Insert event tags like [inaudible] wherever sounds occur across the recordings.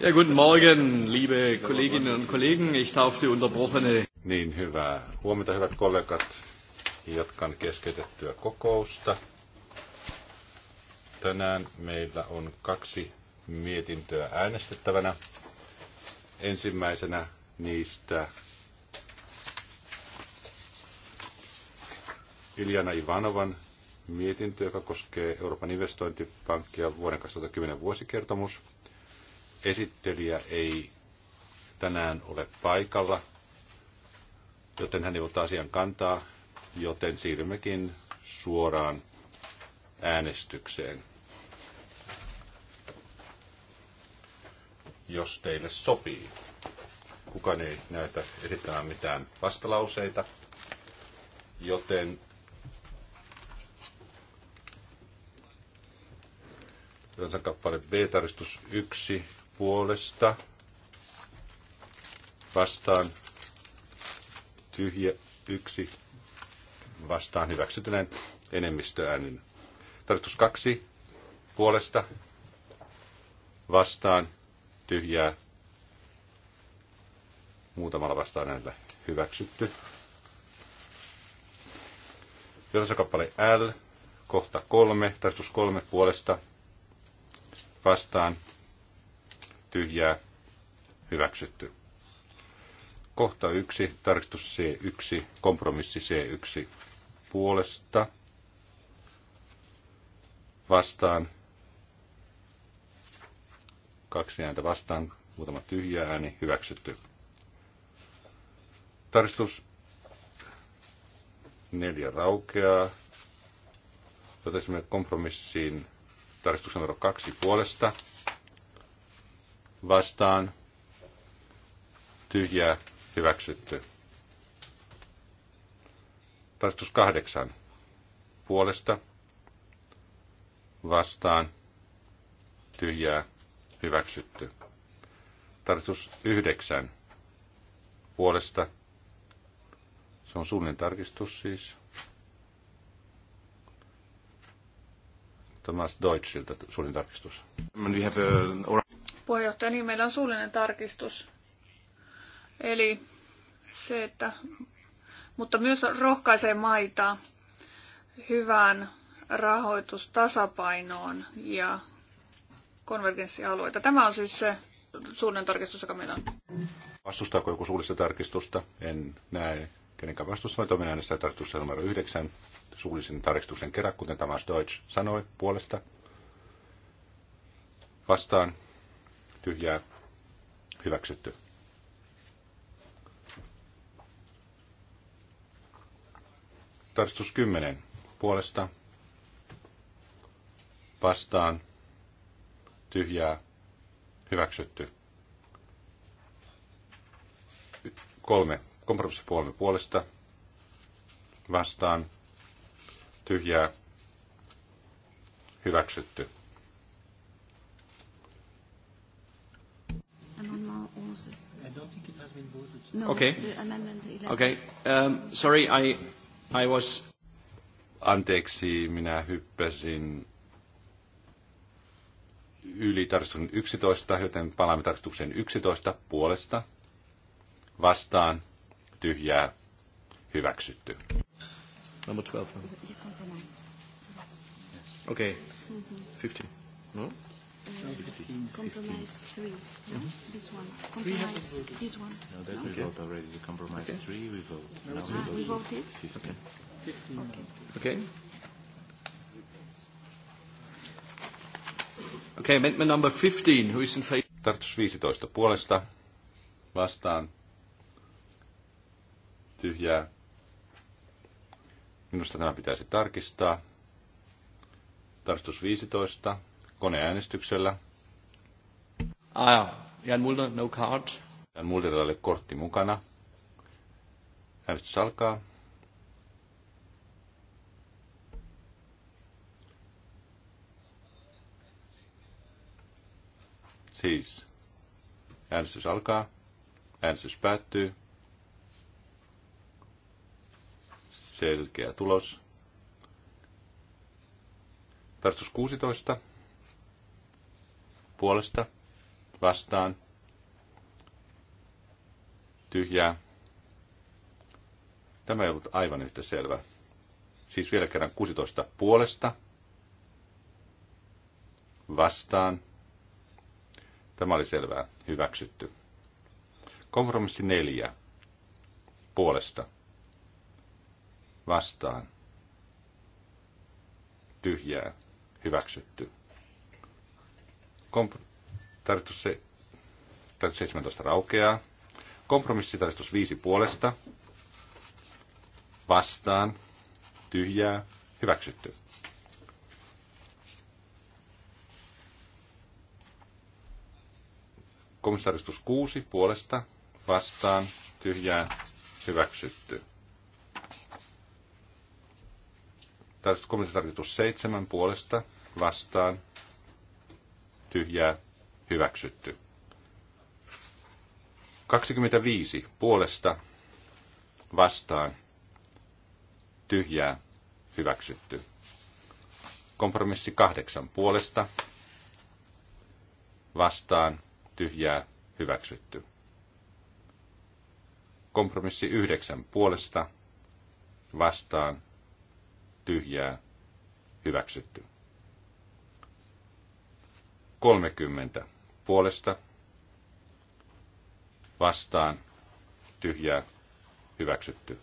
Ja, guten Morgen, liebe Kolleginnen und Kollegen. Ich darf die unterbrochene... Niin, hyvää huomenta, hyvät kollegat. Jatkan keskeytettyä kokousta. Tänään meillä on kaksi mietintöä äänestettävänä. Ensimmäisenä niistä Iljana Ivanovan mietintö, joka koskee Euroopan investointipankkia vuoden 2010 vuosikertomus. Esittelijä ei tänään ole paikalla, joten hän ei ota asian kantaa, joten siirrymmekin suoraan äänestykseen. Jos teille sopii. Kukaan ei näytä esittämään mitään vastalauseita, joten kappale B, tarkistus 1 puolesta vastaan tyhjä yksi vastaan hyväksytyneen enemmistöäänin. Tarkistus kaksi puolesta vastaan tyhjää muutamalla vastaan äänellä hyväksytty. Johdassa kappale L, kohta kolme, tarkistus kolme puolesta vastaan tyhjää hyväksytty. Kohta 1, tarkistus C1, kompromissi C1 puolesta vastaan. Kaksi ääntä vastaan, muutama tyhjä ääni, hyväksytty. Tarkistus neljä raukeaa. Totesimme kompromissiin Tarkistus numero kaksi puolesta. Vastaan. Tyhjää. Hyväksytty. Tarkistus kahdeksan puolesta. Vastaan. Tyhjää. Hyväksytty. Tarkistus yhdeksän puolesta. Se on suunnin tarkistus siis. Thomas Deutschilta suurin tarkistus. Uh, Puheenjohtaja, niin meillä on suullinen tarkistus. Eli se, että, mutta myös rohkaisee maita hyvään rahoitustasapainoon ja konvergenssialueita. Tämä on siis se suullinen tarkistus, joka meillä on. Vastustaako joku suullista tarkistusta? En näe kenenkään vastustamaan. Toinen äänestää tarkistusta numero 9 suullisen tarkistuksen kerran, kuten Thomas Deutsch sanoi puolesta. Vastaan tyhjää hyväksytty. Tarkistus 10 puolesta vastaan tyhjää hyväksytty. Kolme kompromissipuolemme puolesta vastaan tyhjää hyväksytty. No, okay. Okay. Um, sorry, I, I was... Anteeksi, minä hyppäsin yli tarkistuksen 11, joten palaamme tarkistukseen 11 puolesta. Vastaan tyhjää hyväksytty. Number 12. Huh? Okay. Mm-hmm. 15. No? Uh, 15. 15. Compromise 3. No? Mm-hmm. This one. Compromise this one. No, that no? we okay. vote already. The compromise okay. 3 we vote. No, now ah, we, vote we voted? 15. Okay. 15. Okay. okay. Okay, amendment number 15. Who is in favor? 15 puolesta. Vastaan. Tyhjää Minusta tämä pitäisi tarkistaa. Tarkistus 15 koneäänestyksellä. Ah, ja. Jan Mulder, no card. Jan Mulderilla oli kortti mukana. Äänestys alkaa. Siis. Äänestys alkaa. Äänestys päättyy. selkeä tulos. Tarkistus 16. Puolesta vastaan tyhjää. Tämä ei ollut aivan yhtä selvä. Siis vielä kerran 16 puolesta vastaan. Tämä oli selvää. Hyväksytty. Kompromissi neljä puolesta vastaan. Tyhjää. Hyväksytty. Komp- tarkoitus se, tarkoitus 17 raukeaa. Kompromissitarkistus 5 puolesta. Vastaan. Tyhjää. Hyväksytty. Komissaristus 6 puolesta vastaan tyhjää hyväksytty. komitetarjoitus seitsemän puolesta vastaan tyhjää hyväksytty. 25 puolesta vastaan tyhjää hyväksytty. Kompromissi kahdeksan puolesta vastaan tyhjää hyväksytty. Kompromissi yhdeksän puolesta vastaan tyhjää, hyväksytty. 30 puolesta, vastaan, tyhjää, hyväksytty.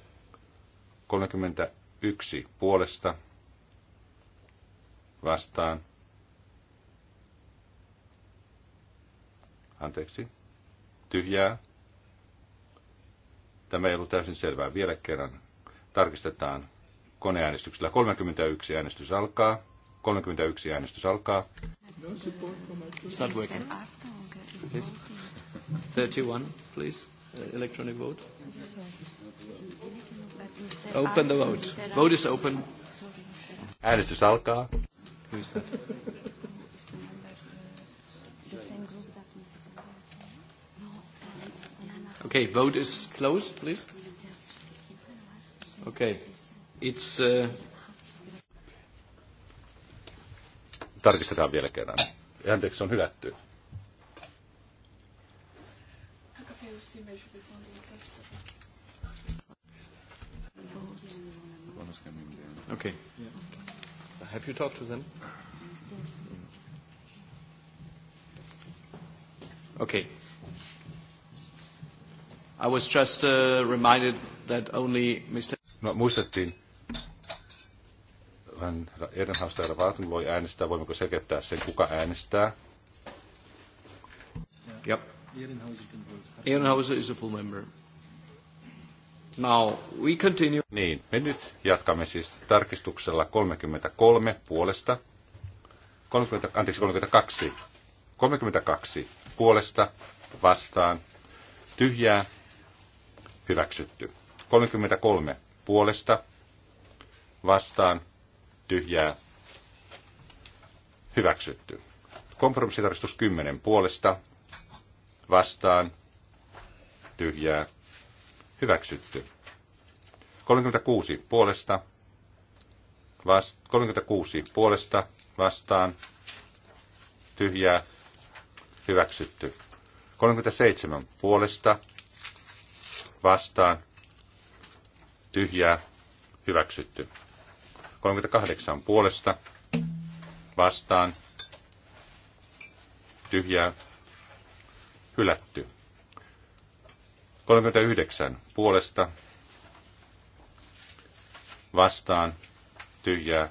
31 puolesta, vastaan, anteeksi, tyhjää. Tämä ei ollut täysin selvää vielä kerran. Tarkistetaan koneäänestyksellä. 31 äänestys alkaa. 31 äänestys alkaa. 31, please. Uh, electronic vote. Open the vote. Vote is open. Äänestys alkaa. that? Okay, vote is closed, please. Okay. It's, uh... Tarkistetaan vielä kerran. Anteeksi, on hylätty. Okay. Have you talked to them? Okay. I was just uh, reminded that only Mr. No, muistettiin, hän Ehrenhausta ja voi äänestää. Voimmeko selkeyttää sen, kuka äänestää? Ja Ehrenhauser is a full member. Now we continue. Niin, me nyt jatkamme siis tarkistuksella 33 puolesta. 30, anteeksi, 32. 32 puolesta vastaan. Tyhjää. Hyväksytty. 33 puolesta vastaan tyhjää, hyväksytty. Kompromissitarkistus 10 puolesta, vastaan, tyhjää, hyväksytty. 36 puolesta, vast, 36 puolesta, vastaan, tyhjää, hyväksytty. 37 puolesta, vastaan, tyhjää, hyväksytty. 38 puolesta vastaan tyhjää hylätty. 39 puolesta vastaan tyhjää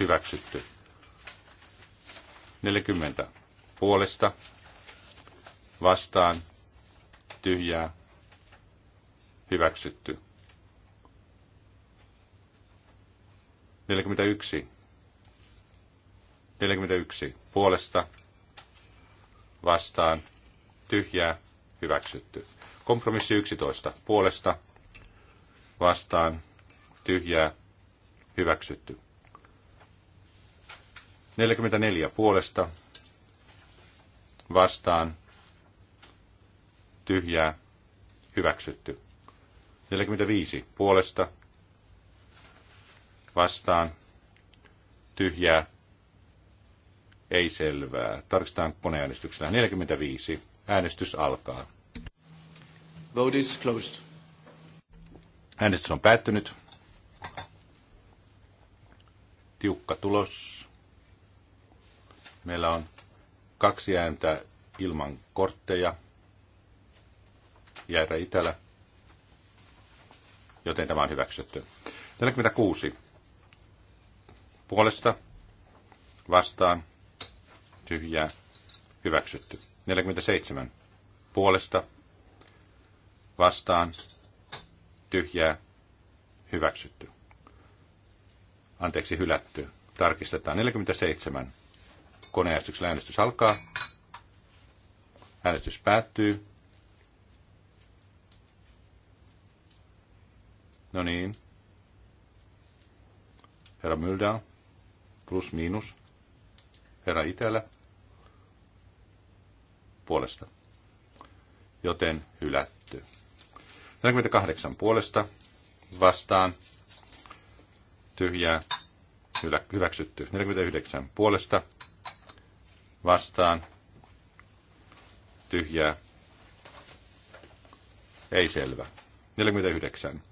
hyväksytty. 40 puolesta vastaan tyhjää hyväksytty. 41. 41. Puolesta vastaan tyhjää hyväksytty. Kompromissi 11. Puolesta vastaan tyhjää hyväksytty. 44. Puolesta vastaan tyhjää hyväksytty. 45. Puolesta vastaan, vastaan, tyhjää, ei selvää. Tarkistetaan koneäänestyksellä. 45. Äänestys alkaa. Vote is closed. Äänestys on päättynyt. Tiukka tulos. Meillä on kaksi ääntä ilman kortteja. Jäärä Itälä. Joten tämä on hyväksytty. 46 puolesta vastaan tyhjää hyväksytty. 47 puolesta vastaan tyhjää hyväksytty. Anteeksi, hylätty. Tarkistetaan 47. Koneäänestyksellä äänestys alkaa. Äänestys päättyy. No niin. Herra Myldau plus miinus. Herra itellä puolesta. Joten hylätty. 48 puolesta vastaan tyhjää hyväksytty. 49 puolesta vastaan tyhjää ei selvä. 49.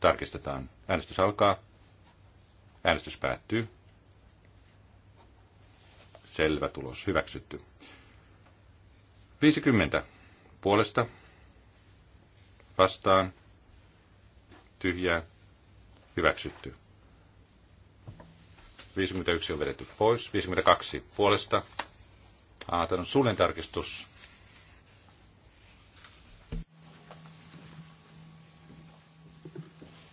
Tarkistetaan. Äänestys alkaa. Äänestys päättyy. Selvä tulos. Hyväksytty. 50. Puolesta. Vastaan. Tyhjää. Hyväksytty. 51 on vedetty pois. 52 puolesta. Ah, tämä on suullinen tarkistus.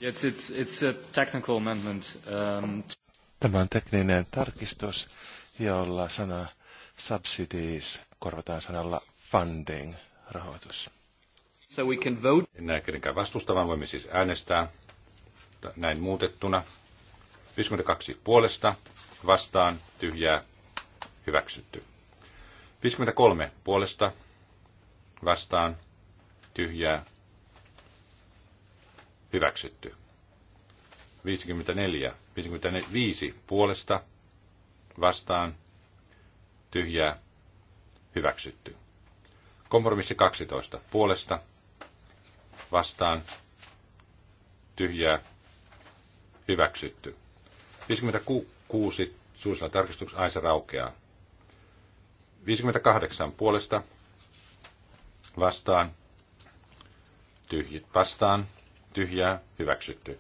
It's, it's, it's a technical amendment. Um... Tämä on tekninen tarkistus jolla sana subsidies korvataan sanalla funding, rahoitus. So we can vote. En näe kenenkään vastustavan, voimme siis äänestää näin muutettuna. 52 puolesta, vastaan, tyhjää, hyväksytty. 53 puolesta, vastaan, tyhjää, hyväksytty. 54, 55 puolesta, vastaan, tyhjää, hyväksytty. Kompromissi 12, puolesta, vastaan, tyhjää, hyväksytty. 56 suusilla tarkistuksessa Aisa raukeaa. 58 puolesta, vastaan, tyhjä, vastaan, tyhjää, hyväksytty.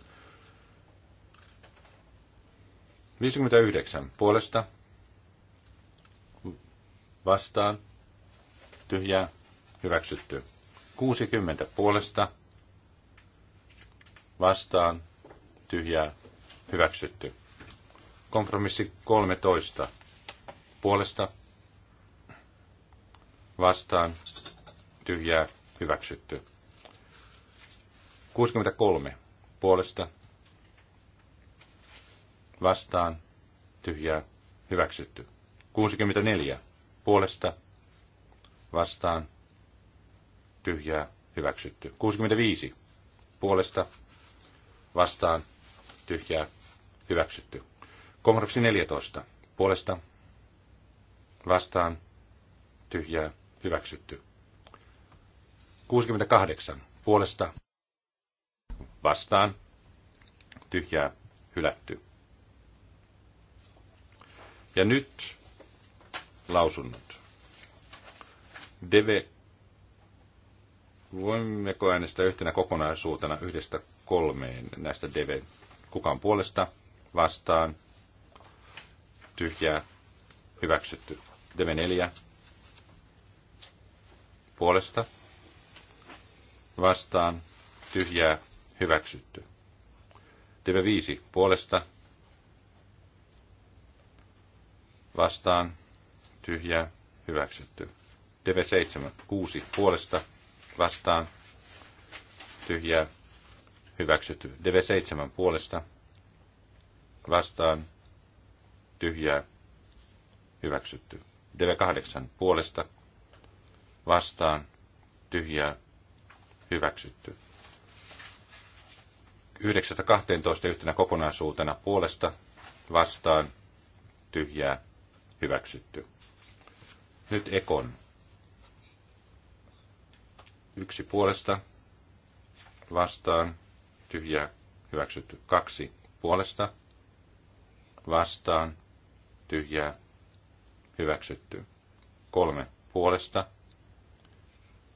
59 puolesta vastaan tyhjää hyväksytty. 60 puolesta vastaan tyhjää hyväksytty. Kompromissi 13 puolesta vastaan tyhjää hyväksytty. 63 puolesta vastaan, tyhjää, hyväksytty. 64 puolesta, vastaan, tyhjää, hyväksytty. 65 puolesta, vastaan, tyhjää, hyväksytty. Kongressi 14 puolesta, vastaan, tyhjää, hyväksytty. 68 puolesta, vastaan, tyhjää, hylätty. Ja nyt lausunnot. Deve, voimmeko äänestää yhtenä kokonaisuutena yhdestä kolmeen näistä Deve? Kukaan puolesta? Vastaan? Tyhjää? Hyväksytty. Deve 4. Puolesta? Vastaan? Tyhjää? Hyväksytty. Deve 5. Puolesta? vastaan, tyhjä hyväksytty. Deve 7 6 puolesta, vastaan, tyhjä hyväksytty. Deve 7 puolesta, vastaan, tyhjä hyväksytty. Deve 8 puolesta, vastaan, tyhjä hyväksytty. 9.12. yhtenä kokonaisuutena puolesta, vastaan, tyhjää, hyväksytty. Nyt Ekon. Yksi puolesta, vastaan, tyhjä hyväksytty. Kaksi puolesta, vastaan, tyhjä hyväksytty. Kolme puolesta,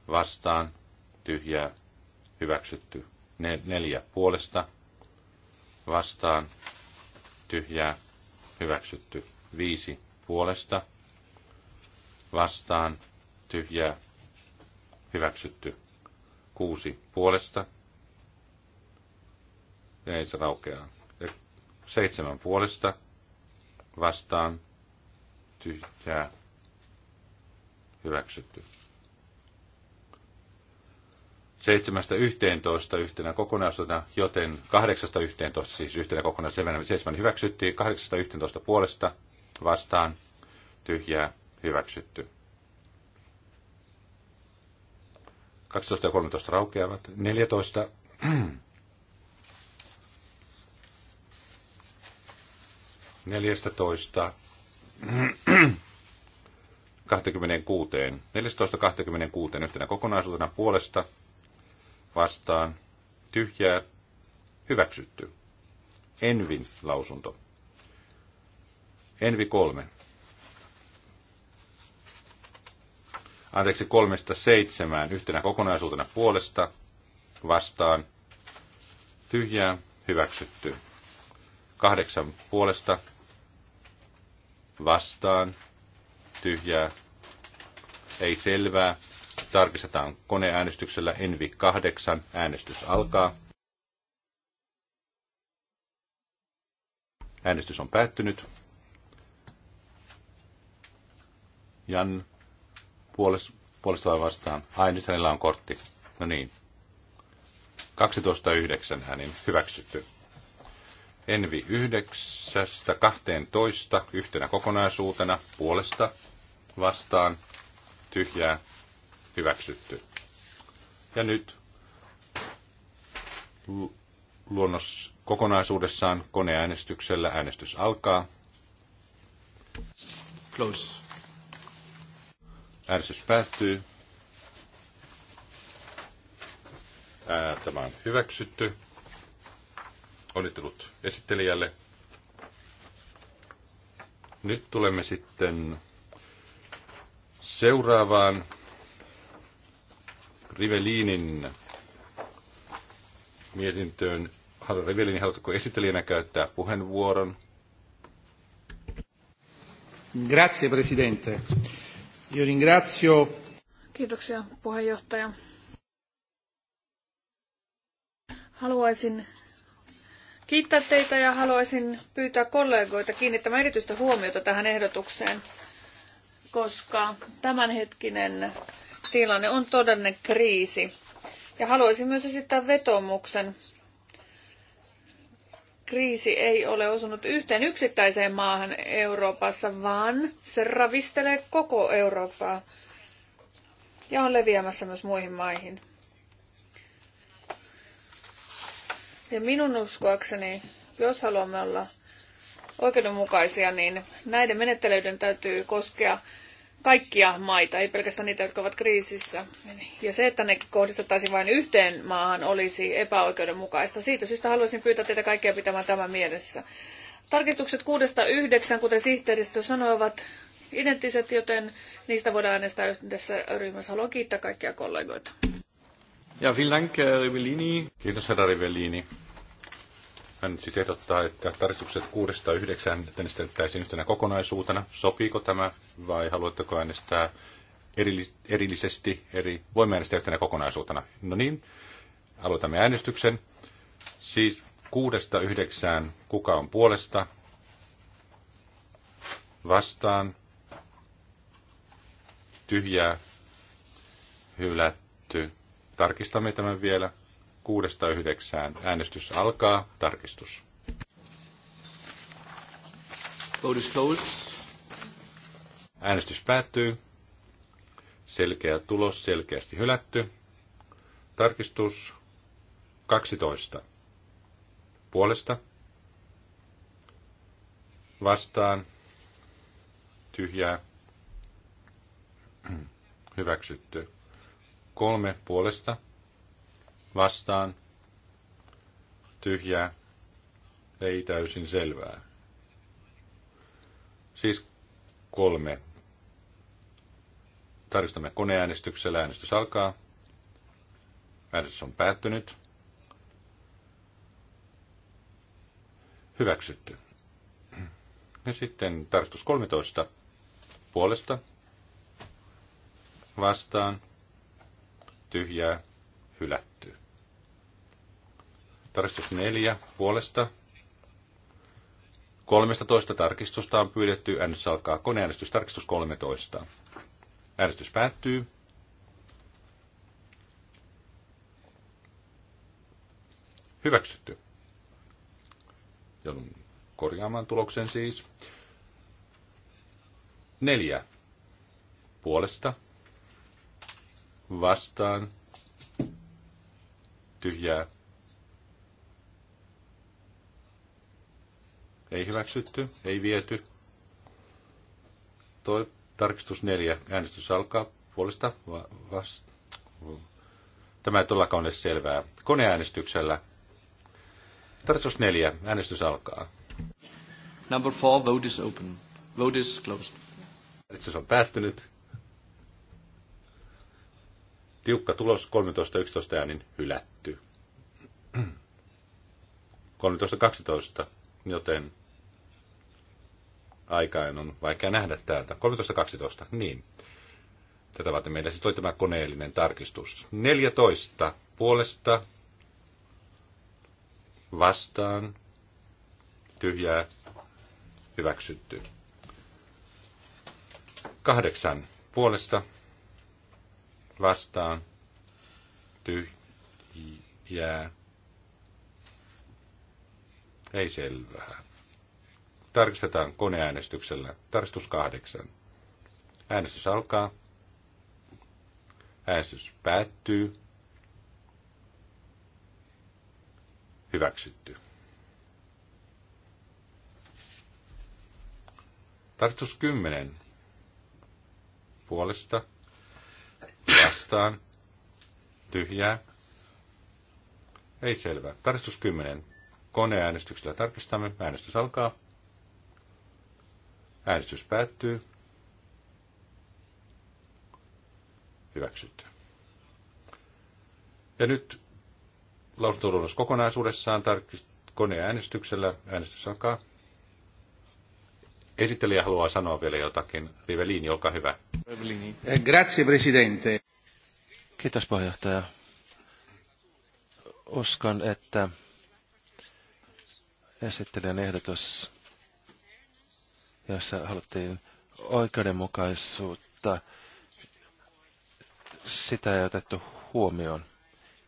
vastaan, tyhjä hyväksytty. Ne, neljä puolesta, vastaan, tyhjä hyväksytty. Viisi puolesta vastaan tyhjää hyväksytty. Kuusi puolesta. Ei se raukeaa. Seitsemän puolesta vastaan tyhjää hyväksytty. Seitsemästä yhteentoista yhtenä kokonaisuutena, joten kahdeksasta yhteentoista siis yhtenä kokonaisuutena seitsemän hyväksyttiin, kahdeksasta yhteentoista puolesta vastaan tyhjää hyväksytty. 12 ja 13 raukeavat. 14 14 26. kuuteen yhtenä kokonaisuutena puolesta vastaan tyhjää hyväksytty. Envin lausunto. Envi kolme. Anteeksi, kolmesta seitsemään yhtenä kokonaisuutena puolesta vastaan. Tyhjää hyväksytty. Kahdeksan puolesta vastaan. Tyhjää ei selvää. Tarkistetaan koneäänestyksellä Envi 8. Äänestys alkaa. Äänestys on päättynyt. Jan puolesta, puolesta vai vastaan? Ai, nyt hänellä on kortti. No niin. 12.9 hänen hyväksytty. Envi 9.12. yhtenä kokonaisuutena puolesta vastaan tyhjää hyväksytty. Ja nyt luonnos kokonaisuudessaan koneäänestyksellä äänestys alkaa. Close. Äänestys päättyy. Ää, tämä on hyväksytty. Onnittelut esittelijälle. Nyt tulemme sitten seuraavaan Rivelinin mietintöön. Rivelini, haluatko esittelijänä käyttää puheenvuoron? Grazie, Presidente. Io ringrazio. Kiitoksia puheenjohtaja. Haluaisin kiittää teitä ja haluaisin pyytää kollegoita kiinnittämään erityistä huomiota tähän ehdotukseen, koska tämänhetkinen tilanne on todellinen kriisi. Ja haluaisin myös esittää vetomuksen kriisi ei ole osunut yhteen yksittäiseen maahan Euroopassa, vaan se ravistelee koko Eurooppaa ja on leviämässä myös muihin maihin. Ja minun uskoakseni, jos haluamme olla oikeudenmukaisia, niin näiden menettelyiden täytyy koskea kaikkia maita, ei pelkästään niitä, jotka ovat kriisissä. Ja se, että ne kohdistettaisiin vain yhteen maahan, olisi epäoikeudenmukaista. Siitä syystä haluaisin pyytää teitä kaikkia pitämään tämän mielessä. Tarkistukset 6-9, kuten sihteeristö sanoi, ovat identtiset, joten niistä voidaan äänestää yhdessä ryhmässä. Haluan kiittää kaikkia kollegoita. Ja vielä eh, Rivellini. Kiitos, herra Rivellini. Hän siis ehdottaa, että tarkistukset 6-9 äänestettäisiin yhtenä kokonaisuutena. Sopiiko tämä vai haluatteko äänestää erillisesti eri voimaäänestää yhtenä kokonaisuutena? No niin, aloitamme äänestyksen. Siis 6-9 kuka on puolesta, vastaan, tyhjää, hylätty. Tarkistamme tämän vielä kuudesta yhdeksään. Äänestys alkaa. Tarkistus. Vote is closed. Äänestys päättyy. Selkeä tulos, selkeästi hylätty. Tarkistus 12. Puolesta. Vastaan. Tyhjää. Hyväksytty. Kolme puolesta vastaan tyhjää ei täysin selvää. Siis kolme. Tarkistamme koneäänestyksellä. Äänestys alkaa. Äänestys on päättynyt. Hyväksytty. Ja sitten tarkistus 13 puolesta vastaan tyhjää hylätty. Tarkistus neljä puolesta. 13 tarkistusta on pyydetty. Äänestys alkaa koneäänestys. Tarkistus 13. Äänestys päättyy. Hyväksytty. Joudun korjaamaan tuloksen siis. Neljä. Puolesta. Vastaan tyhjää. Ei hyväksytty, ei viety. Toi, tarkistus neljä. Äänestys alkaa puolesta va, vasta. Tämä ei todellakaan ole selvää. Koneäänestyksellä. Tarkistus neljä. Äänestys alkaa. Number four, vote is open. Vote is closed. Äänestys on päättynyt. Tiukka tulos 13-11 äänin hylätty. 13.12, joten aikaan on vaikea nähdä täältä. 13.12, niin. Tätä varten meillä siis oli tämä koneellinen tarkistus. 14 puolesta vastaan tyhjää hyväksytty. 8 puolesta vastaan tyhjää ei selvää. Tarkistetaan koneäänestyksellä. Tarkistus kahdeksan. Äänestys alkaa. Äänestys päättyy. Hyväksytty. Tarkistus kymmenen. Puolesta. Vastaan. Tyhjää. Ei selvä. Tarkistus kymmenen. Koneäänestyksellä tarkistamme. Äänestys alkaa. Äänestys päättyy. Hyväksytty. Ja nyt lausuntoluonnos kokonaisuudessaan tarkist- koneäänestyksellä. Äänestys alkaa. Esittelijä haluaa sanoa vielä jotakin. Rivelini olkaa hyvä. Eh, grazie, presidente. Kiitos, puheenjohtaja. Uskon, että esittelijän ehdotus, jossa haluttiin oikeudenmukaisuutta, sitä ei otettu huomioon.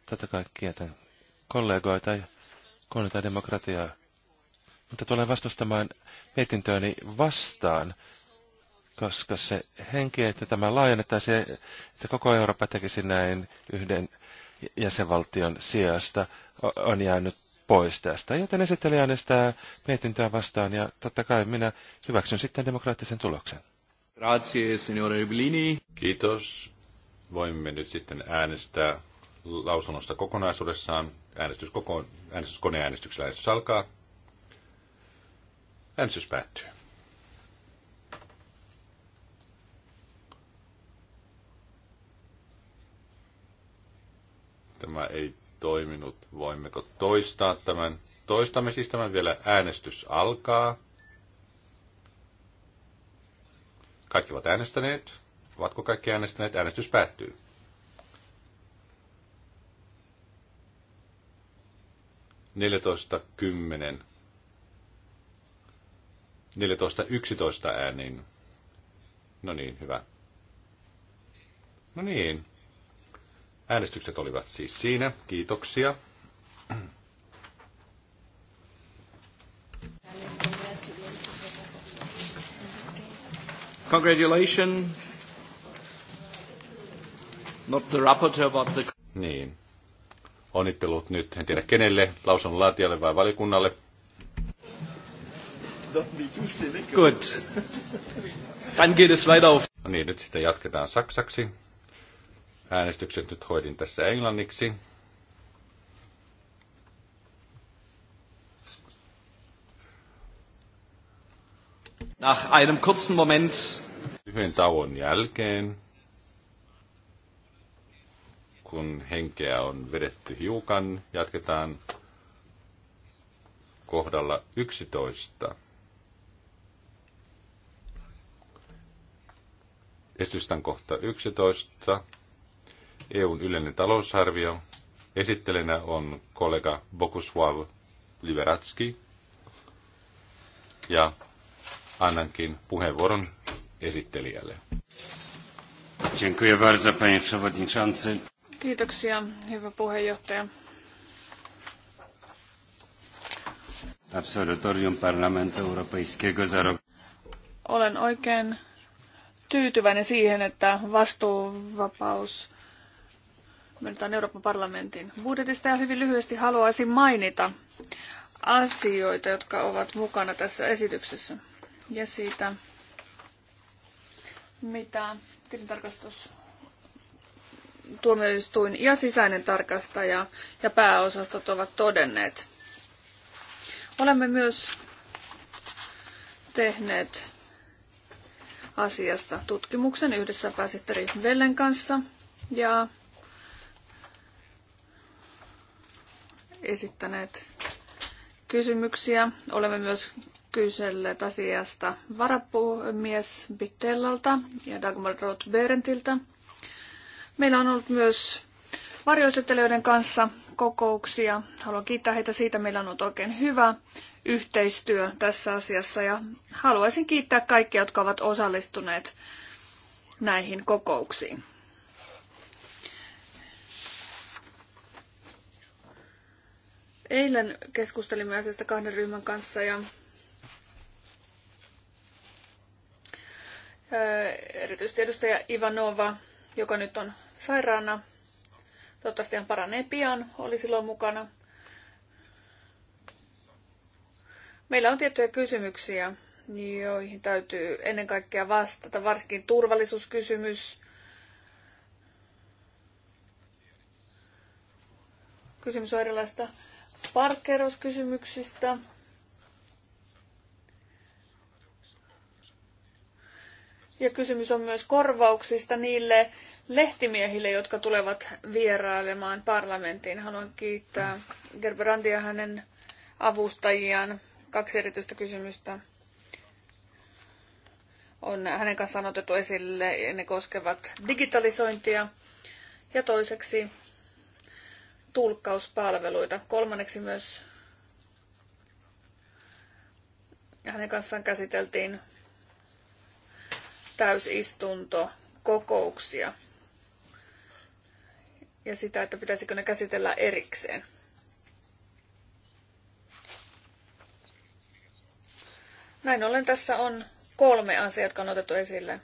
Tätä kaikkia kietän kollegoita ja kunnioitan demokratiaa. Mutta tulen vastustamaan mietintööni vastaan, koska se henki, että tämä laajennettaisiin, että koko Eurooppa tekisi näin yhden jäsenvaltion sijasta, on jäänyt pois tästä, joten esittelijä äänestää mietintöä vastaan ja totta kai minä hyväksyn sitten demokraattisen tuloksen. Grazie, signore Rivlini. Kiitos. Voimme nyt sitten äänestää lausunnosta kokonaisuudessaan. Äänestys koko, äänestys koneäänestyksellä äänestys alkaa. Äänestys päättyy. Tämä ei toiminut. Voimmeko toistaa tämän? Toistamme siis tämän vielä. Äänestys alkaa. Kaikki ovat äänestäneet. Ovatko kaikki äänestäneet? Äänestys päättyy. Neljätoista kymmenen. 14.11 ääniin. No niin, hyvä. No niin, Äänestykset olivat siis siinä. Kiitoksia. Congratulations. Not the rapporteur, but the... Niin. Onnittelut nyt, en tiedä kenelle, lausunnon laatijalle vai valikunnalle. Good. Dann geht es weiter auf. No niin, nyt sitten jatketaan saksaksi. Äänestykset nyt hoidin tässä englanniksi. Nach einem kurzen Moment. Lyhyen tauon jälkeen, kun henkeä on vedetty hiukan, jatketaan kohdalla 11. Esitystän kohta 11. EUn yleinen talousarvio. Esittelenä on kollega Bokuslav Liberatski. Ja annankin puheenvuoron esittelijälle. Kiitoksia, hyvä puheenjohtaja. Absolutorium Parlamentu Europejskiego za rok. Olen oikein tyytyväinen siihen, että vastuuvapaus Myönnetään Euroopan parlamentin budjetista ja hyvin lyhyesti haluaisin mainita asioita, jotka ovat mukana tässä esityksessä ja siitä, mitä tilintarkastus tuomioistuin ja sisäinen tarkastaja ja pääosastot ovat todenneet. Olemme myös tehneet asiasta tutkimuksen yhdessä pääsihteeri Vellen kanssa ja esittäneet kysymyksiä. Olemme myös kyselleet asiasta varapuhemies Bittellalta ja Dagmar roth berentiltä Meillä on ollut myös varjoisettelijoiden kanssa kokouksia. Haluan kiittää heitä siitä. Meillä on ollut oikein hyvä yhteistyö tässä asiassa ja haluaisin kiittää kaikkia, jotka ovat osallistuneet näihin kokouksiin. Eilen keskustelimme asiasta kahden ryhmän kanssa ja erityisesti edustaja Ivanova, joka nyt on sairaana, toivottavasti hän paranee pian, oli silloin mukana. Meillä on tiettyjä kysymyksiä, joihin täytyy ennen kaikkea vastata, varsinkin turvallisuuskysymys. Kysymys on erilaista parkkeerauskysymyksistä. Ja kysymys on myös korvauksista niille lehtimiehille, jotka tulevat vierailemaan parlamenttiin. Haluan kiittää Gerberandia hänen avustajiaan. Kaksi erityistä kysymystä on hänen kanssaan otettu esille. Ne koskevat digitalisointia ja toiseksi tulkkauspalveluita. Kolmanneksi myös hänen kanssaan käsiteltiin kokouksia ja sitä, että pitäisikö ne käsitellä erikseen. Näin ollen tässä on kolme asiaa, jotka on otettu esille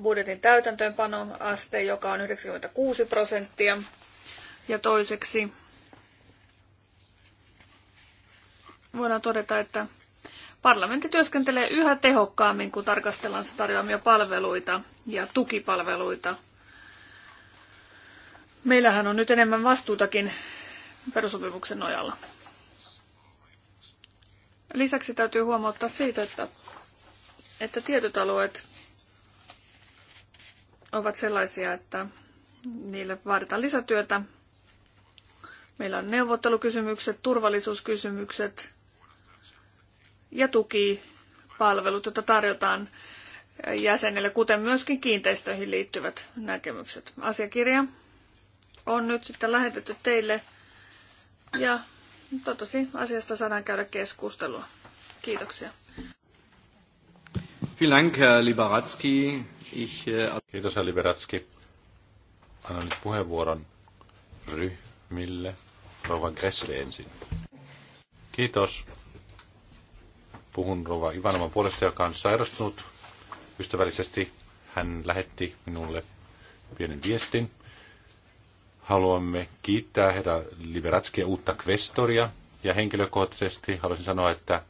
budjetin täytäntöönpanoaste, joka on 96 prosenttia. Ja toiseksi voidaan todeta, että parlamentti työskentelee yhä tehokkaammin, kun tarkastellaan se tarjoamia palveluita ja tukipalveluita. Meillähän on nyt enemmän vastuutakin perusopimuksen nojalla. Lisäksi täytyy huomauttaa siitä, että, että tietyt alueet ovat sellaisia, että niille vaaditaan lisätyötä. Meillä on neuvottelukysymykset, turvallisuuskysymykset ja tukipalvelut, joita tarjotaan jäsenille, kuten myöskin kiinteistöihin liittyvät näkemykset. Asiakirja on nyt sitten lähetetty teille ja toivottavasti asiasta saadaan käydä keskustelua. Kiitoksia. Vielen Dank, Herr Liberatski. Äh, Kiitos Ali Beratski. Annan nyt puheenvuoron ryhmille. Rova Gressle ensin. Kiitos. Puhun Rova Ivanovan puolesta, joka on sairastunut. Ystävällisesti hän lähetti minulle pienen viestin. Haluamme kiittää herra Liberatskia uutta kvestoria ja henkilökohtaisesti haluaisin sanoa, että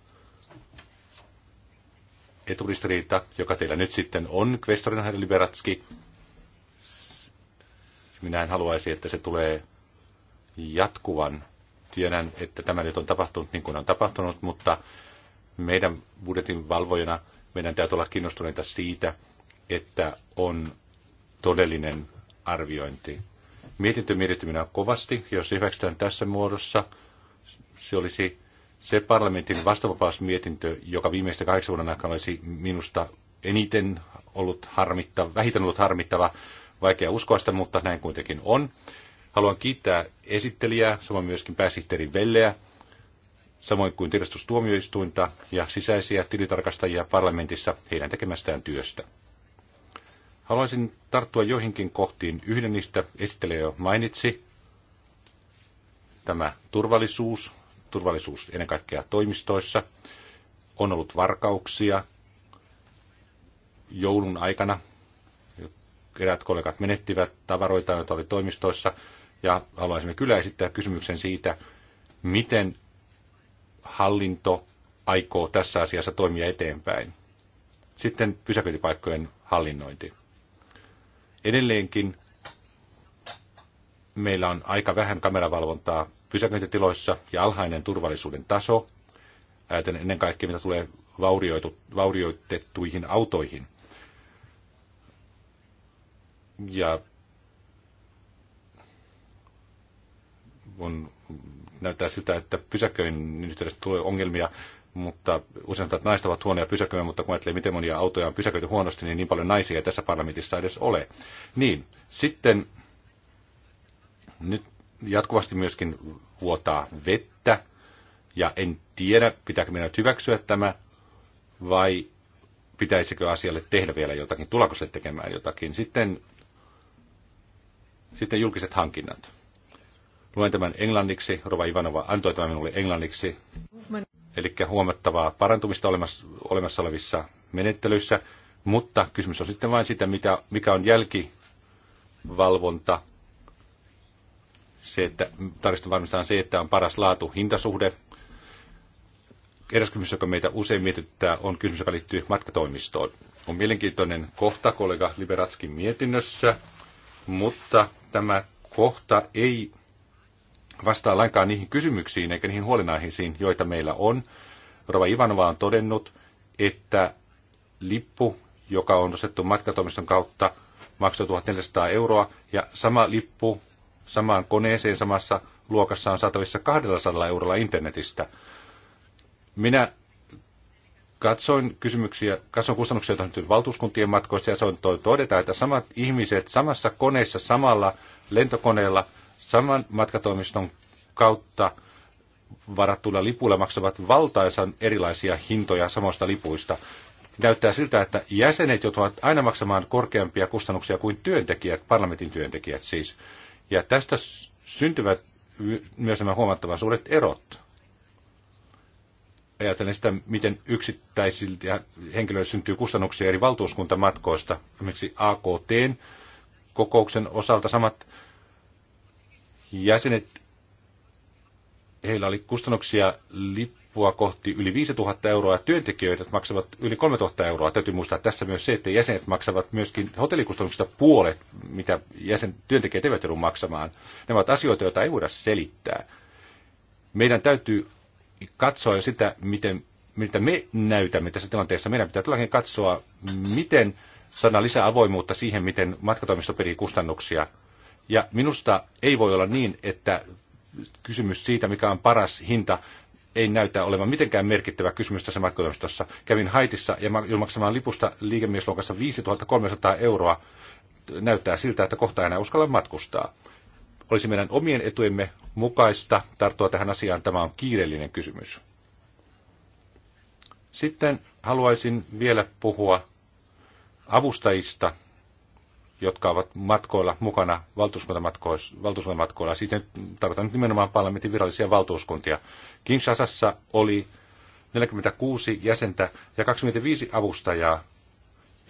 eturistiriita, joka teillä nyt sitten on, Kvestorin Liberatski. Minä en haluaisi, että se tulee jatkuvan. Tiedän, että tämä nyt on tapahtunut niin kuin on tapahtunut, mutta meidän budjetin valvojana meidän täytyy olla kiinnostuneita siitä, että on todellinen arviointi. Mietintö mietitty minä kovasti, jos hyväksytään tässä muodossa. Se olisi se parlamentin vastavapausmietintö, joka viimeisten kahdeksan vuoden aikana olisi minusta eniten ollut harmittava, vähiten ollut harmittava, vaikea uskoa sitä, mutta näin kuitenkin on. Haluan kiittää esittelijää, samoin myöskin pääsihteeri Velleä, samoin kuin tiedostustuomioistuinta ja sisäisiä tilitarkastajia parlamentissa heidän tekemästään työstä. Haluaisin tarttua joihinkin kohtiin. Yhden niistä esittelijä jo mainitsi, tämä turvallisuus, turvallisuus ennen kaikkea toimistoissa. On ollut varkauksia joulun aikana. Eräät kollegat menettivät tavaroita, joita oli toimistoissa. Ja haluaisimme kyllä esittää kysymyksen siitä, miten hallinto aikoo tässä asiassa toimia eteenpäin. Sitten pysäköintipaikkojen hallinnointi. Edelleenkin meillä on aika vähän kameravalvontaa pysäköintitiloissa ja alhainen turvallisuuden taso, ajatellen ennen kaikkea mitä tulee vaurioitettuihin autoihin. Ja on, näyttää siltä, että pysäköinnin yhteydessä tulee ongelmia, mutta usein että naiset ovat huonoja pysäköimään, mutta kun ajattelee, miten monia autoja on pysäköity huonosti, niin niin paljon naisia ei tässä parlamentissa edes ole. Niin, sitten nyt jatkuvasti myöskin vuotaa vettä. Ja en tiedä, pitääkö meidän nyt hyväksyä tämä vai pitäisikö asialle tehdä vielä jotakin, Tuleeko se tekemään jotakin. Sitten, sitten julkiset hankinnat. Luen tämän englanniksi. Rova Ivanova antoi tämän minulle englanniksi. Eli huomattavaa parantumista olemassa, olemassa olevissa menettelyissä. Mutta kysymys on sitten vain sitä, mitä, mikä on jälkivalvonta se, että tarjosta varmistetaan se, että on paras laatu hintasuhde. Eräs kysymys, joka meitä usein mietityttää, on kysymys, joka liittyy matkatoimistoon. On mielenkiintoinen kohta kollega Liberatskin mietinnössä, mutta tämä kohta ei vastaa lainkaan niihin kysymyksiin eikä niihin huolenaiheisiin, joita meillä on. Rova Ivanova on todennut, että lippu, joka on ostettu matkatoimiston kautta, maksaa 1400 euroa, ja sama lippu samaan koneeseen samassa luokassa on saatavissa 200 eurolla internetistä. Minä katsoin kysymyksiä, katsoin kustannuksia, joita on valtuuskuntien matkoista, ja se on todeta, että samat ihmiset samassa koneessa, samalla lentokoneella, saman matkatoimiston kautta varattuilla lipuilla maksavat valtaisan erilaisia hintoja samoista lipuista. Näyttää siltä, että jäsenet joutuvat aina maksamaan korkeampia kustannuksia kuin työntekijät, parlamentin työntekijät siis. Ja tästä syntyvät myös nämä huomattavan suuret erot. Ajatellen sitä, miten yksittäisiltä henkilöille syntyy kustannuksia eri valtuuskuntamatkoista, esimerkiksi AKT kokouksen osalta samat jäsenet, heillä oli kustannuksia lip, tippua kohti yli 5000 euroa, työntekijöitä maksavat yli 3000 euroa. Täytyy muistaa tässä myös se, että jäsenet maksavat myöskin hotellikustannuksista puolet, mitä jäsen, työntekijät eivät joudu maksamaan. Nämä ovat asioita, joita ei voida selittää. Meidän täytyy katsoa sitä, miten, mitä me näytämme tässä tilanteessa. Meidän pitää todellakin katsoa, miten saada lisää avoimuutta siihen, miten matkatoimisto perii kustannuksia. Ja minusta ei voi olla niin, että kysymys siitä, mikä on paras hinta, ei näytä olevan mitenkään merkittävä kysymys tässä matkailumaastossa. Kävin Haitissa ja maksamaan lipusta liikemiesluokassa 5300 euroa. Näyttää siltä, että kohta enää uskalla matkustaa. Olisi meidän omien etuimme mukaista tarttua tähän asiaan. Tämä on kiireellinen kysymys. Sitten haluaisin vielä puhua avustajista jotka ovat matkoilla mukana valtuuskuntamatkoilla. Siitä tarkoitan nyt nimenomaan parlamentin virallisia valtuuskuntia. Kinshasassa oli 46 jäsentä ja 25 avustajaa,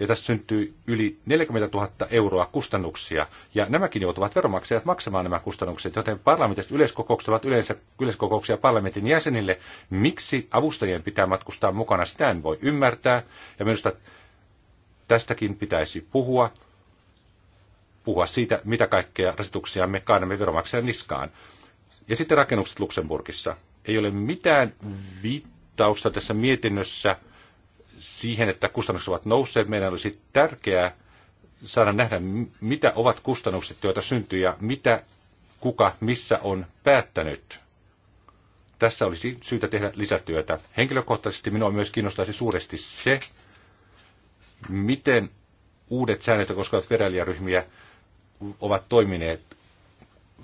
ja tässä syntyy yli 40 000 euroa kustannuksia, ja nämäkin joutuvat veronmaksajat maksamaan nämä kustannukset, joten parlamentit yleiskokoukset ovat yleensä yleiskokouksia parlamentin jäsenille. Miksi avustajien pitää matkustaa mukana, sitä en voi ymmärtää, ja minusta tästäkin pitäisi puhua puhua siitä, mitä kaikkea rasituksia me kaadamme veronmaksajan niskaan. Ja sitten rakennukset Luxemburgissa. Ei ole mitään viittausta tässä mietinnössä siihen, että kustannukset ovat nousseet. Meidän olisi tärkeää saada nähdä, mitä ovat kustannukset, joita syntyy ja mitä kuka missä on päättänyt. Tässä olisi syytä tehdä lisätyötä. Henkilökohtaisesti minua myös kiinnostaisi suuresti se, miten uudet säännöt koskevat veräilijäryhmiä ovat toimineet.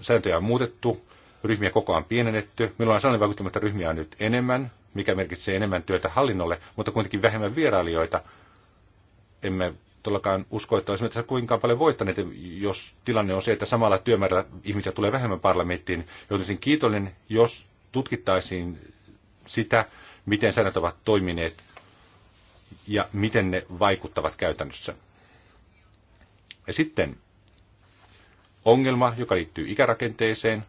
Sääntöjä on muutettu, ryhmiä koko on pienennetty. Meillä on sellainen vaikutelma, että ryhmiä on nyt enemmän, mikä merkitsee enemmän työtä hallinnolle, mutta kuitenkin vähemmän vierailijoita. Emme todellakaan usko, että olisimme tässä kuinka paljon voittaneet, jos tilanne on se, että samalla työmäärällä ihmisiä tulee vähemmän parlamenttiin. Joutuisin kiitollinen, jos tutkittaisiin sitä, miten säännöt ovat toimineet ja miten ne vaikuttavat käytännössä. Ja sitten ongelma, joka liittyy ikärakenteeseen.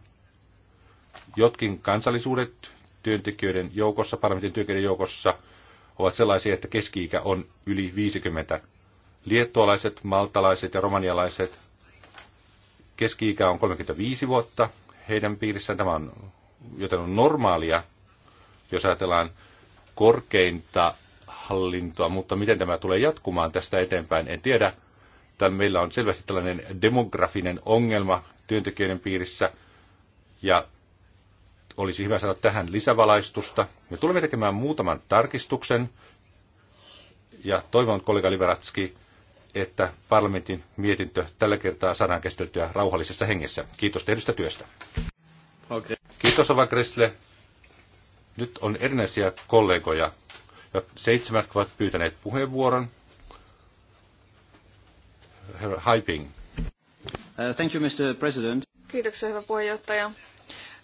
Jotkin kansallisuudet työntekijöiden joukossa, parlamentin työntekijöiden joukossa, ovat sellaisia, että keski-ikä on yli 50. Liettualaiset, maltalaiset ja romanialaiset keski-ikä on 35 vuotta heidän piirissään. Tämä on, joten on normaalia, jos ajatellaan korkeinta hallintoa, mutta miten tämä tulee jatkumaan tästä eteenpäin, en tiedä että meillä on selvästi tällainen demografinen ongelma työntekijöiden piirissä ja olisi hyvä saada tähän lisävalaistusta. Me tulemme tekemään muutaman tarkistuksen ja toivon kollega Liberatski, että parlamentin mietintö tällä kertaa saadaan käsiteltyä rauhallisessa hengessä. Kiitos tehdystä työstä. Okay. Kiitos Ava Gressle. Nyt on erinäisiä kollegoja. Seitsemät ovat pyytäneet puheenvuoron herra Haiping. Uh, thank you, Mr. President. Kiitoksia, hyvä puheenjohtaja.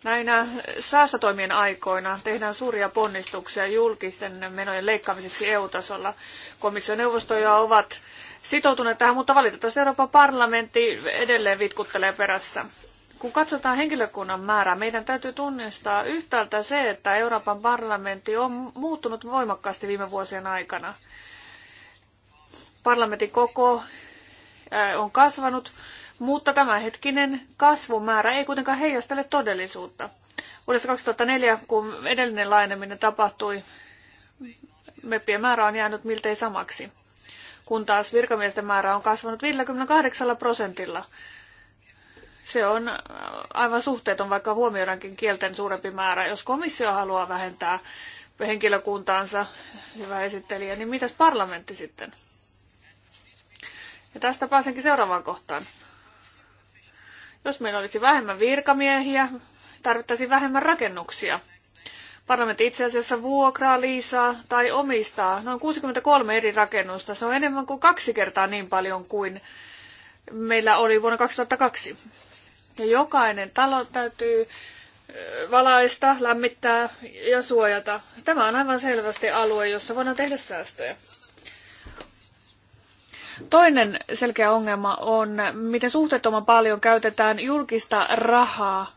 Näinä säästötoimien aikoina tehdään suuria ponnistuksia julkisten menojen leikkaamiseksi EU-tasolla. Komission neuvostoja ovat sitoutuneet tähän, mutta valitettavasti Euroopan parlamentti edelleen vitkuttelee perässä. Kun katsotaan henkilökunnan määrää, meidän täytyy tunnistaa yhtäältä se, että Euroopan parlamentti on muuttunut voimakkaasti viime vuosien aikana. Parlamentin koko Äh, on kasvanut, mutta tämänhetkinen kasvumäärä ei kuitenkaan heijastele todellisuutta. Vuodesta 2004, kun edellinen laajeneminen tapahtui, meppien määrä on jäänyt miltei samaksi, kun taas virkamiesten määrä on kasvanut 58 prosentilla. Se on äh, aivan suhteeton, vaikka huomioidaankin kielten suurempi määrä. Jos komissio haluaa vähentää henkilökuntaansa, hyvä esittelijä, niin mitäs parlamentti sitten? Ja tästä pääsenkin seuraavaan kohtaan. Jos meillä olisi vähemmän virkamiehiä, tarvittaisiin vähemmän rakennuksia. Parlamentti itse asiassa vuokraa, liisaa tai omistaa noin 63 eri rakennusta. Se on enemmän kuin kaksi kertaa niin paljon kuin meillä oli vuonna 2002. Ja jokainen talo täytyy valaista, lämmittää ja suojata. Tämä on aivan selvästi alue, jossa voidaan tehdä säästöjä. Toinen selkeä ongelma on, miten suhteettoman paljon käytetään julkista rahaa,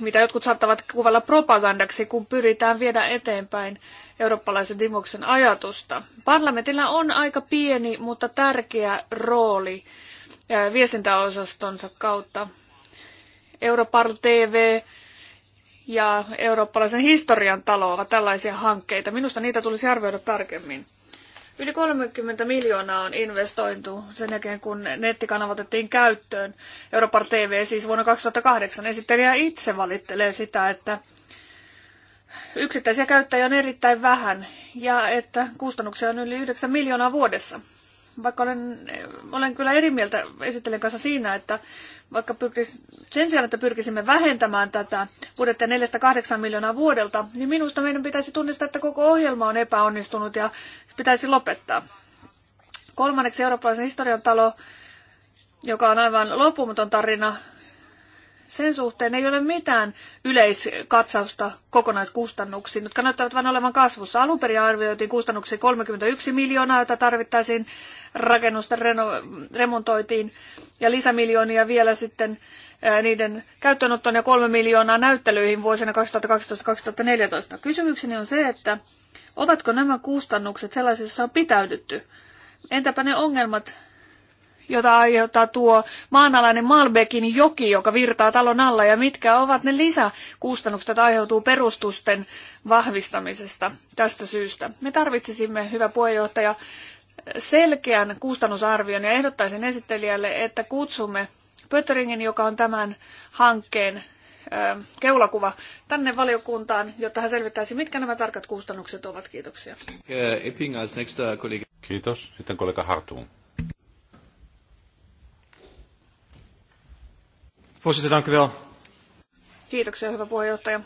mitä jotkut saattavat kuvalla propagandaksi, kun pyritään viedä eteenpäin eurooppalaisen dimoksen ajatusta. Parlamentilla on aika pieni, mutta tärkeä rooli viestintäosastonsa kautta. Europarl TV ja eurooppalaisen historian talo ovat tällaisia hankkeita. Minusta niitä tulisi arvioida tarkemmin. Yli 30 miljoonaa on investointu sen jälkeen, kun nettikanava otettiin käyttöön. Euroopan TV siis vuonna 2008 esittelijä itse valittelee sitä, että yksittäisiä käyttäjiä on erittäin vähän ja että kustannuksia on yli 9 miljoonaa vuodessa vaikka olen, olen kyllä eri mieltä esittelen kanssa siinä, että vaikka pyrkis, sen sijaan, että pyrkisimme vähentämään tätä budjettia 4-8 miljoonaa vuodelta, niin minusta meidän pitäisi tunnistaa, että koko ohjelma on epäonnistunut ja pitäisi lopettaa. Kolmanneksi eurooppalaisen historian talo, joka on aivan loppumaton tarina, sen suhteen ei ole mitään yleiskatsausta kokonaiskustannuksiin, jotka näyttävät vain olevan kasvussa. Alun perin arvioitiin kustannuksi 31 miljoonaa, jota tarvittaisiin rakennusten reno- remontoitiin, ja lisämiljoonia vielä sitten niiden käyttöönottoon ja kolme miljoonaa näyttelyihin vuosina 2012-2014. Kysymykseni on se, että ovatko nämä kustannukset sellaisissa on pitäydytty? Entäpä ne ongelmat, jota aiheuttaa tuo maanalainen Malbekin joki, joka virtaa talon alla, ja mitkä ovat ne lisäkustannukset, jotka aiheutuu perustusten vahvistamisesta tästä syystä. Me tarvitsisimme, hyvä puheenjohtaja, selkeän kustannusarvion ja ehdottaisin esittelijälle, että kutsumme Pötteringin, joka on tämän hankkeen keulakuva tänne valiokuntaan, jotta hän selvittäisi, mitkä nämä tarkat kustannukset ovat. Kiitoksia. Kiitos. Sitten kollega Hartuun. Voorzitter, dank u wel. Kiitoksia, hyvä puheenjohtaja.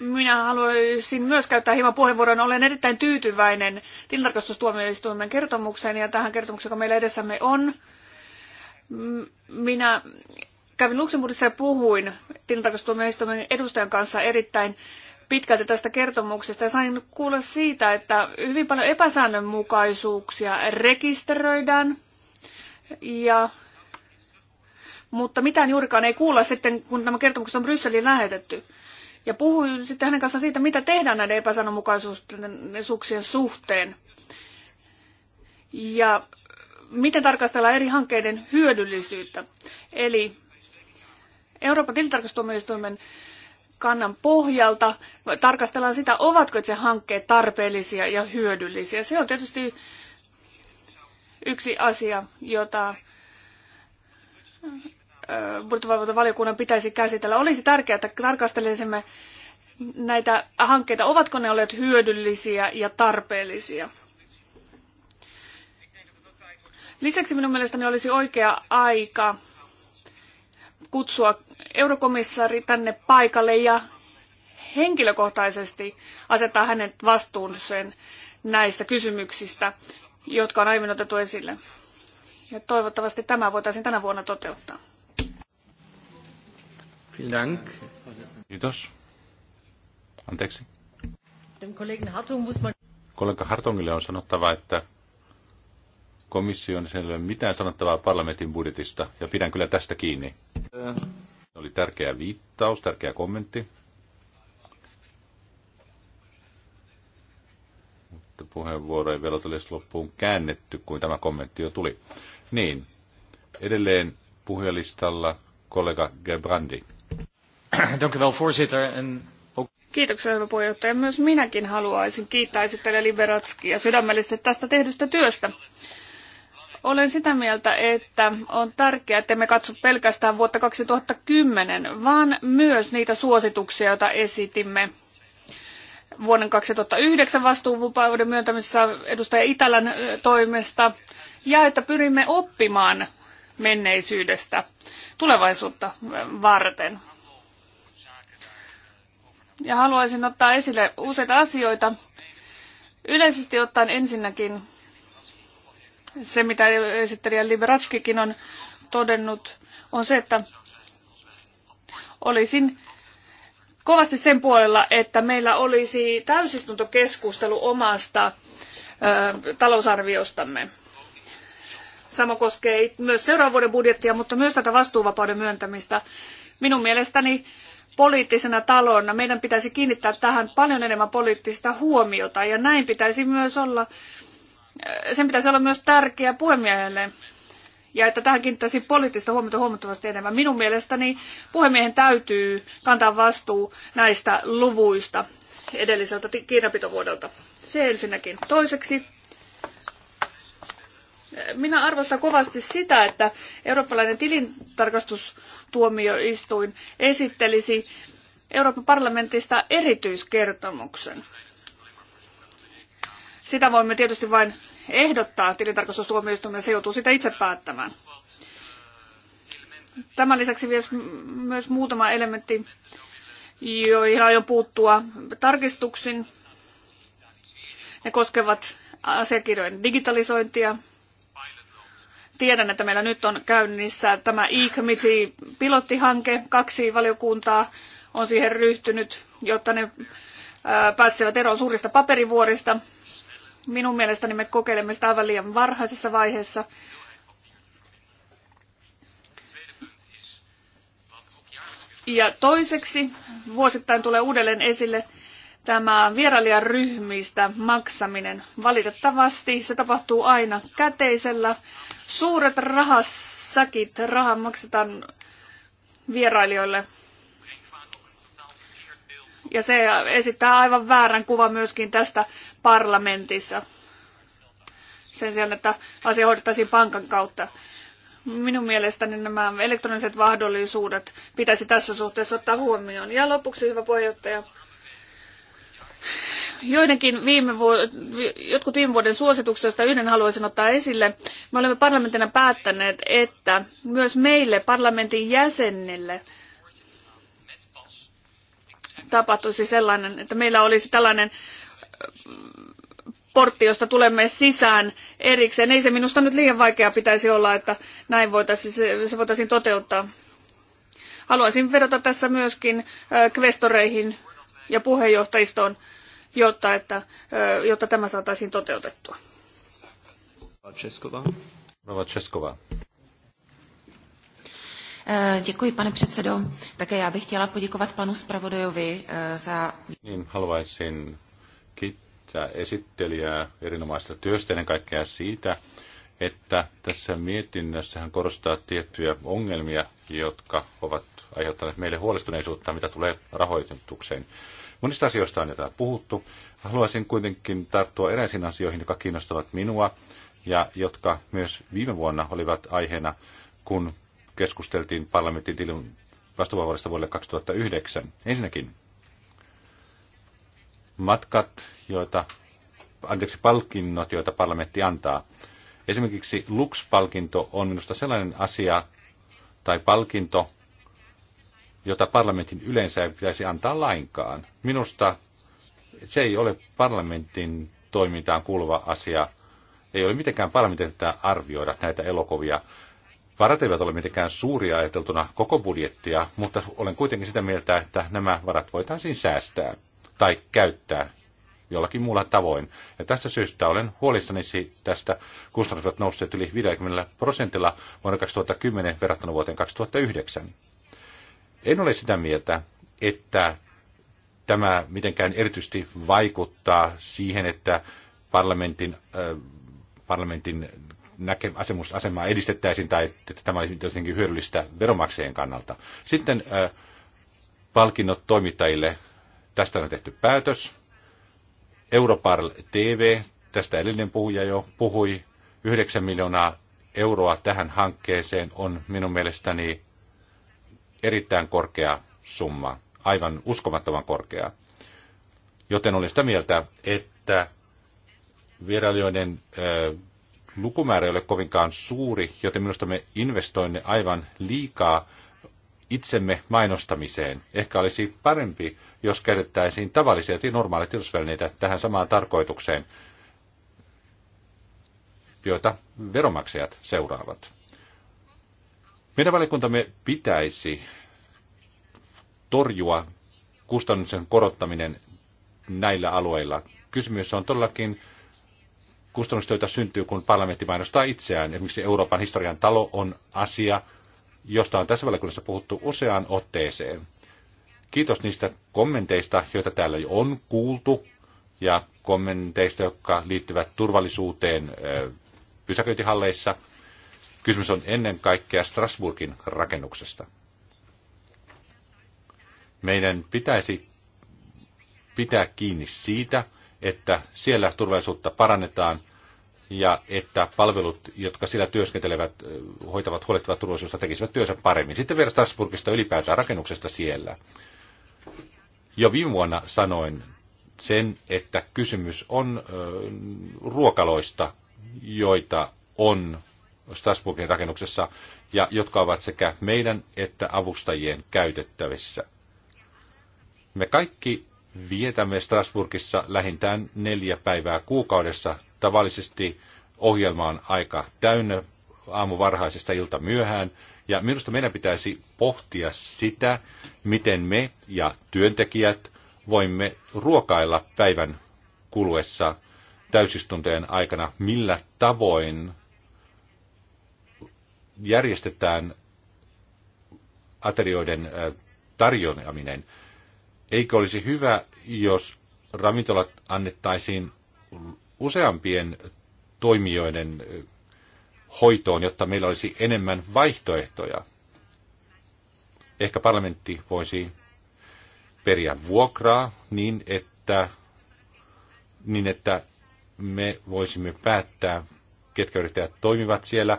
Minä haluaisin myös käyttää hieman puheenvuoron. Olen erittäin tyytyväinen tilintarkastustuomioistuimen kertomukseen ja tähän kertomukseen, joka meillä edessämme on. Minä kävin Luxemburgissa ja puhuin tilintarkastustuomioistuimen edustajan kanssa erittäin pitkälti tästä kertomuksesta ja sain kuulla siitä, että hyvin paljon epäsäännönmukaisuuksia rekisteröidään ja mutta mitään juurikaan ei kuulla sitten, kun nämä kertomukset on Brysseliin lähetetty. Ja puhuin sitten hänen kanssaan siitä, mitä tehdään näiden epäsanomukaisuuksien suhteen. Ja miten tarkastellaan eri hankkeiden hyödyllisyyttä. Eli Euroopan tilintarkastustuomioistuimen kannan pohjalta tarkastellaan sitä, ovatko se hankkeet tarpeellisia ja hyödyllisiä. Se on tietysti yksi asia, jota budjettivalvontavaliokunnan pitäisi käsitellä. Olisi tärkeää, että tarkastelisimme näitä hankkeita, ovatko ne olleet hyödyllisiä ja tarpeellisia. Lisäksi minun mielestäni olisi oikea aika kutsua eurokomissaari tänne paikalle ja henkilökohtaisesti asettaa hänen vastuunsa näistä kysymyksistä, jotka on aiemmin otettu esille. Ja toivottavasti tämä voitaisiin tänä vuonna toteuttaa. Vielen Anteeksi. Kollega Hartongille on sanottava, että komission ei ole mitään sanottavaa parlamentin budjetista, ja pidän kyllä tästä kiinni. Se oli tärkeä viittaus, tärkeä kommentti. Mutta puheenvuoro ei vielä tulisi loppuun käännetty, kuin tämä kommentti jo tuli. Niin, edelleen puhujalistalla kollega Gebrandi. [clears throat] Dank u wel, voorzitter. En ook... Kiitoksia, hyvä puheenjohtaja. Myös minäkin haluaisin kiittää esittelijä ja sydämellisesti tästä tehdystä työstä. Olen sitä mieltä, että on tärkeää, että me katso pelkästään vuotta 2010, vaan myös niitä suosituksia, joita esitimme vuoden 2009 vastuuvapauden myöntämisessä edustaja Itälän toimesta, ja että pyrimme oppimaan menneisyydestä tulevaisuutta varten ja haluaisin ottaa esille useita asioita. Yleisesti ottaen ensinnäkin se, mitä esittelijä Liberatskikin on todennut, on se, että olisin kovasti sen puolella, että meillä olisi täysistuntokeskustelu omasta ö, talousarviostamme. Sama koskee myös seuraavan vuoden budjettia, mutta myös tätä vastuuvapauden myöntämistä. Minun mielestäni poliittisena talona meidän pitäisi kiinnittää tähän paljon enemmän poliittista huomiota ja näin pitäisi myös olla, äh, sen pitäisi olla myös tärkeä puhemiehelle ja että tähän kiinnittäisi poliittista huomiota huomattavasti enemmän. Minun mielestäni puhemiehen täytyy kantaa vastuu näistä luvuista edelliseltä kirjanpitovuodelta. Se ensinnäkin. Toiseksi minä arvostan kovasti sitä, että eurooppalainen tilintarkastustuomioistuin esittelisi Euroopan parlamentista erityiskertomuksen. Sitä voimme tietysti vain ehdottaa tilintarkastustuomioistuimen, se joutuu sitä itse päättämään. Tämän lisäksi myös muutama elementti, joihin aion puuttua tarkistuksin. Ne koskevat asiakirjojen digitalisointia, Tiedän, että meillä nyt on käynnissä tämä e-committee-pilottihanke. Kaksi valiokuntaa on siihen ryhtynyt, jotta ne pääsevät eroon suurista paperivuorista. Minun mielestäni me kokeilemme sitä aivan liian varhaisessa vaiheessa. Ja toiseksi vuosittain tulee uudelleen esille tämä vierailijaryhmistä maksaminen. Valitettavasti se tapahtuu aina käteisellä suuret rahasäkit, raha maksetaan vierailijoille. Ja se esittää aivan väärän kuvan myöskin tästä parlamentissa. Sen sijaan, että asia hoidettaisiin pankan kautta. Minun mielestäni nämä elektroniset mahdollisuudet pitäisi tässä suhteessa ottaa huomioon. Ja lopuksi, hyvä puheenjohtaja, joidenkin viime vu- jotkut viime vuoden suositukset, joista yhden haluaisin ottaa esille. Me olemme parlamentina päättäneet, että myös meille parlamentin jäsenille tapahtuisi sellainen, että meillä olisi tällainen portti, josta tulemme sisään erikseen. Ei se minusta nyt liian vaikeaa pitäisi olla, että näin voitaisiin, se voitaisiin toteuttaa. Haluaisin vedota tässä myöskin kvestoreihin ja puheenjohtajistoon jotta, että, jotta tämä saataisiin toteutettua. Česková. Eh, děkuji, pane předsedo. Také já bych chtěla poděkovat panu zpravodajovi eh, za... Niin, haluaisin kiittää esittelijää erinomaista työstä ennen kaikkea siitä, että tässä mietinnössä hän korostaa tiettyjä ongelmia, jotka ovat aiheuttaneet meille huolestuneisuutta, mitä tulee rahoitukseen. Monista asioista on jo täällä puhuttu. Haluaisin kuitenkin tarttua eräisiin asioihin, jotka kiinnostavat minua ja jotka myös viime vuonna olivat aiheena, kun keskusteltiin parlamentin tilin vastuuvapaudesta vuodelle 2009. Ensinnäkin matkat, joita, anteeksi, palkinnot, joita parlamentti antaa. Esimerkiksi Lux-palkinto on minusta sellainen asia tai palkinto, jota parlamentin yleensä ei pitäisi antaa lainkaan. Minusta se ei ole parlamentin toimintaan kuuluva asia. Ei ole mitenkään parlamentin arvioida näitä elokuvia. Varat eivät ole mitenkään suuria ajateltuna koko budjettia, mutta olen kuitenkin sitä mieltä, että nämä varat voitaisiin säästää tai käyttää jollakin muulla tavoin. Ja tästä syystä olen huolissani tästä kustannukset nousseet yli 50 prosentilla vuonna 2010 verrattuna vuoteen 2009. En ole sitä mieltä, että tämä mitenkään erityisesti vaikuttaa siihen, että parlamentin, äh, parlamentin näke, asemus, asemaa edistettäisiin tai että tämä olisi jotenkin hyödyllistä veromaksajien kannalta. Sitten äh, palkinnot toimittajille. Tästä on tehty päätös. Europarl TV, tästä edellinen puhuja jo puhui, 9 miljoonaa euroa tähän hankkeeseen on minun mielestäni erittäin korkea summa, aivan uskomattoman korkea. Joten olen sitä mieltä, että vierailijoiden lukumäärä ei ole kovinkaan suuri, joten minusta me investoimme aivan liikaa itsemme mainostamiseen. Ehkä olisi parempi, jos käytettäisiin tavallisia ja normaaleja tiedotusvälineitä tähän samaan tarkoitukseen, joita veromaksajat seuraavat. Meidän valiokuntamme pitäisi torjua kustannuksen korottaminen näillä alueilla. Kysymys on todellakin kustannustöitä syntyy, kun parlamentti mainostaa itseään. Esimerkiksi Euroopan historian talo on asia, josta on tässä valiokunnassa puhuttu useaan otteeseen. Kiitos niistä kommenteista, joita täällä jo on kuultu, ja kommenteista, jotka liittyvät turvallisuuteen pysäköintihalleissa – Kysymys on ennen kaikkea Strasburgin rakennuksesta. Meidän pitäisi pitää kiinni siitä, että siellä turvallisuutta parannetaan ja että palvelut, jotka siellä työskentelevät, hoitavat, huolehtivat turvallisuutta, tekisivät työnsä paremmin. Sitten vielä Strasburgista ylipäätään rakennuksesta siellä. Jo viime vuonna sanoin sen, että kysymys on ruokaloista, joita on Strasbourgin rakennuksessa, ja jotka ovat sekä meidän että avustajien käytettävissä. Me kaikki vietämme Strasbourgissa lähintään neljä päivää kuukaudessa. Tavallisesti ohjelma on aika täynnä aamu varhaisesta ilta myöhään, ja minusta meidän pitäisi pohtia sitä, miten me ja työntekijät voimme ruokailla päivän kuluessa täysistuntojen aikana, millä tavoin järjestetään aterioiden tarjoaminen, eikö olisi hyvä, jos ravintolat annettaisiin useampien toimijoiden hoitoon, jotta meillä olisi enemmän vaihtoehtoja. Ehkä parlamentti voisi periä vuokraa niin, että, niin että me voisimme päättää, ketkä yrittäjät toimivat siellä,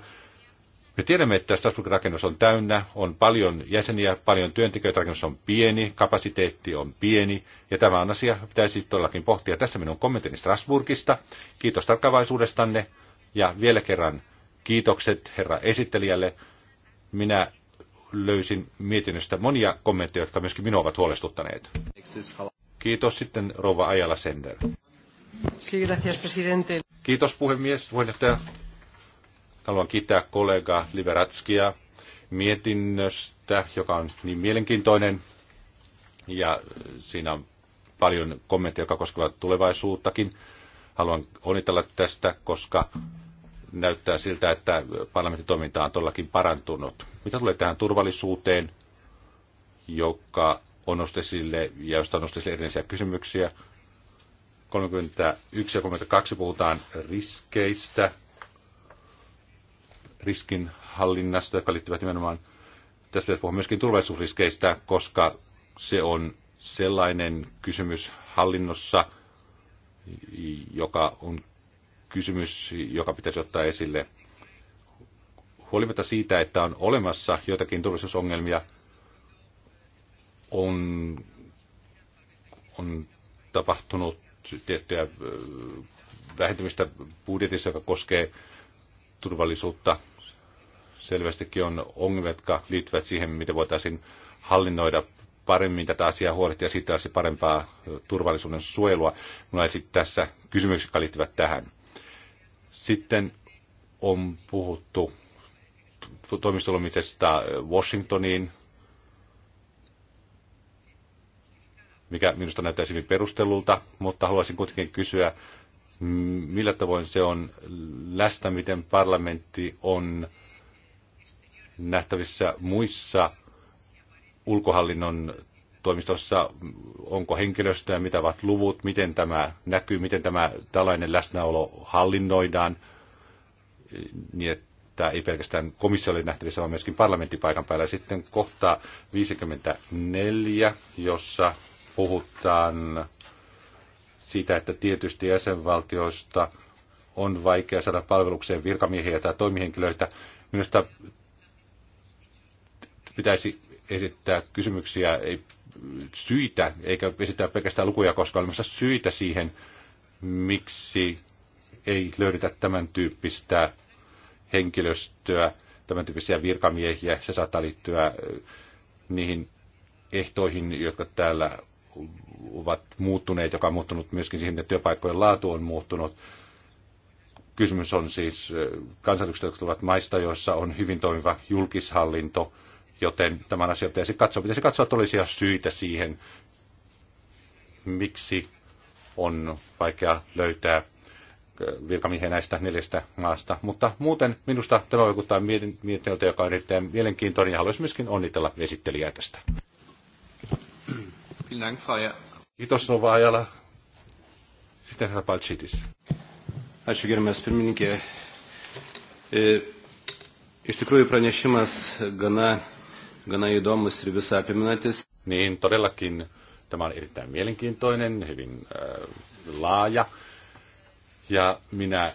me tiedämme, että Strasbourgin rakennus on täynnä, on paljon jäseniä, paljon työntekijöitä, rakennus on pieni, kapasiteetti on pieni, ja tämä on asia, pitäisi todellakin pohtia. Tässä minun kommenttini Strasbourgista. Kiitos tarkkaavaisuudestanne, ja vielä kerran kiitokset herra esittelijälle. Minä löysin mietinnöstä monia kommentteja, jotka myöskin minua ovat huolestuttaneet. Kiitos sitten rouva Ajala Sender. Kiitos puhemies, puheenjohtaja. Haluan kiittää kollega Liberatskia mietinnöstä, joka on niin mielenkiintoinen. Ja siinä on paljon kommentteja, jotka koskevat tulevaisuuttakin. Haluan onnitella tästä, koska näyttää siltä, että parlamentin toiminta on todellakin parantunut. Mitä tulee tähän turvallisuuteen, joka on sille, ja josta on nostesille erillisiä kysymyksiä. 31 ja 32 puhutaan riskeistä, riskinhallinnasta, jotka liittyvät nimenomaan, tässä pitäisi puhua myöskin turvallisuusriskeistä, koska se on sellainen kysymys hallinnossa, joka on kysymys, joka pitäisi ottaa esille. Huolimatta siitä, että on olemassa joitakin turvallisuusongelmia, on, on tapahtunut tiettyä vähentymistä budjetissa, joka koskee turvallisuutta selvästikin on ongelmia, jotka liittyvät siihen, miten voitaisiin hallinnoida paremmin tätä asiaa huolehtia siitä olisi parempaa turvallisuuden suojelua. Minulla ei sitten tässä kysymyksiä, jotka liittyvät tähän. Sitten on puhuttu toimistolomisesta Washingtoniin, mikä minusta näyttäisi hyvin perustellulta, mutta haluaisin kuitenkin kysyä, millä tavoin se on läsnä, miten parlamentti on nähtävissä muissa ulkohallinnon toimistossa, onko henkilöstöä, mitä ovat luvut, miten tämä näkyy, miten tämä tällainen läsnäolo hallinnoidaan, niin että ei pelkästään komissio ole nähtävissä, vaan myöskin parlamenttipaikan päällä. Sitten kohta 54, jossa puhutaan siitä, että tietysti jäsenvaltioista on vaikea saada palvelukseen virkamiehiä tai toimihenkilöitä. Minusta pitäisi esittää kysymyksiä ei, syitä, eikä esittää pelkästään lukuja, koska olemassa syitä siihen, miksi ei löydetä tämän tyyppistä henkilöstöä, tämän tyyppisiä virkamiehiä. Se saattaa liittyä niihin ehtoihin, jotka täällä ovat muuttuneet, joka on muuttunut myöskin siihen, että työpaikkojen laatu on muuttunut. Kysymys on siis kansallisuuksista, jotka tulevat maista, joissa on hyvin toimiva julkishallinto – joten tämän asian pitäisi katsoa. Pitäisi katsoa todellisia syitä siihen, miksi on vaikea löytää äh, virkamiehiä näistä neljästä maasta. Mutta muuten minusta tämä vaikuttaa mietinnöltä, joka on erittäin mielenkiintoinen ja haluaisin myöskin onnitella esittelijää tästä. Kiitos novaajalla. Ajala. Sitten herra Paltsitis. Ačiū gerbiamas pirmininkė. E, iš tikrųjų pranešimas gana gana įdomus ir visą apiminantis. Niin, todellakin tämä on erittäin mielenkiintoinen, hyvin äh, laaja. Ja minä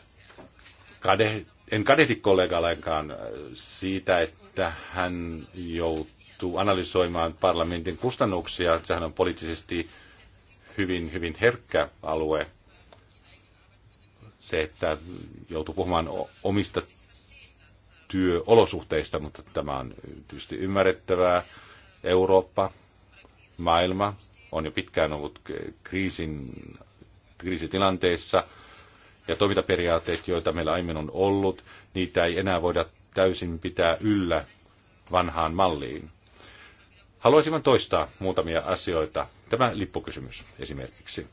kade, en kadehti kollega äh, siitä, että hän joutuu analysoimaan parlamentin kustannuksia. Sehän on poliittisesti hyvin, hyvin herkkä alue. Se, että joutuu puhumaan omista työolosuhteista, mutta tämä on tietysti ymmärrettävää. Eurooppa, maailma on jo pitkään ollut kriisin, kriisitilanteissa ja toimintaperiaatteet, joita meillä aiemmin on ollut, niitä ei enää voida täysin pitää yllä vanhaan malliin. Haluaisin toistaa muutamia asioita. Tämä lippukysymys esimerkiksi.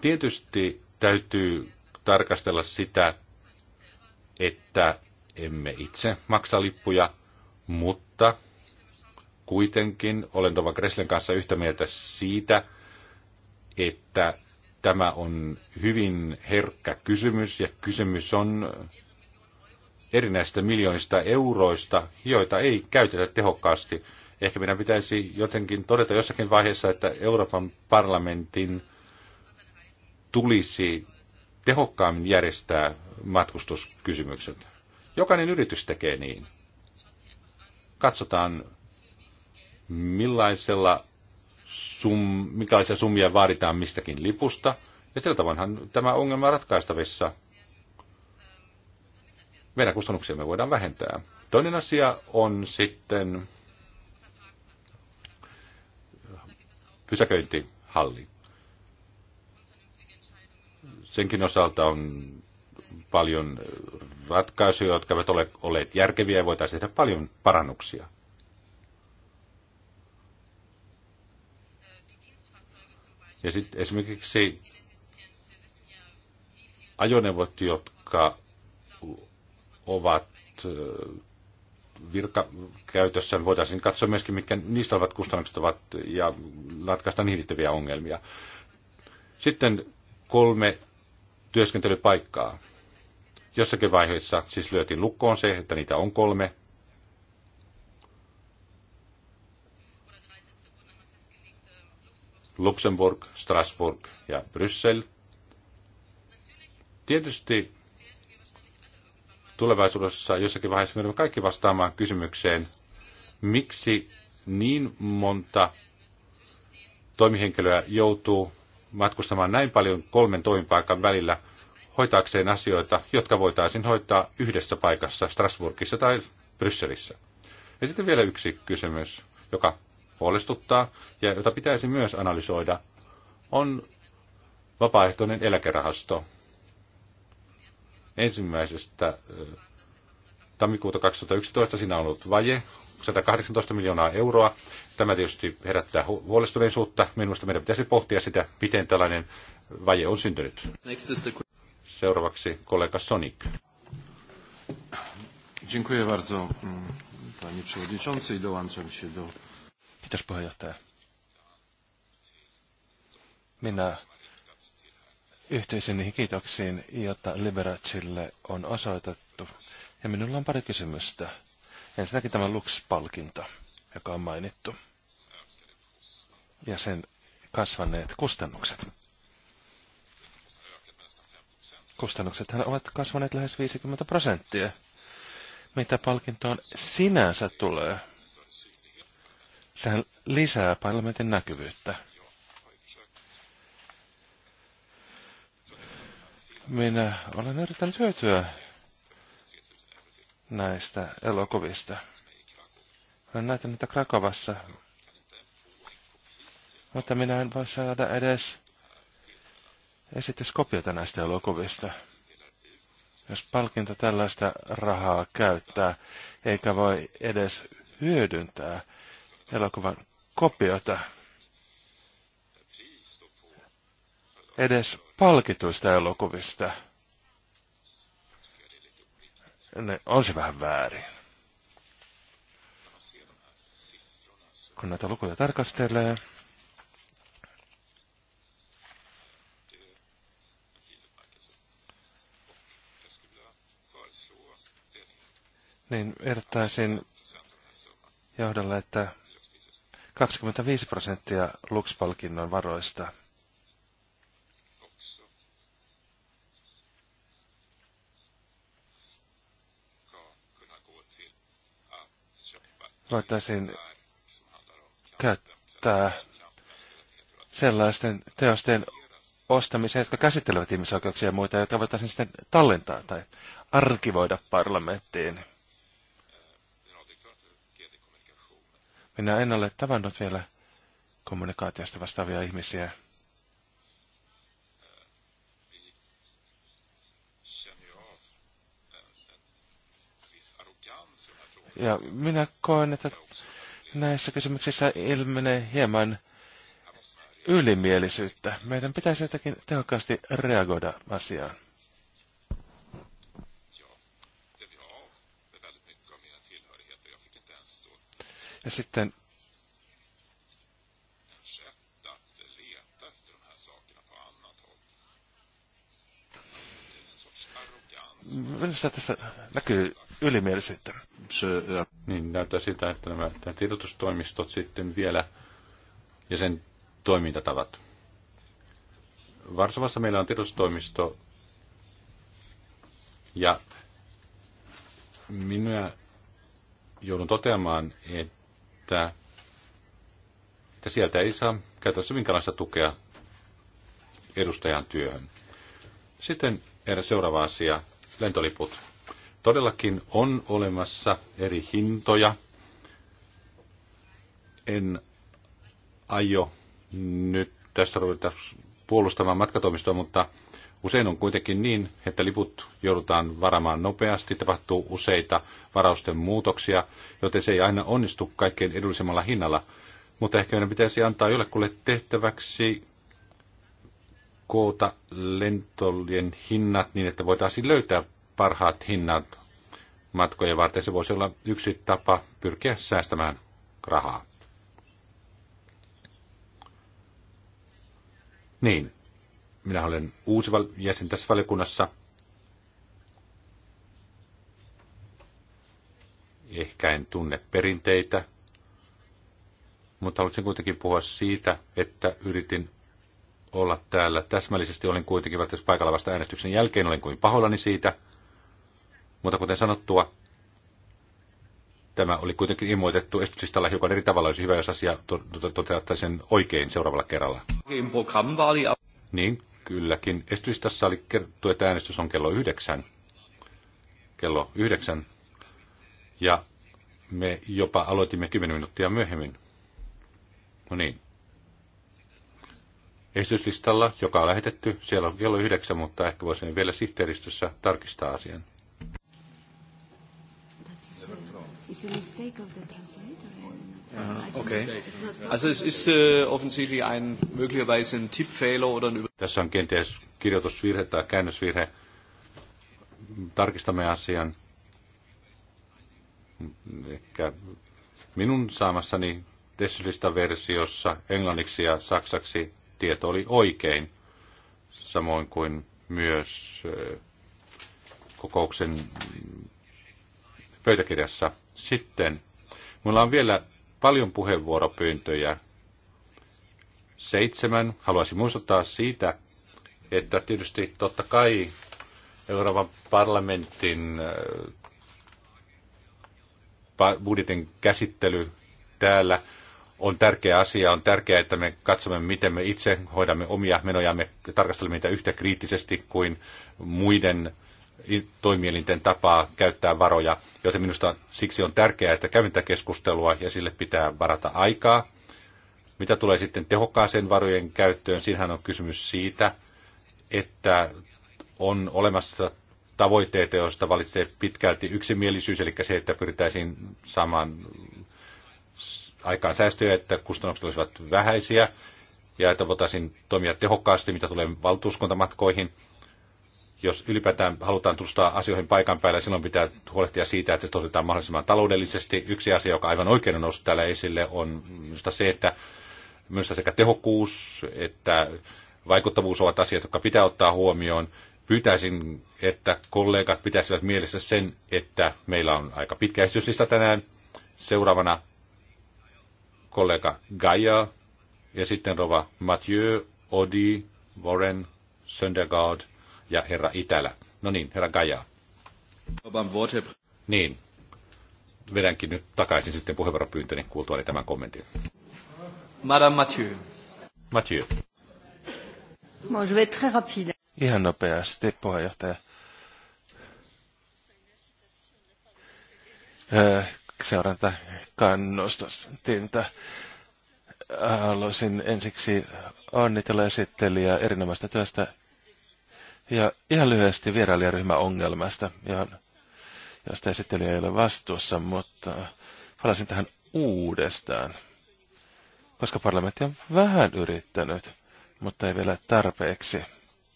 Tietysti täytyy tarkastella sitä, että emme itse maksa lippuja, mutta kuitenkin olen Tova Kreslen kanssa yhtä mieltä siitä, että tämä on hyvin herkkä kysymys ja kysymys on erinäistä miljoonista euroista, joita ei käytetä tehokkaasti. Ehkä meidän pitäisi jotenkin todeta jossakin vaiheessa, että Euroopan parlamentin tulisi tehokkaammin järjestää matkustuskysymykset. Jokainen yritys tekee niin. Katsotaan, millaisella sum, minkälaisia summia vaaditaan mistäkin lipusta. Ja sillä tavallahan tämä ongelma on ratkaistavissa. Meidän kustannuksia me voidaan vähentää. Toinen asia on sitten pysäköintihalli senkin osalta on paljon ratkaisuja, jotka eivät ole olleet järkeviä ja voitaisiin tehdä paljon parannuksia. Ja sitten esimerkiksi ajoneuvot, jotka ovat virkakäytössä, niin voitaisiin katsoa myöskin, mitkä niistä ovat kustannukset ovat ja ratkaista niihin liittyviä ongelmia. Sitten kolme työskentelypaikkaa. Jossakin vaiheessa siis lyötiin lukkoon se, että niitä on kolme. Luxemburg, Strasbourg ja Bryssel. Tietysti tulevaisuudessa jossakin vaiheessa me kaikki vastaamaan kysymykseen, miksi niin monta toimihenkilöä joutuu matkustamaan näin paljon kolmen toimipaikan välillä hoitaakseen asioita, jotka voitaisiin hoitaa yhdessä paikassa, Strasbourgissa tai Brysselissä. Ja sitten vielä yksi kysymys, joka huolestuttaa ja jota pitäisi myös analysoida, on vapaaehtoinen eläkerahasto. Ensimmäisestä tammikuuta 2011 siinä on ollut vaje. 118 miljoonaa euroa. Tämä tietysti herättää huolestuneisuutta. Minusta meidän pitäisi pohtia sitä, miten tällainen vaje on syntynyt. Seuraavaksi kollega Sonic. Dziękuję bardzo, panie przewodniczący, i dołączam się do... Kiitos puheenjohtaja. Minä yhteisiin niihin kiitoksiin, joita Liberacille on osoitettu. Ja minulla on pari kysymystä. Ensinnäkin tämä Lux-palkinto, joka on mainittu, ja sen kasvaneet kustannukset. Kustannuksethan ovat kasvaneet lähes 50 prosenttia, mitä palkintoon sinänsä tulee. Sehän lisää parlamentin näkyvyyttä. Minä olen yrittänyt hyötyä näistä elokuvista. Olen näitä niitä Krakovassa. Mutta minä en voi saada edes esityskopiota näistä elokuvista. Jos palkinto tällaista rahaa käyttää, eikä voi edes hyödyntää elokuvan kopiota, edes palkituista elokuvista ne, on se vähän väärin. Kun näitä lukuja tarkastelee, niin ehdottaisin johdolla, että 25 prosenttia Lux-palkinnon varoista – voitaisiin käyttää sellaisten teosten ostamiseen, jotka käsittelevät ihmisoikeuksia ja muita, jotka voitaisiin sitten tallentaa tai arkivoida parlamenttiin. Minä en ole tavannut vielä kommunikaatiosta vastaavia ihmisiä. Ja minä koen, että näissä kysymyksissä ilmenee hieman ylimielisyyttä. Meidän pitäisi jotenkin tehokkaasti reagoida asiaan. Ja sitten Minusta tässä näkyy ylimielisyyttä. Niin näyttää sitä, että nämä tiedotustoimistot sitten vielä ja sen toimintatavat. Varsovassa meillä on tiedotustoimisto ja minä joudun toteamaan, että, että sieltä ei saa käytännössä minkälaista tukea edustajan työhön. Sitten seuraava asia, lentoliput. Todellakin on olemassa eri hintoja. En aio nyt tästä ruveta puolustamaan matkatoimistoa, mutta usein on kuitenkin niin, että liput joudutaan varamaan nopeasti, tapahtuu useita varausten muutoksia, joten se ei aina onnistu kaikkein edullisimmalla hinnalla. Mutta ehkä meidän pitäisi antaa jollekulle tehtäväksi koota lentojen hinnat niin, että voitaisiin löytää parhaat hinnat matkoja varten. Se voisi olla yksi tapa pyrkiä säästämään rahaa. Niin, minä olen uusi jäsen tässä valiokunnassa. Ehkä en tunne perinteitä, mutta haluaisin kuitenkin puhua siitä, että yritin olla täällä täsmällisesti. Olin kuitenkin paikalla vasta äänestyksen jälkeen, olin kuin pahoillani siitä – mutta kuten sanottua, tämä oli kuitenkin ilmoitettu esityslistalla hiukan eri tavalla, olisi hyvä, jos asia sen oikein seuraavalla kerralla. Niin, kylläkin. Esityslistassa oli kerrottu, että äänestys on kello yhdeksän. Kello yhdeksän. Ja me jopa aloitimme kymmenen minuuttia myöhemmin. No niin. Esityslistalla, joka on lähetetty, siellä on kello yhdeksän, mutta ehkä voisimme vielä sihteeristössä tarkistaa asian. It's a mistake of the translator. okay. Also es ist äh, offensichtlich ein möglicherweise ein Tippfehler oder ein Tässä on kenties kirjoitusvirhe tai käännösvirhe. Tarkistamme asian. Ehkä minun saamassani Tessilista versiossa englanniksi ja saksaksi tieto oli oikein, samoin kuin myös äh, kokouksen pöytäkirjassa. Sitten mulla on vielä paljon puheenvuoropyyntöjä. Seitsemän. Haluaisin muistuttaa siitä, että tietysti totta kai Euroopan parlamentin äh, budjetin käsittely täällä on tärkeä asia. On tärkeää, että me katsomme, miten me itse hoidamme omia menojamme ja tarkastelemme niitä yhtä kriittisesti kuin muiden toimielinten tapaa käyttää varoja, joten minusta siksi on tärkeää, että käymme tätä keskustelua ja sille pitää varata aikaa. Mitä tulee sitten tehokkaaseen varojen käyttöön, siinähän on kysymys siitä, että on olemassa tavoitteita, joista valitsee pitkälti yksimielisyys, eli se, että pyritäisiin saamaan aikaan säästöjä, että kustannukset olisivat vähäisiä ja että voitaisiin toimia tehokkaasti, mitä tulee valtuuskuntamatkoihin – jos ylipäätään halutaan tutustua asioihin paikan päällä, silloin pitää huolehtia siitä, että se toteutetaan mahdollisimman taloudellisesti. Yksi asia, joka aivan oikein on noussut täällä esille, on minusta se, että minusta sekä tehokkuus että vaikuttavuus ovat asiat, jotka pitää ottaa huomioon. Pyytäisin, että kollegat pitäisivät mielessä sen, että meillä on aika pitkä esityslista tänään. Seuraavana kollega Gaia ja sitten rova Mathieu, Odi, Warren, Söndergaard – ja herra Itälä. No niin, herra Gaja. Niin, vedänkin nyt takaisin sitten puheenvuoropyyntöni kuultuani tämän kommentin. Madame Mathieu. Mathieu. Bon, je vais très rapide. Ihan nopeasti, puheenjohtaja. Äh, Seuranta kannustustinta. Äh, haluaisin ensiksi onnitella esittelijää erinomaista työstä ja ihan lyhyesti vierailijaryhmä ongelmasta, johon, josta esittelijä ei ole vastuussa, mutta palasin tähän uudestaan, koska parlamentti on vähän yrittänyt, mutta ei vielä tarpeeksi.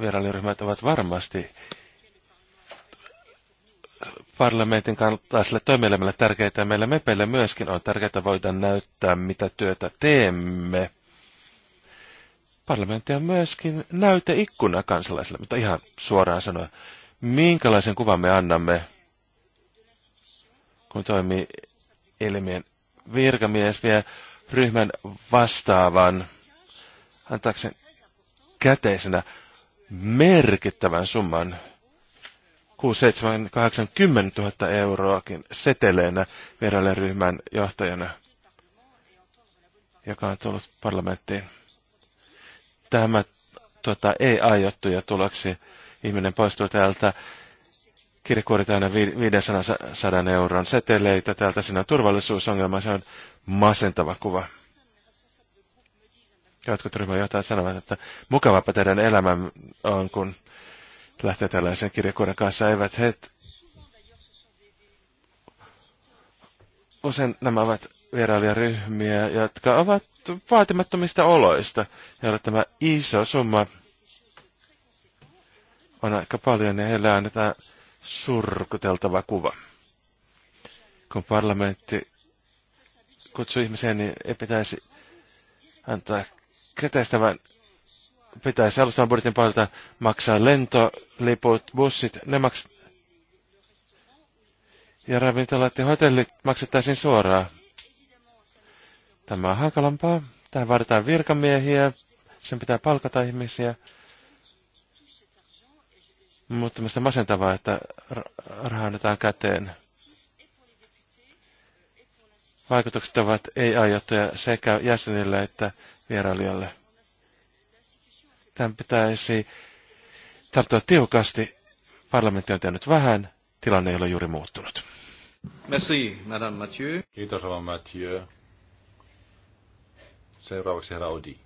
Vierailijaryhmät ovat varmasti parlamentin kaltaiselle toimielimelle tärkeitä ja meillä mepeille myöskin on tärkeää voida näyttää, mitä työtä teemme – Parlamentti on myöskin näyteikkuna kansalaisille, mutta ihan suoraan sanoen, minkälaisen kuvan me annamme, kun toimii elimien virkamies vie ryhmän vastaavan, antaakseen käteisenä merkittävän summan, 6, 7, 8, 10 000 euroakin seteleenä vieraille ryhmän johtajana, joka on tullut parlamenttiin tämä tuota, ei aiottuja tuloksi. Ihminen poistuu täältä kirjekuori täynnä 500 euron seteleitä. Täältä siinä on turvallisuusongelma, se on masentava kuva. Jotkut ryhmänjohtajat sanovat, että mukavapa teidän elämä on, kun lähtee tällaisen kirjakuoren kanssa. Eivät he... Usein nämä ovat vierailijaryhmiä, jotka ovat vaatimattomista oloista, joilla tämä iso summa on aika paljon ja heillä annetaan surkuteltava kuva. Kun parlamentti kutsuu ihmisiä, niin ei pitäisi antaa käteistä, vaan pitäisi alustavan budjetin puolelta maksaa lentoliput, bussit, ne maksaa Ja ravintolat ja hotellit maksettaisiin suoraan. Tämä on hankalampaa. Tähän vaaditaan virkamiehiä, sen pitää palkata ihmisiä. Mutta minusta masentavaa, että rahaa annetaan käteen. Vaikutukset ovat ei-aiottuja sekä jäsenille että vierailijalle. Tämän pitäisi tarttua tiukasti. Parlamentti on tehnyt vähän, tilanne ei ole juuri muuttunut. Merci, Madame Mathieu. Kiitos, Madame Mathieu. Seuraavaksi herra Odi.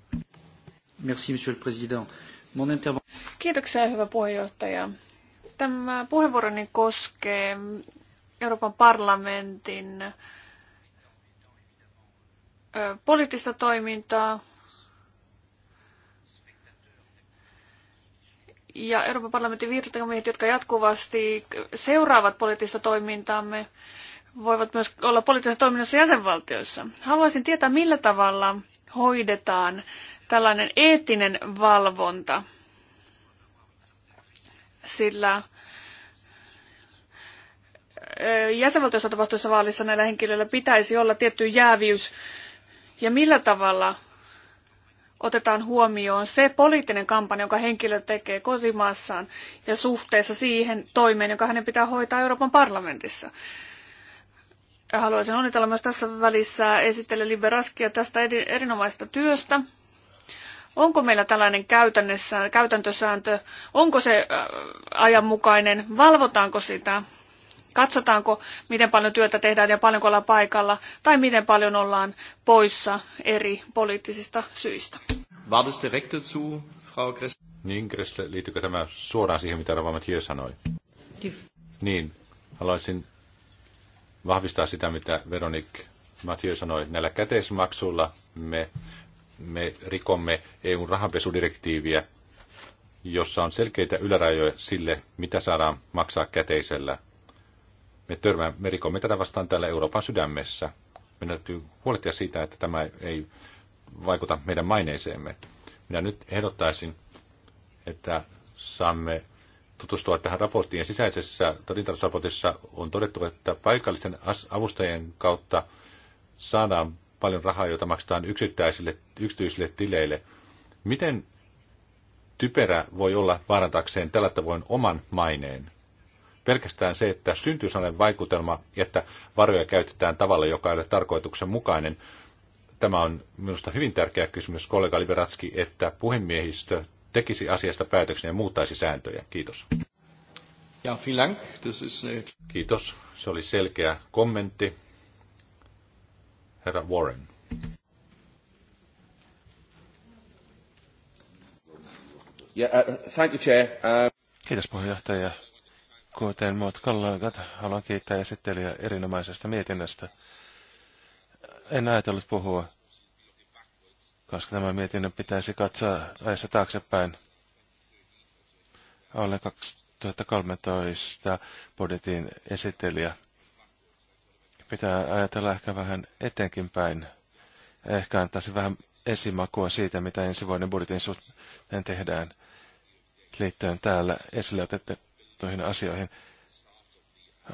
Merci, monsieur le président. Mon Kiitoksia, hyvä puheenjohtaja. Tämä puheenvuoroni koskee Euroopan parlamentin poliittista toimintaa ja Euroopan parlamentin virkamiehet, jotka jatkuvasti seuraavat poliittista toimintaamme, voivat myös olla poliittisessa toiminnassa jäsenvaltioissa. Haluaisin tietää, millä tavalla hoidetaan tällainen eettinen valvonta, sillä jäsenvaltiossa tapahtuvissa vaalissa näillä henkilöillä pitäisi olla tietty jäävyys. ja millä tavalla otetaan huomioon se poliittinen kampanja, jonka henkilö tekee kotimaassaan ja suhteessa siihen toimeen, joka hänen pitää hoitaa Euroopan parlamentissa. Haluaisin onnitella myös tässä välissä esittele Liberaskia tästä erinomaista työstä. Onko meillä tällainen käytännössä, käytäntösääntö? Onko se ajanmukainen? Valvotaanko sitä? Katsotaanko, miten paljon työtä tehdään ja paljonko ollaan paikalla, tai miten paljon ollaan poissa eri poliittisista syistä. War das direkt dazu, Frau Niin, Kristel, liittyykö tämä suoraan siihen, mitä Rava Mathieu sanoi? Niin, haluaisin vahvistaa sitä, mitä Veronik Mathieu sanoi. Näillä käteismaksuilla me, me rikomme EUn rahanpesudirektiiviä, jossa on selkeitä ylärajoja sille, mitä saadaan maksaa käteisellä. Me, törmää, me rikomme tätä vastaan täällä Euroopan sydämessä. Meidän täytyy huolehtia siitä, että tämä ei vaikuta meidän maineeseemme. Minä nyt ehdottaisin, että saamme tutustua tähän raporttiin. Sisäisessä todintarvoisraportissa on todettu, että paikallisten avustajien kautta saadaan paljon rahaa, jota maksetaan yksittäisille, yksityisille tileille. Miten typerä voi olla vaarantakseen tällä tavoin oman maineen? Pelkästään se, että syntyy sellainen vaikutelma, että varoja käytetään tavalla, joka ei ole tarkoituksenmukainen. Tämä on minusta hyvin tärkeä kysymys, kollega Liberatski, että puhemiehistö tekisi asiasta päätöksen ja muuttaisi sääntöjä. Kiitos. Ja, vielen äh, Kiitos. Se oli selkeä kommentti. Herra Warren. Yeah, uh, thank you, Chair. Uh... Kiitos puheenjohtaja. Kuten muut kollegat, haluan kiittää esittelijä erinomaisesta mietinnöstä. En ajatellut puhua koska tämä mietinnön pitäisi katsoa ajassa taaksepäin. Olen 2013 budjetin esittelijä. Pitää ajatella ehkä vähän etenkin päin. Ehkä antaisi vähän esimakua siitä, mitä ensi vuoden budjetin suhteen tehdään liittyen täällä esille otettuihin asioihin.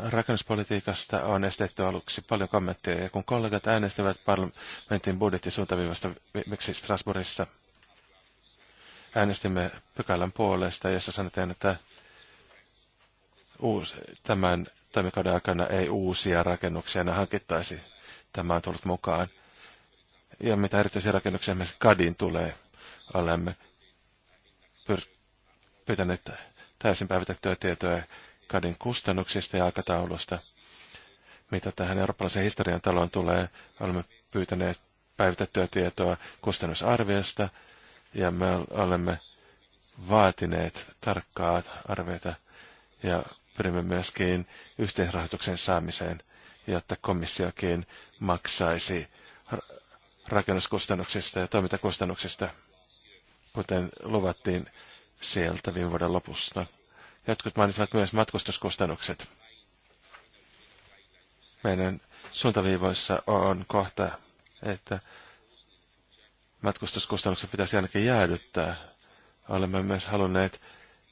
Rakennuspolitiikasta on estetty aluksi paljon kommentteja, ja kun kollegat äänestävät parlamentin budjettisuuntaviivasta miksi Strasbourgissa, äänestimme pykälän puolesta, jossa sanotaan, että uusi, tämän toimikauden aikana ei uusia rakennuksia enää hankittaisi. Tämä on tullut mukaan. Ja mitä erityisiä rakennuksia myös Kadin tulee, olemme pyytäneet täysin päivitettyä tietoa kadin kustannuksista ja aikataulusta. Mitä tähän eurooppalaisen historian taloon tulee, olemme pyytäneet päivitettyä tietoa kustannusarviosta ja me olemme vaatineet tarkkaa arvioita, ja pyrimme myöskin yhteisrahoituksen saamiseen, jotta komissiokin maksaisi rakennuskustannuksista ja toimintakustannuksista, kuten luvattiin sieltä viime vuoden lopusta. Jotkut mainitsivat myös matkustuskustannukset. Meidän suuntaviivoissa on kohta, että matkustuskustannukset pitäisi ainakin jäädyttää. Olemme myös halunneet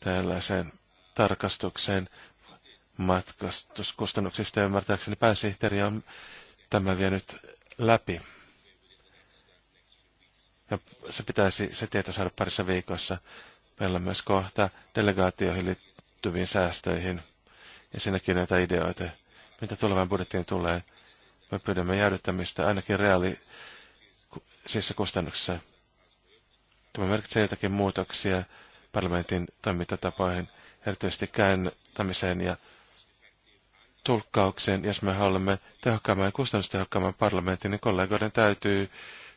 tällaisen tarkastuksen matkustuskustannuksista. Ymmärtääkseni pääsihteeri on tämä vienyt läpi. Ja se pitäisi se tieto saada parissa viikossa. Meillä on myös kohta delegaatioihin liittyviin säästöihin ja siinäkin näitä ideoita. Mitä tulevan budjettiin tulee, me pyydämme jäädyttämistä ainakin reaali siis kustannuksissa. Tämä merkitsee jotakin muutoksia parlamentin toimintatapoihin, erityisesti käännämiseen ja tulkkaukseen. Jos me haluamme tehokkaamman ja kustannustehokkaamman parlamentin, niin kollegoiden täytyy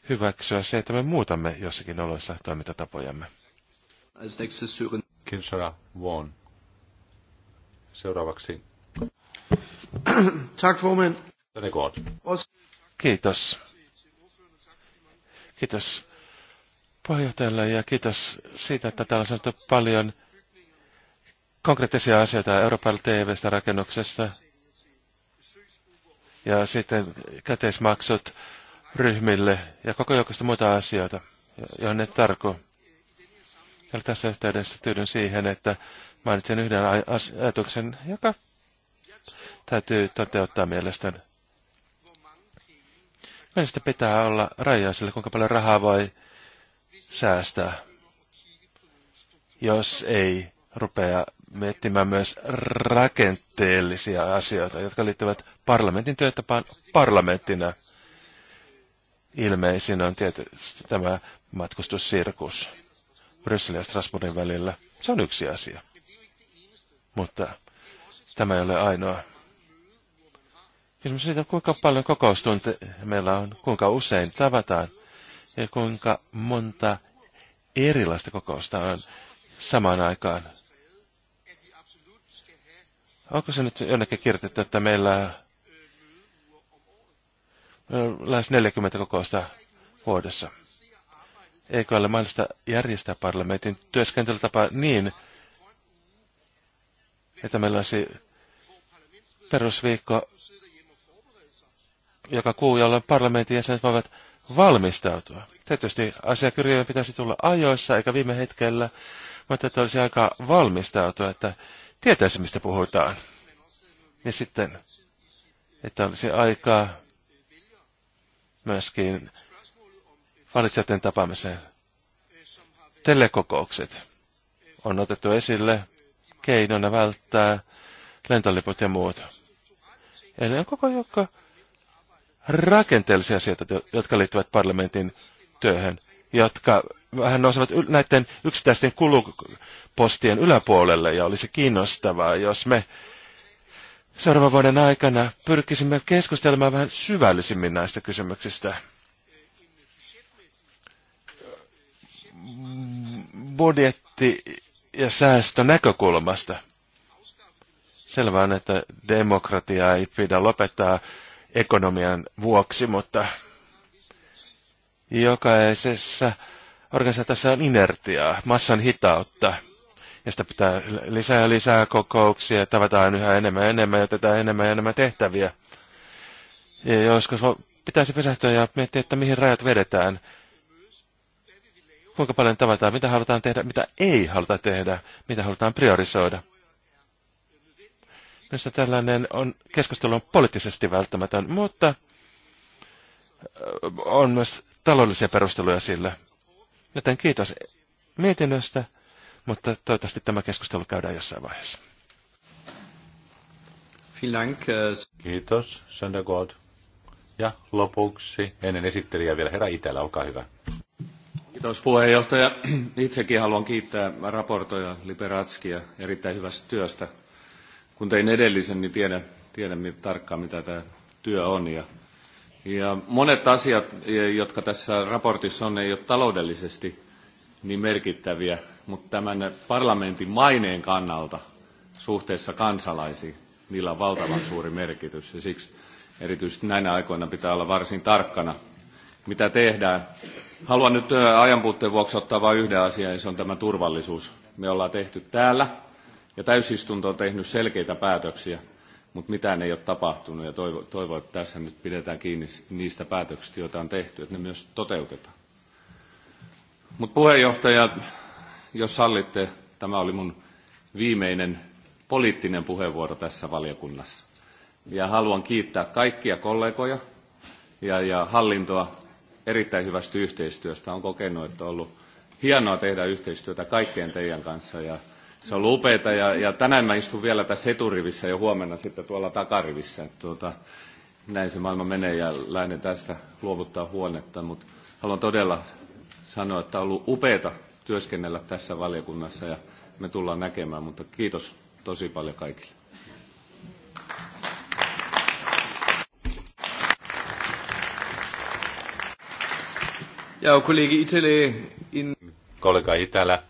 hyväksyä se, että me muutamme jossakin oloissa toimintatapojamme. Kiitos, Vaughn. Seuraavaksi. Tack formen. Kiitos. Kiitos puheenjohtajalle ja kiitos siitä, että täällä on sanottu paljon konkreettisia asioita Euroopan TV-stä rakennuksessa Ja sitten käteismaksut ryhmille ja koko joukosta muita asioita, joihin ne tarko. Ja tässä yhteydessä tyydyn siihen, että mainitsen yhden ajatuksen, joka täytyy toteuttaa mielestäni. Mielestäni pitää olla rajaa, sille, kuinka paljon rahaa voi säästää, jos ei rupea miettimään myös rakenteellisia asioita, jotka liittyvät parlamentin työtapaan parlamenttina. Ilmeisin on tietysti tämä matkustussirkus Brysselin ja Strasbourgin välillä. Se on yksi asia mutta tämä ei ole ainoa. Kysymys siitä, kuinka paljon kokoustunteja meillä on, kuinka usein tavataan ja kuinka monta erilaista kokousta on samaan aikaan. Onko se nyt jonnekin kirjoitettu, että meillä on no, lähes 40 kokousta vuodessa? Eikö ole mahdollista järjestää parlamentin työskentelytapa niin, että meillä olisi perusviikko joka kuu, jolloin parlamentin jäsenet voivat valmistautua. Tietysti asiakirjojen pitäisi tulla ajoissa eikä viime hetkellä, mutta että olisi aika valmistautua, että tietäisi mistä puhutaan. Ja sitten, että olisi aikaa myöskin valitsijoiden tapaamiseen. Telekokoukset on otettu esille keinona välttää lentoliput ja muut. Eli on koko joukko rakenteellisia asioita, jotka liittyvät parlamentin työhön, jotka vähän nousevat näiden yksittäisten kulupostien yläpuolelle, ja olisi kiinnostavaa, jos me seuraavan vuoden aikana pyrkisimme keskustelemaan vähän syvällisimmin näistä kysymyksistä. Budjetti ja säästönäkökulmasta. Selvä on, että demokratiaa ei pidä lopettaa ekonomian vuoksi, mutta jokaisessa organisaatiossa on inertiaa, massan hitautta. Ja sitä pitää lisää ja lisää kokouksia, tavataan yhä enemmän ja enemmän ja otetaan enemmän ja enemmän tehtäviä. Ja joskus pitäisi pysähtyä ja miettiä, että mihin rajat vedetään kuinka paljon tavataan, mitä halutaan tehdä, mitä ei haluta tehdä, mitä halutaan priorisoida. Minusta tällainen on, keskustelu on poliittisesti välttämätön, mutta on myös taloudellisia perusteluja sille. Joten kiitos mietinnöstä, mutta toivottavasti tämä keskustelu käydään jossain vaiheessa. Äh, kiitos, Söndergaard. Ja lopuksi ennen esittelijää vielä herra Itälä, olkaa hyvä. Kiitos puheenjohtaja. Itsekin haluan kiittää raportoja Liberatskia erittäin hyvästä työstä. Kun tein edellisen, niin tiedän, tiedän tarkkaan, mitä tämä työ on. Ja, ja monet asiat, e, jotka tässä raportissa on, ei ole taloudellisesti niin merkittäviä, mutta tämän parlamentin maineen kannalta suhteessa kansalaisiin, niillä on valtavan suuri merkitys. Ja siksi erityisesti näinä aikoina pitää olla varsin tarkkana, mitä tehdään Haluan nyt ajanpuutteen vuoksi ottaa vain yhden asian, ja se on tämä turvallisuus. Me ollaan tehty täällä, ja täysistunto on tehnyt selkeitä päätöksiä, mutta mitään ei ole tapahtunut, ja toivon, että tässä nyt pidetään kiinni niistä päätöksistä, joita on tehty, että ne myös toteutetaan. Mutta puheenjohtaja, jos sallitte, tämä oli mun viimeinen poliittinen puheenvuoro tässä valiokunnassa. Ja haluan kiittää kaikkia kollegoja ja, ja hallintoa erittäin hyvästä yhteistyöstä. Olen kokenut, että on ollut hienoa tehdä yhteistyötä kaikkien teidän kanssa ja se on ollut ja, ja tänään mä istun vielä tässä eturivissä ja huomenna sitten tuolla takarivissä. Tuota, näin se maailma menee ja lähden tästä luovuttaa huonetta, mutta haluan todella sanoa, että on ollut upeaa työskennellä tässä valiokunnassa ja me tullaan näkemään, mutta kiitos tosi paljon kaikille. Ja kollegi Itele... In... Kollega Itälä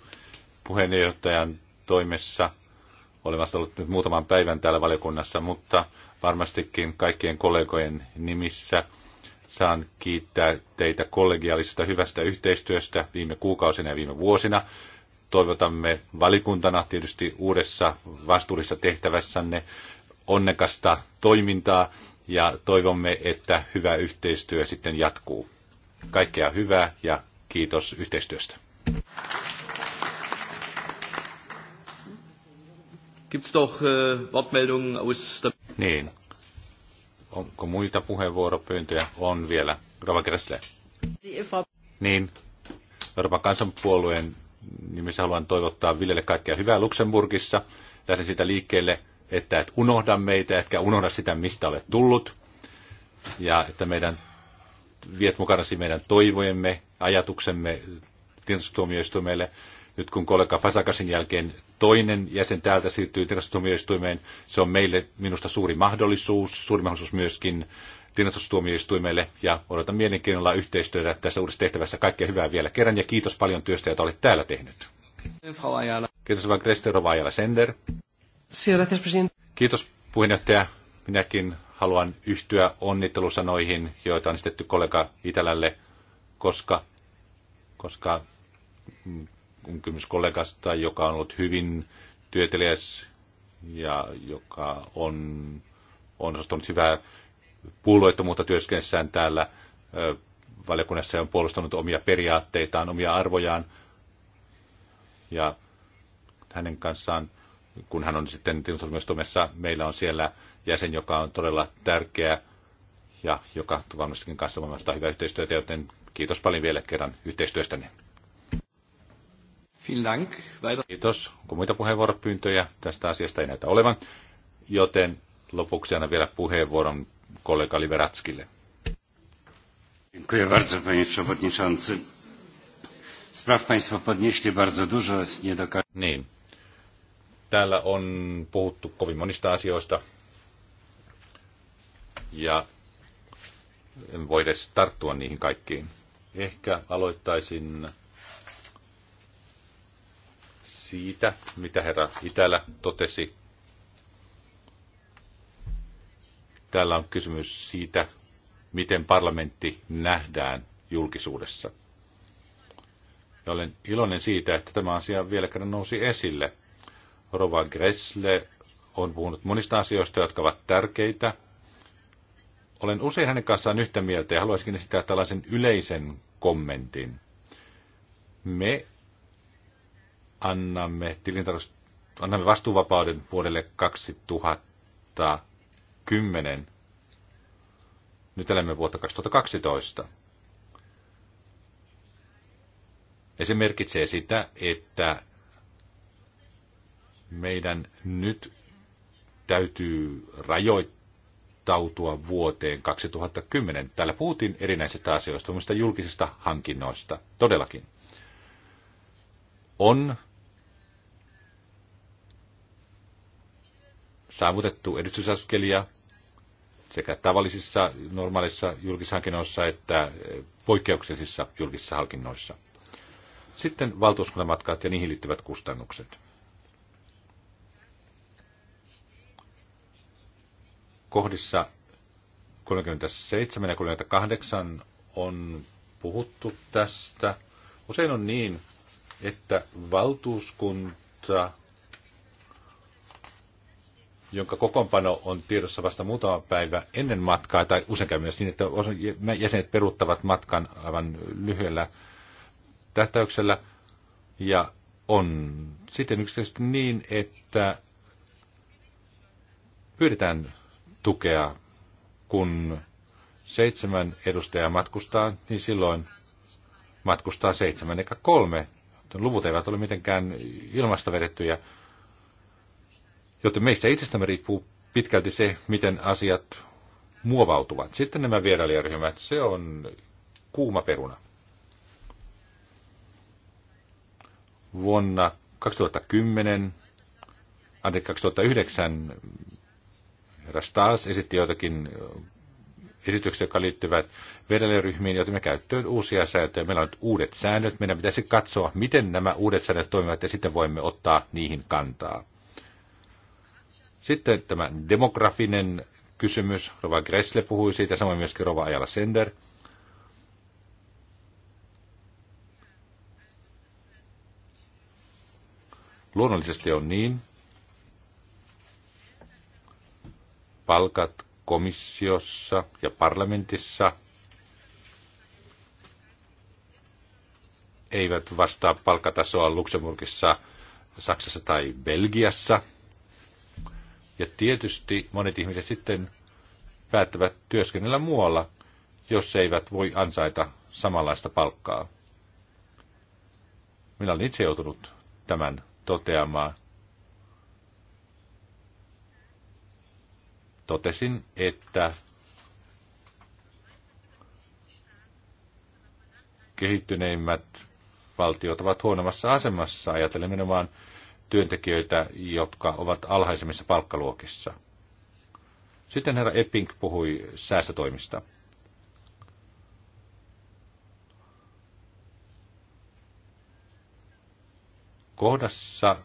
puheenjohtajan toimessa olen vasta ollut nyt muutaman päivän täällä valiokunnassa, mutta varmastikin kaikkien kollegojen nimissä saan kiittää teitä kollegiaalisesta hyvästä yhteistyöstä viime kuukausina ja viime vuosina. Toivotamme valikuntana tietysti uudessa vastuullisessa tehtävässänne onnekasta toimintaa ja toivomme, että hyvä yhteistyö sitten jatkuu. Kaikkea hyvää ja kiitos yhteistyöstä. Gibt's doch äh, Wortmeldungen aus der... Niin. Onko muita puheenvuoropyyntöjä? On vielä. Rova Gressle. Niin. Euroopan kansanpuolueen nimissä haluan toivottaa Villelle kaikkea hyvää Luxemburgissa. Lähden siitä liikkeelle, että et unohda meitä, etkä unohda sitä, mistä olet tullut. Ja että meidän viet mukanasi meidän toivojemme, ajatuksemme tietotuomioistuimelle. Nyt kun kollega Fasakasin jälkeen toinen jäsen täältä siirtyy tietotuomioistuimeen, se on meille minusta suuri mahdollisuus, suuri mahdollisuus myöskin tietotuomioistuimelle ja odotan mielenkiinnolla yhteistyötä tässä uudessa tehtävässä. Kaikkea hyvää vielä kerran ja kiitos paljon työstä, jota olet täällä tehnyt. Kiitos vaan Kresterova Ajala Sender. Kiitos puheenjohtaja. Minäkin haluan yhtyä onnittelusanoihin, joita on esitetty kollega Itälälle, koska, koska mm, on kollegasta, joka on ollut hyvin työtelijäs ja joka on, on osoittanut hyvää puolueettomuutta työskennessään täällä valiokunnassa ja on puolustanut omia periaatteitaan, omia arvojaan. Ja hänen kanssaan, kun hän on sitten myös meillä on siellä jäsen, joka on todella tärkeä ja joka tuvannustakin kanssa voi voimme hyvää yhteistyötä, joten kiitos paljon vielä kerran yhteistyöstänne. Kiitos. Onko muita puheenvuoropyyntöjä tästä asiasta ei näytä olevan, joten lopuksi annan vielä puheenvuoron kollega Liberatskille. Niin. Täällä on puhuttu kovin monista asioista, ja en voi edes tarttua niihin kaikkiin. Ehkä aloittaisin siitä, mitä herra Itälä totesi. Täällä on kysymys siitä, miten parlamentti nähdään julkisuudessa. Ja olen iloinen siitä, että tämä asia vielä kerran nousi esille. Rova Gressle on puhunut monista asioista, jotka ovat tärkeitä olen usein hänen kanssaan yhtä mieltä ja haluaisinkin esittää tällaisen yleisen kommentin. Me annamme, tilintarkast- annamme vastuuvapauden vuodelle 2010. Nyt elämme vuotta 2012. Ja se merkitsee sitä, että meidän nyt täytyy rajoittaa suhtautua vuoteen 2010. Täällä puhuttiin erinäisistä asioista, muista julkisista hankinnoista. Todellakin. On saavutettu edistysaskelia sekä tavallisissa normaalissa julkishankinnoissa että e, poikkeuksellisissa julkisissa hankinnoissa. Sitten valtuuskunnan matkat ja niihin liittyvät kustannukset. Kohdissa 37 ja 38 on puhuttu tästä. Usein on niin, että valtuuskunta, jonka kokoonpano on tiedossa vasta muutama päivä ennen matkaa, tai usein käy myös niin, että jäsenet peruuttavat matkan aivan lyhyellä tähtäyksellä, ja on sitten yksityisesti niin, että pyydetään tukea. Kun seitsemän edustajaa matkustaa, niin silloin matkustaa seitsemän eikä kolme. Luvut eivät ole mitenkään ilmasta vedettyjä, joten meistä itsestämme riippuu pitkälti se, miten asiat muovautuvat. Sitten nämä vierailijaryhmät, se on kuuma peruna. Vuonna 2010, anteeksi 2009 Rastas esitti joitakin esityksiä, jotka liittyvät vedelijäryhmiin, joita me käyttöön uusia sääntöjä. Meillä on nyt uudet säännöt. Meidän pitäisi katsoa, miten nämä uudet säännöt toimivat, ja sitten voimme ottaa niihin kantaa. Sitten tämä demografinen kysymys. Rova Gressle puhui siitä, samoin myöskin Rova Ajala Sender. Luonnollisesti on niin, palkat komissiossa ja parlamentissa eivät vastaa palkatasoa Luxemburgissa, Saksassa tai Belgiassa. Ja tietysti monet ihmiset sitten päättävät työskennellä muualla, jos eivät voi ansaita samanlaista palkkaa. Minä olen itse joutunut tämän toteamaan – totesin, että kehittyneimmät valtiot ovat huonommassa asemassa, ajatellen nimenomaan työntekijöitä, jotka ovat alhaisemmissa palkkaluokissa. Sitten herra Epping puhui säästötoimista. Kohdassa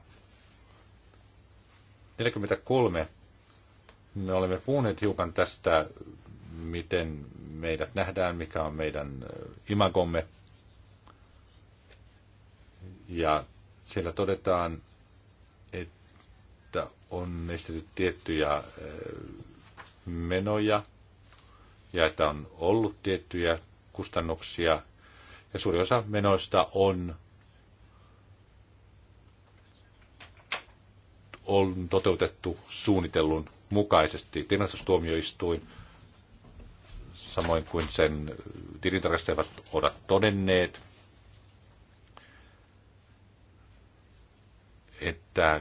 43 me olemme puhuneet hiukan tästä, miten meidät nähdään, mikä on meidän imagomme. Ja siellä todetaan, että on esitetty tiettyjä menoja ja että on ollut tiettyjä kustannuksia. Ja suuri osa menoista on on toteutettu suunnitellun mukaisesti. tilastustuomioistuin, samoin kuin sen tilintarkastajat ovat todenneet, että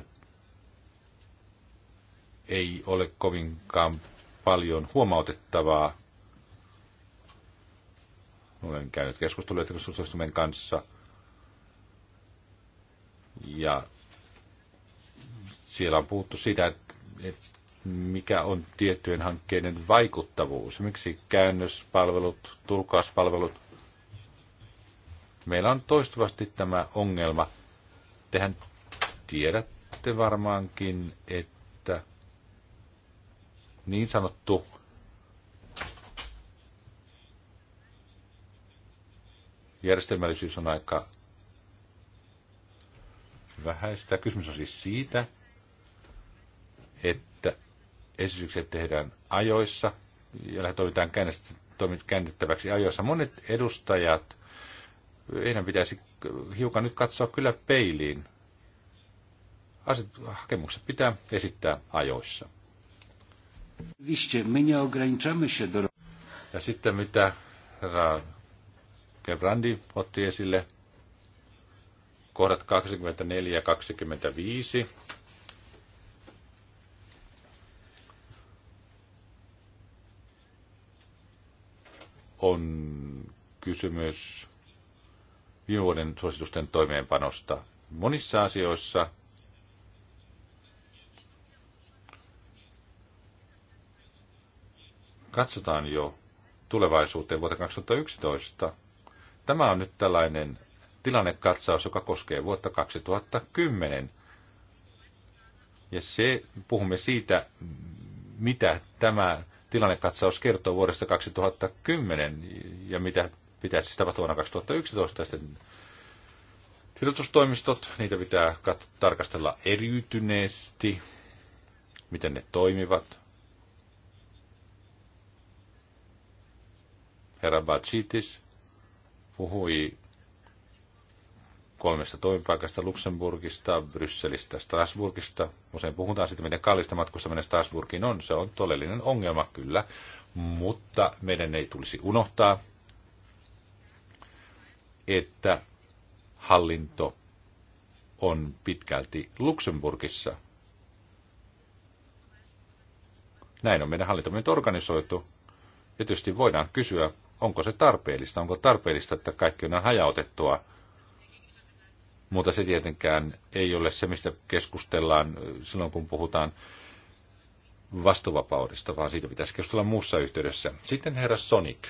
ei ole kovinkaan paljon huomautettavaa. Olen käynyt keskustelua tilintarkastustuomioistuimen kanssa ja siellä on puhuttu siitä, että, että mikä on tiettyjen hankkeiden vaikuttavuus. Miksi käännöspalvelut, tulkauspalvelut? Meillä on toistuvasti tämä ongelma. Tehän tiedätte varmaankin, että niin sanottu järjestelmällisyys on aika vähäistä. Kysymys on siis siitä, että esitykset tehdään ajoissa ja toimitaan käännettäväksi ajoissa. Monet edustajat, heidän pitäisi hiukan nyt katsoa kyllä peiliin. Aset, hakemukset pitää esittää ajoissa. Ja sitten mitä herra Gebrandi otti esille, kohdat 24 ja 25 on kysymys viime vuoden suositusten toimeenpanosta. Monissa asioissa katsotaan jo tulevaisuuteen vuotta 2011. Tämä on nyt tällainen tilannekatsaus, joka koskee vuotta 2010. Ja se, puhumme siitä, mitä tämä tilannekatsaus kertoo vuodesta 2010 ja mitä pitäisi siis tapahtua vuonna 2011. Sitten tiedotustoimistot, niitä pitää kat- tarkastella eriytyneesti, miten ne toimivat. Herra Bacitis puhui kolmesta toimipaikasta Luxemburgista, Brysselistä, Strasburgista. Usein puhutaan siitä, miten kallista matkustaminen Strasburgiin on. Se on todellinen ongelma kyllä, mutta meidän ei tulisi unohtaa, että hallinto on pitkälti Luxemburgissa. Näin on meidän hallintomme nyt organisoitu. Ja tietysti voidaan kysyä, onko se tarpeellista, onko tarpeellista, että kaikki on hajautettua – mutta se tietenkään ei ole se, mistä keskustellaan silloin, kun puhutaan vastuvapaudesta, vaan siitä pitäisi keskustella muussa yhteydessä. Sitten herra Sonic.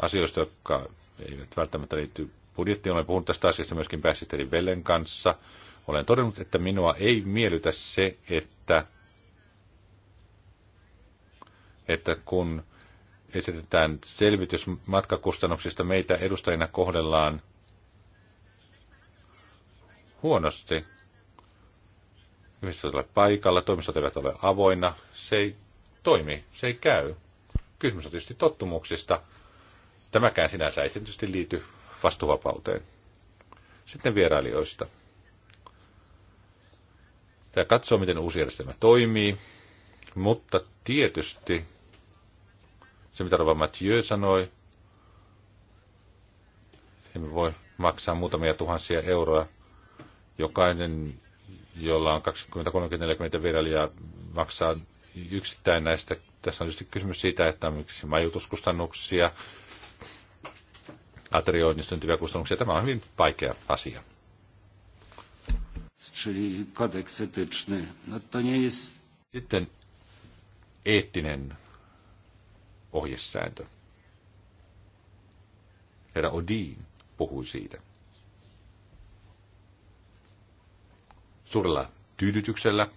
Asioista, jotka eivät välttämättä liittyy budjettiin. Olen puhunut tästä asiasta myöskin pääsihteeri Vellen kanssa. Olen todennut, että minua ei miellytä se, että, että kun esitetään selvitys matkakustannuksista, meitä edustajina kohdellaan huonosti. Ihmiset eivät ole paikalla, toimistot eivät ole avoinna, se ei toimi, se ei käy. Kysymys on tietysti tottumuksista. Tämäkään sinänsä ei tietysti liity vastuvapauteen. Sitten vierailijoista. Tämä katsoo, miten uusi järjestelmä toimii, mutta tietysti se, mitä Rova Mathieu sanoi, emme voi maksaa muutamia tuhansia euroa. Jokainen, jolla on 20, 30, 40 viljelijää, maksaa yksittäin näistä. Tässä on tietysti kysymys siitä, että on miksi majoituskustannuksia, aterioinnista syntyviä kustannuksia. Tämä on hyvin vaikea asia. No Sitten eettinen ohjesääntö. Herra Odin puhui siitä. Suurella tyydytyksellä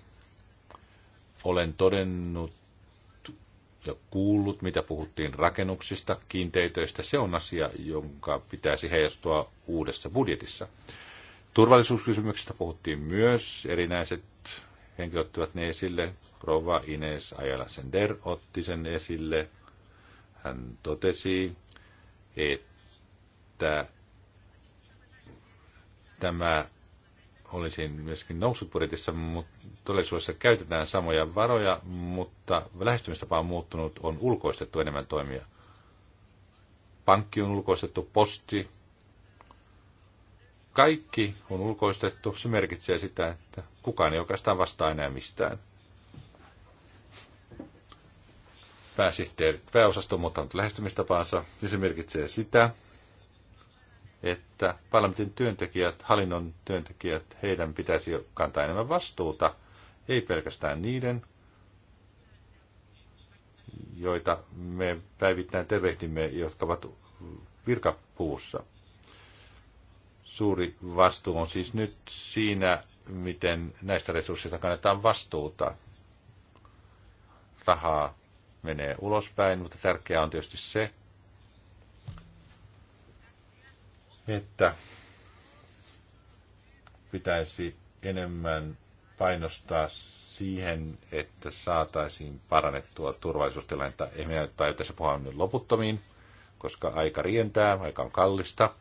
olen todennut ja kuullut, mitä puhuttiin rakennuksista, kiinteitöistä. Se on asia, jonka pitäisi heijastua uudessa budjetissa. Turvallisuuskysymyksistä puhuttiin myös. Erinäiset henkilöt ottivat ne esille. Rova Ines Ajala Sender otti sen esille. Hän totesi, että tämä olisi myöskin noussut budjetissa, mutta todellisuudessa käytetään samoja varoja, mutta lähestymistapa on muuttunut, on ulkoistettu enemmän toimia. Pankki on ulkoistettu, posti, kaikki on ulkoistettu. Se merkitsee sitä, että kukaan ei oikeastaan vastaa enää mistään. pääsihteeri, pääosasto on muuttanut lähestymistapaansa, ja se merkitsee sitä, että parlamentin työntekijät, hallinnon työntekijät, heidän pitäisi kantaa enemmän vastuuta, ei pelkästään niiden, joita me päivittäin tervehdimme, jotka ovat virkapuussa. Suuri vastuu on siis nyt siinä, miten näistä resursseista kannetaan vastuuta. Rahaa menee ulospäin, mutta tärkeää on tietysti se, että pitäisi enemmän painostaa siihen, että saataisiin parannettua turvallisuustilannetta. Ei meidän tai tässä puhua nyt loputtomiin, koska aika rientää, aika on kallista.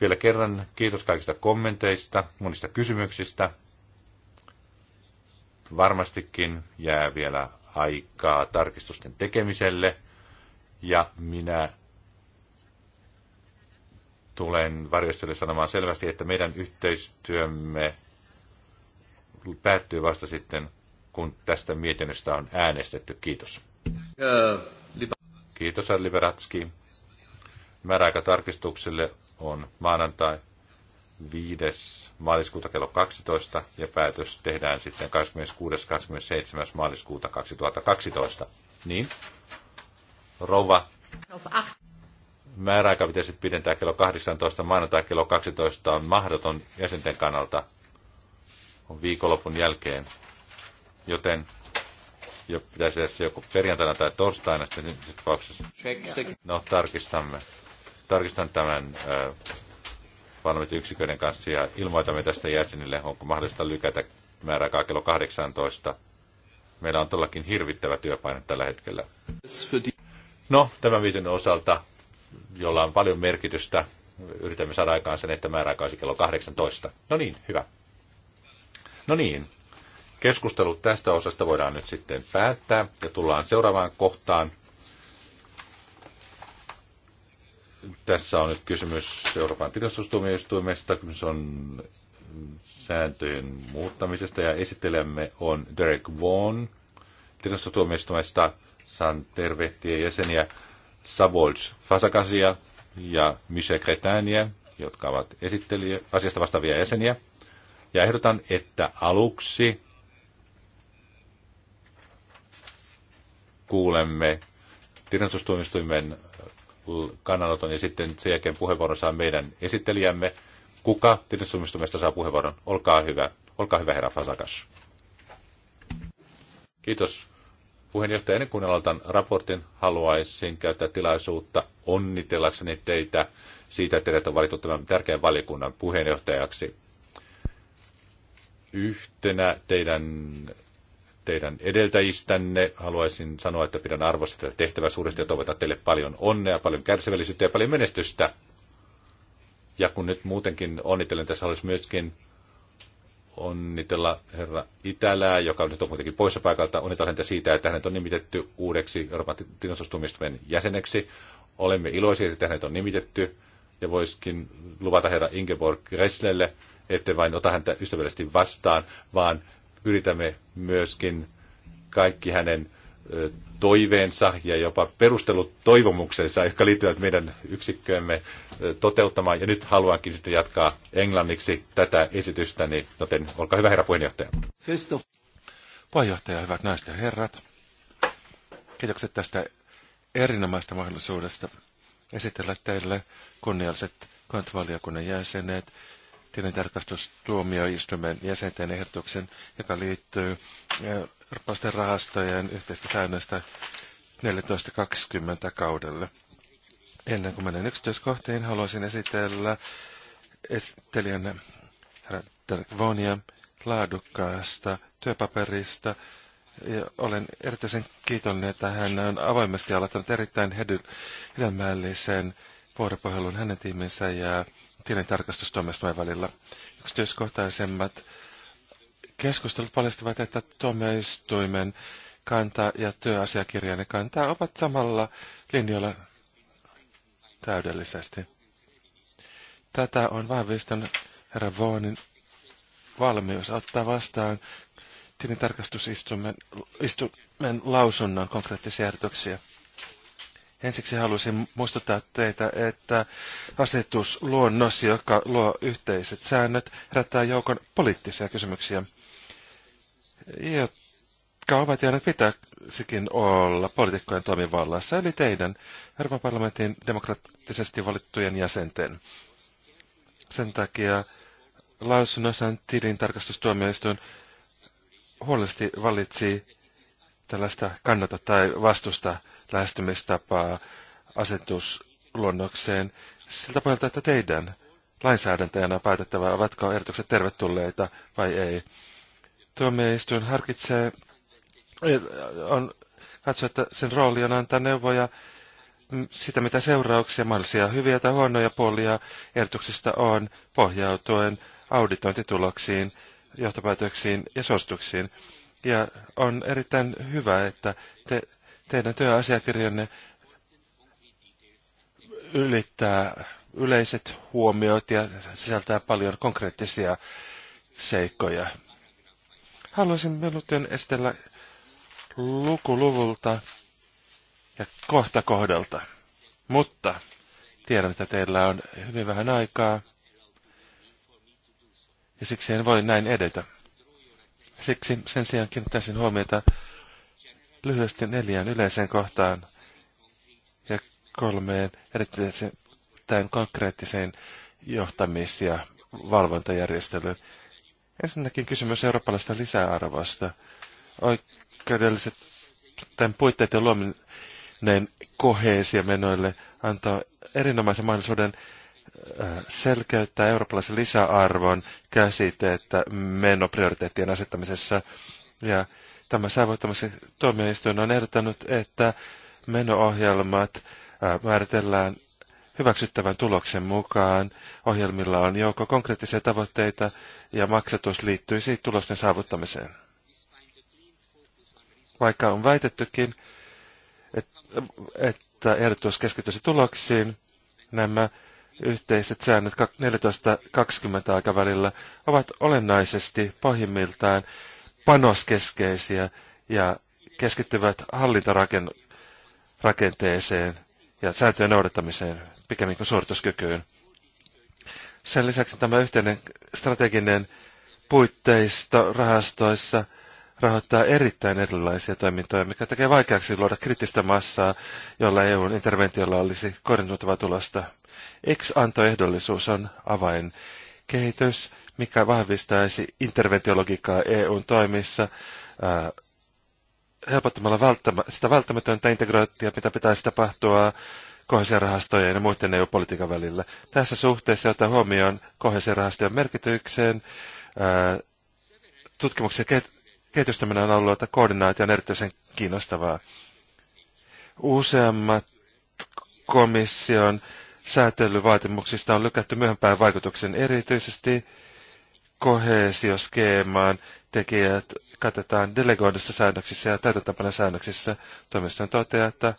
Vielä kerran kiitos kaikista kommenteista, monista kysymyksistä. Varmastikin jää vielä aikaa tarkistusten tekemiselle ja minä tulen varjostelijalle sanomaan selvästi, että meidän yhteistyömme päättyy vasta sitten, kun tästä mietinnöstä on äänestetty. Kiitos. Kiitos, Liberatski. Määräaika tarkistukselle on maanantai 5. maaliskuuta kello 12 ja päätös tehdään sitten 26. 27. maaliskuuta 2012. Niin. Rouva. Määräaika pitäisi pidentää kello 18, maanantai kello 12 on mahdoton jäsenten kannalta on viikonlopun jälkeen. Joten jo pitäisi edes se perjantaina tai torstaina sitten tapauksessa. No tarkistamme. Tarkistan tämän äh, parlamentin yksiköiden kanssa ja ilmoitamme tästä jäsenille, onko mahdollista lykätä määräaikaa kello 18. Meillä on todellakin hirvittävä työpaine tällä hetkellä. No, tämän viitin osalta, jolla on paljon merkitystä, yritämme saada aikaan sen, että määrä olisi kello 18. No niin, hyvä. No niin, keskustelut tästä osasta voidaan nyt sitten päättää ja tullaan seuraavaan kohtaan, tässä on nyt kysymys Euroopan tilastustuomioistuimesta, se on sääntöjen muuttamisesta ja esittelemme on Derek Vaughan tilastustuomioistuimesta. Saan tervehtiä jäseniä Savolts Fasakasia ja Michel Cretania, jotka ovat esittelijä, asiasta vastaavia jäseniä. Ja ehdotan, että aluksi kuulemme tilastustuomioistuimen kannanoton ja sitten sen jälkeen puheenvuoron saa meidän esittelijämme. Kuka tiedotusommistumista saa puheenvuoron? Olkaa hyvä. Olkaa hyvä, herra Fasakas. Kiitos. Puheenjohtaja, ennen kuin aloitan raportin, haluaisin käyttää tilaisuutta onnitellakseni teitä siitä, että teidät on valittu tämän tärkeän valiokunnan puheenjohtajaksi. Yhtenä teidän teidän edeltäjistänne. Haluaisin sanoa, että pidän arvosta tätä tehtävää suuresti ja toivotan teille paljon onnea, paljon kärsivällisyyttä ja paljon menestystä. Ja kun nyt muutenkin onnittelen, tässä olisi myöskin onnitella herra Itälää, joka nyt on kuitenkin poissa paikalta. Onnitella häntä siitä, että hänet on nimitetty uudeksi Euroopan tilastustumistuminen jäseneksi. Olemme iloisia, että hänet on nimitetty. Ja voisikin luvata herra Ingeborg Gresslelle, ettei vain ota häntä ystävällisesti vastaan, vaan yritämme myöskin kaikki hänen toiveensa ja jopa perustelut toivomuksensa, jotka liittyvät meidän yksikköömme toteuttamaan. Ja nyt haluankin sitten jatkaa englanniksi tätä esitystä, niin joten olkaa hyvä herra puheenjohtaja. Christoph. Puheenjohtaja, hyvät naiset ja herrat. Kiitokset tästä erinomaista mahdollisuudesta esitellä teille kunnialliset kontvaliokunnan jäsenet, tilintarkastustuomioistuimen jäsenten ehdotuksen, joka liittyy eh, eurooppalaisten rahastojen yhteistä säännöstä 14.20 kaudelle. Ennen kuin menen yksityiskohtiin, haluaisin esitellä esittelijänne Vonia laadukkaasta työpaperista. Ja olen erityisen kiitollinen, että hän on avoimesti aloittanut erittäin hedelmällisen vuoropuhelun hänen tiiminsä ja tilintarkastustuomioistuimen välillä. Yksityiskohtaisemmat keskustelut paljastivat, että tuomioistuimen kanta ja työasiakirjan kanta ovat samalla linjalla täydellisesti. Tätä on vahvistanut herra Voonin valmius ottaa vastaan tilintarkastusistuimen lausunnon konkreettisia ehdotuksia. Ensiksi haluaisin muistuttaa teitä, että asetusluonnos, joka luo yhteiset säännöt, herättää joukon poliittisia kysymyksiä, jotka ovat ja pitäisikin olla poliitikkojen toimivallassa, eli teidän Euroopan parlamentin demokraattisesti valittujen jäsenten. Sen takia lausunnossaan tilintarkastustuomioistuin huolesti valitsi tällaista kannata tai vastusta lähestymistapaa asetusluonnokseen siltä pohjalta, että teidän lainsäädäntäjänä päätettävä, ovatko ehdotukset tervetulleita vai ei. Tuomioistuin harkitsee, eh, on katsoa, että sen rooli on antaa neuvoja mm, sitä, mitä seurauksia, mahdollisia hyviä tai huonoja puolia ehdotuksista on, pohjautuen auditointituloksiin, johtopäätöksiin ja suosituksiin. Ja on erittäin hyvä, että te teidän työasiakirjanne ylittää yleiset huomiot ja sisältää paljon konkreettisia seikkoja. Haluaisin minuutin estellä lukuluvulta ja kohta kohdalta. Mutta tiedän, että teillä on hyvin vähän aikaa, ja siksi en voi näin edetä. Siksi sen sijaan kiinnittäisin huomiota lyhyesti neljään yleiseen kohtaan ja kolmeen erityisen konkreettiseen johtamis- ja valvontajärjestelyyn. Ensinnäkin kysymys eurooppalaisesta lisäarvosta. Oikeudelliset tämän puitteiden luominen koheesia menoille antaa erinomaisen mahdollisuuden selkeyttää eurooppalaisen lisäarvon käsitettä menoprioriteettien asettamisessa ja Tämä saavuttamisen tuomioistuin on ehdottanut, että menoohjelmat määritellään hyväksyttävän tuloksen mukaan. Ohjelmilla on joukko konkreettisia tavoitteita ja maksatus liittyisi tulosten saavuttamiseen. Vaikka on väitettykin, että ehdotus keskittyisi tuloksiin, nämä yhteiset säännöt 14-20 aikavälillä ovat olennaisesti pohjimmiltaan panoskeskeisiä ja keskittyvät hallintarakenteeseen ja sääntöjen noudattamiseen pikemmin kuin suorituskykyyn. Sen lisäksi tämä yhteinen strateginen puitteisto rahastoissa rahoittaa erittäin erilaisia toimintoja, mikä tekee vaikeaksi luoda kriittistä massaa, jolla EUn interventiolla olisi koordinoitava tulosta. Ex-antoehdollisuus on avain. Kehitys mikä vahvistaisi interventiologiikkaa EUn toimissa helpottamalla välttämä, sitä välttämätöntä integrointia, mitä pitäisi tapahtua kohesiorahastojen ja muiden EU-politiikan välillä. Tässä suhteessa ottaa huomioon kohesiorahastojen merkitykseen, Tutkimuksen ja kehitystäminen on ollut, että koordinaatio on erityisen kiinnostavaa. Useammat komission säätelyvaatimuksista on lykätty myöhempään vaikutuksen erityisesti kohesioskeemaan tekijät katetaan delegoidussa säännöksissä ja täytäntöpana säännöksissä. Toimiston toteaa, että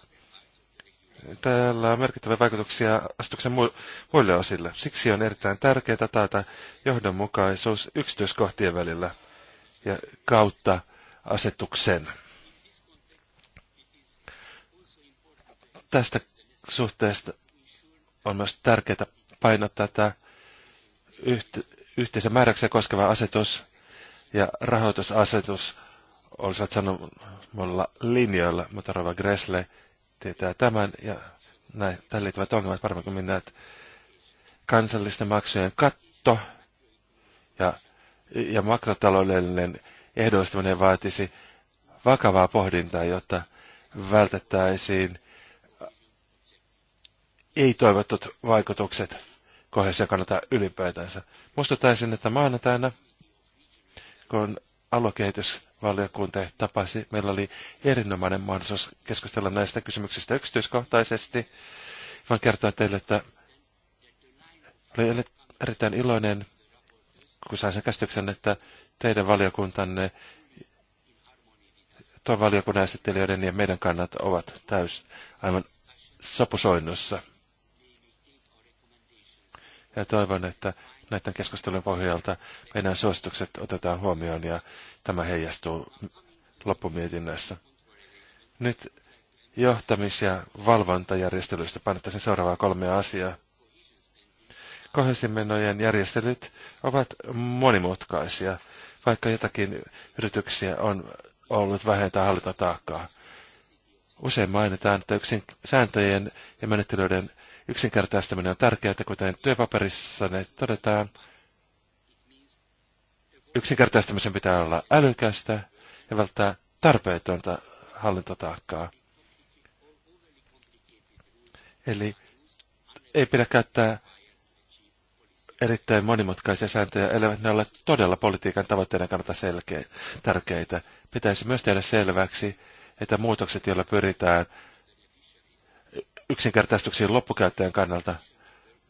tällä on merkittäviä vaikutuksia asetuksen muille osille. Siksi on erittäin tärkeää taata johdonmukaisuus yksityiskohtien välillä ja kautta asetuksen. Tästä suhteesta on myös tärkeää painottaa tämä yhtä, yhteisen määräyksiä koskeva asetus ja rahoitusasetus olisivat sanomalla linjoilla, mutta Rova Gressle tietää tämän ja näin, tähän liittyvät ongelmat paremmin kuin minä, että kansallisten maksujen katto ja, ja makrotaloudellinen ehdollistaminen vaatisi vakavaa pohdintaa, jotta vältettäisiin ei-toivotut vaikutukset kohdassa kannata ylipäätänsä. Muistuttaisin, että maanantaina, kun aluekehitysvaliokunta tapasi, meillä oli erinomainen mahdollisuus keskustella näistä kysymyksistä yksityiskohtaisesti. Vaan kertoa teille, että oli erittäin iloinen, kun sain sen käsityksen, että teidän valiokuntanne, tuon valiokunnan esittelijöiden ja meidän kannat ovat täys aivan sopusoinnossa. Ja toivon, että näiden keskustelujen pohjalta meidän suositukset otetaan huomioon ja tämä heijastuu loppumietinnössä. Nyt johtamis- ja valvontajärjestelyistä painottaisin seuraavaa kolmea asiaa. Kohesimenojen järjestelyt ovat monimutkaisia, vaikka jotakin yrityksiä on ollut vähentää hallintotaakkaa. Usein mainitaan, että yksin sääntöjen ja menettelyiden yksinkertaistaminen on tärkeää, kuten työpaperissa ne todetaan. Yksinkertaistamisen pitää olla älykästä ja välttää tarpeetonta hallintotaakkaa. Eli ei pidä käyttää erittäin monimutkaisia sääntöjä, elävät ne ole todella politiikan tavoitteiden kannalta selkeä, tärkeitä. Pitäisi myös tehdä selväksi, että muutokset, joilla pyritään yksinkertaistuksiin loppukäyttäjän kannalta.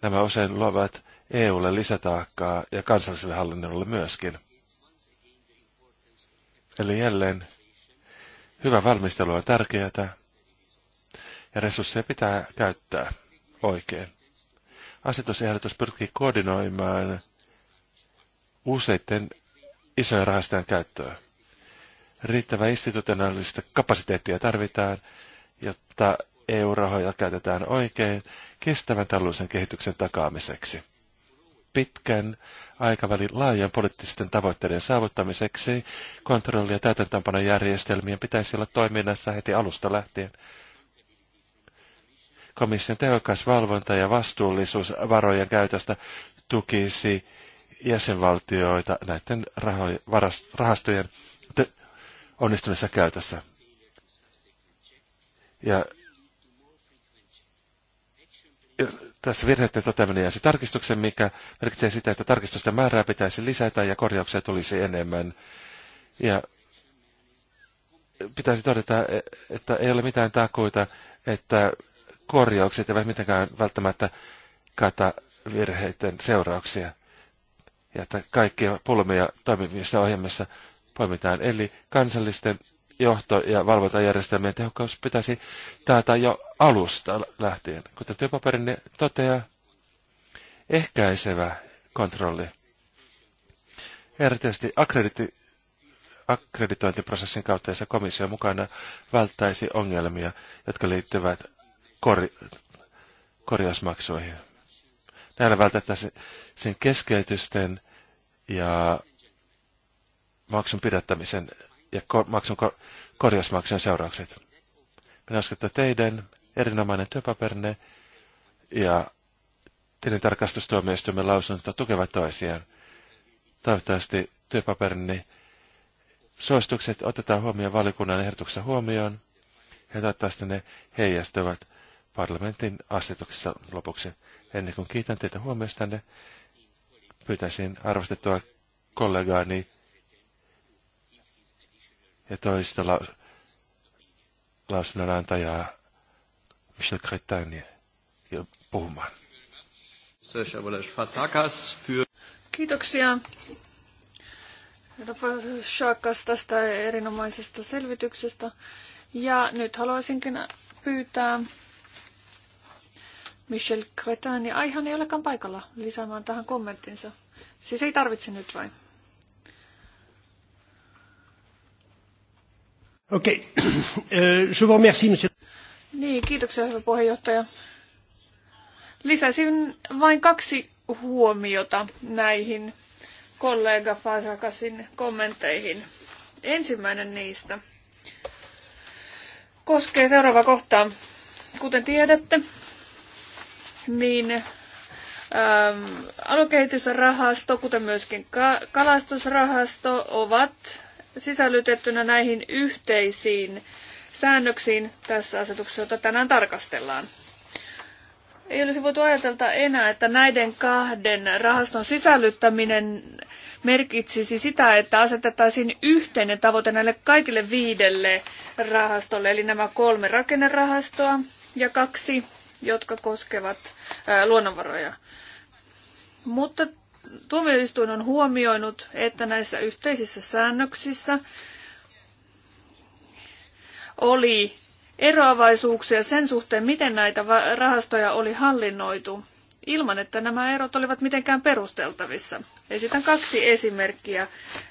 Nämä usein luovat EUlle lisätaakkaa ja kansalliselle hallinnolle myöskin. Eli jälleen hyvä valmistelu on tärkeää ja resursseja pitää käyttää oikein. Asetusehdotus pyrkii koordinoimaan useiden isojen rahastojen käyttöä. Riittävää institutionaalista kapasiteettia tarvitaan, jotta EU-rahoja käytetään oikein kestävän taloudellisen kehityksen takaamiseksi. Pitkän aikavälin laajan poliittisten tavoitteiden saavuttamiseksi kontrolli- ja täytäntöönpanojärjestelmien pitäisi olla toiminnassa heti alusta lähtien. Komission tehokas valvonta ja vastuullisuus varojen käytöstä tukisi jäsenvaltioita näiden varas, rahastojen onnistuneessa käytössä. Ja tässä virheiden toteaminen jäisi tarkistuksen, mikä merkitsee sitä, että tarkistusten määrää pitäisi lisätä ja korjauksia tulisi enemmän. Ja pitäisi todeta, e- että ei ole mitään takuita, että korjaukset eivät mitenkään välttämättä kata virheiden seurauksia. Ja että kaikkia pulmia toimivissa ohjelmissa poimitaan. Eli kansallisten johto- ja valvontajärjestelmien tehokkaus pitäisi taata jo alusta lähtien. Kuten työpaperinne niin toteaa, ehkäisevä kontrolli. Erityisesti akkrediti- akkreditointiprosessin kautta, jossa komissio mukana välttäisi ongelmia, jotka liittyvät kor- korjausmaksuihin. Näillä vältettäisiin sen keskeytysten ja maksun pidättämisen ja maksun ko- korjausmaksujen seuraukset. Minä uskon, että teidän erinomainen työpaperinne ja tilintarkastustuomioistuimen lausunto tukevat toisiaan. Toivottavasti työpaperinne suositukset otetaan huomioon valikunnan ehdotuksessa huomioon ja toivottavasti ne heijastuvat parlamentin asetuksessa lopuksi. Ennen kuin kiitän teitä huomiostanne, pyytäisin arvostettua kollegaani ja toista la, lausunnonantajaa Michel Cretagne puhumaan. Kiitoksia Shakas tästä erinomaisesta selvityksestä. Ja nyt haluaisinkin pyytää Michel Cretagne, aihan ei olekaan paikalla, lisäämään tähän kommenttinsa. Siis ei tarvitse nyt vain. Okei, okay. [clears throat] Euh, je vous remercie, monsieur. Niin, kiitoksia, hyvä puheenjohtaja. Lisäsin vain kaksi huomiota näihin kollega Fasakasin kommentteihin. Ensimmäinen niistä koskee seuraava kohtaa. Kuten tiedätte, niin ähm, aluekehitysrahasto, kuten myöskin kalastusrahasto, ovat sisällytettynä näihin yhteisiin säännöksiin tässä asetuksessa, jota tänään tarkastellaan. Ei olisi voitu ajatella enää, että näiden kahden rahaston sisällyttäminen merkitsisi sitä, että asetettaisiin yhteinen tavoite näille kaikille viidelle rahastolle, eli nämä kolme rakennerahastoa ja kaksi, jotka koskevat luonnonvaroja. Mutta tuomioistuin on huomioinut, että näissä yhteisissä säännöksissä oli eroavaisuuksia sen suhteen, miten näitä rahastoja oli hallinnoitu, ilman että nämä erot olivat mitenkään perusteltavissa. Esitän kaksi esimerkkiä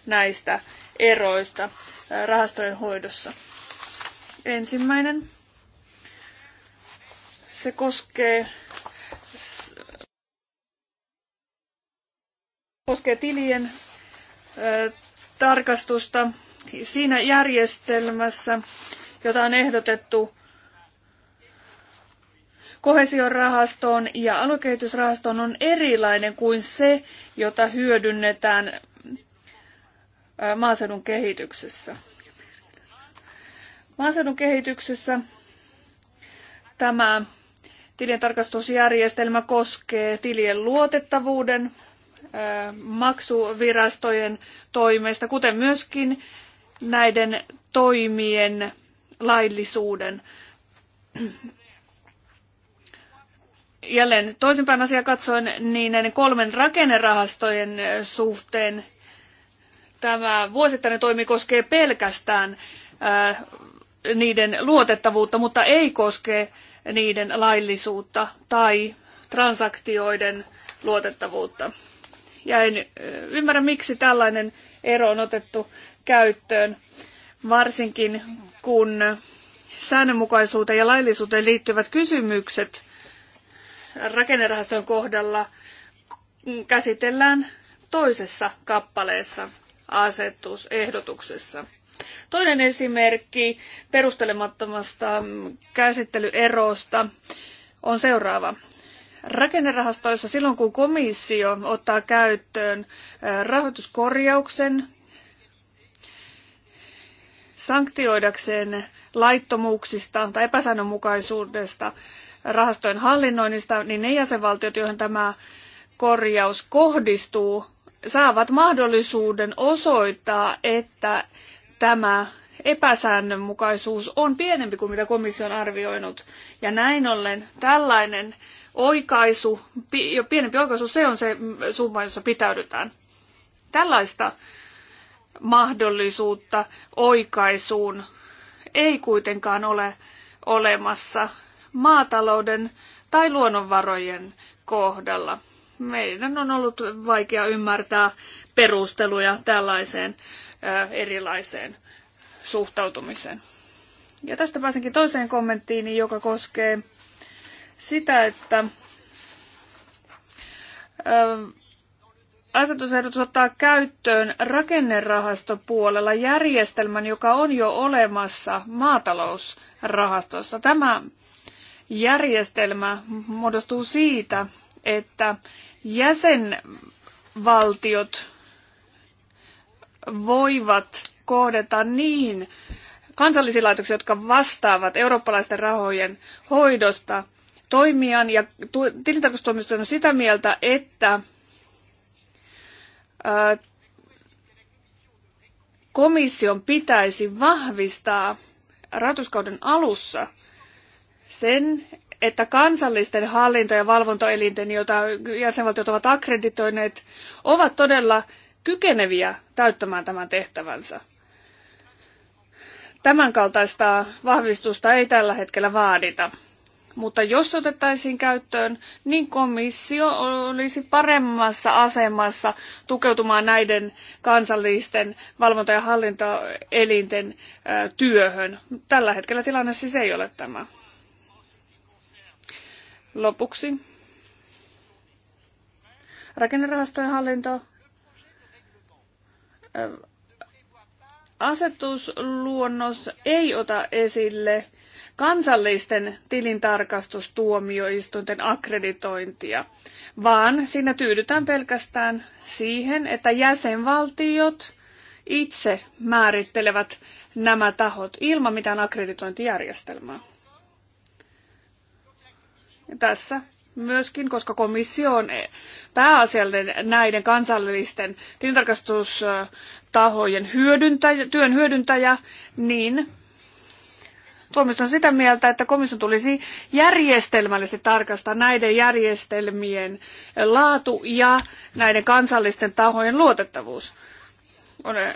näistä eroista äh, rahastojen hoidossa. Ensimmäinen, se koskee koskee tilien tarkastusta siinä järjestelmässä, jota on ehdotettu kohesiorahastoon ja aluekehitysrahastoon on erilainen kuin se, jota hyödynnetään maaseudun kehityksessä. Maaseudun kehityksessä tämä tilintarkastusjärjestelmä koskee tilien luotettavuuden maksuvirastojen toimesta, kuten myöskin näiden toimien laillisuuden. Jälleen toisinpäin asia katsoen, niin näiden kolmen rakennerahastojen suhteen tämä vuosittainen toimi koskee pelkästään niiden luotettavuutta, mutta ei koske niiden laillisuutta tai transaktioiden luotettavuutta ja en ymmärrä, miksi tällainen ero on otettu käyttöön, varsinkin kun säännönmukaisuuteen ja laillisuuteen liittyvät kysymykset rakennerahaston kohdalla käsitellään toisessa kappaleessa asetusehdotuksessa. Toinen esimerkki perustelemattomasta käsittelyerosta on seuraava. Rakennerahastoissa silloin, kun komissio ottaa käyttöön rahoituskorjauksen sanktioidakseen laittomuuksista tai epäsäännönmukaisuudesta rahastojen hallinnoinnista, niin ne jäsenvaltiot, joihin tämä korjaus kohdistuu, saavat mahdollisuuden osoittaa, että tämä epäsäännönmukaisuus on pienempi kuin mitä komissio on arvioinut. Ja näin ollen tällainen oikaisu, jo pienempi oikaisu, se on se summa, jossa pitäydytään. Tällaista mahdollisuutta oikaisuun ei kuitenkaan ole olemassa maatalouden tai luonnonvarojen kohdalla. Meidän on ollut vaikea ymmärtää perusteluja tällaiseen erilaiseen suhtautumiseen. Ja tästä pääsenkin toiseen kommenttiin, joka koskee sitä, että asetusehdotus ottaa käyttöön rakennerahastopuolella järjestelmän, joka on jo olemassa maatalousrahastossa. Tämä järjestelmä muodostuu siitä, että jäsenvaltiot voivat kohdata niihin kansallisiin laitoksiin, jotka vastaavat eurooppalaisten rahojen hoidosta toimijan ja tilintarkastustoimiston on sitä mieltä, että komission pitäisi vahvistaa rahoituskauden alussa sen, että kansallisten hallinto- ja valvontaelinten, joita jäsenvaltiot ovat akkreditoineet, ovat todella kykeneviä täyttämään tämän tehtävänsä. Tämän kaltaista vahvistusta ei tällä hetkellä vaadita. Mutta jos otettaisiin käyttöön, niin komissio olisi paremmassa asemassa tukeutumaan näiden kansallisten valvonta- ja hallintoelinten työhön. Tällä hetkellä tilanne siis ei ole tämä. Lopuksi. Rakennerahastojen hallinto. Asetusluonnos ei ota esille kansallisten tilintarkastustuomioistuinten akkreditointia, vaan siinä tyydytään pelkästään siihen, että jäsenvaltiot itse määrittelevät nämä tahot ilman mitään akkreditointijärjestelmää. Ja tässä myöskin, koska komissio on pääasiallinen näiden kansallisten tilintarkastustahojen hyödyntäjä, työn hyödyntäjä, niin Suomessa on sitä mieltä, että komission tulisi järjestelmällisesti tarkastaa näiden järjestelmien laatu ja näiden kansallisten tahojen luotettavuus. Olen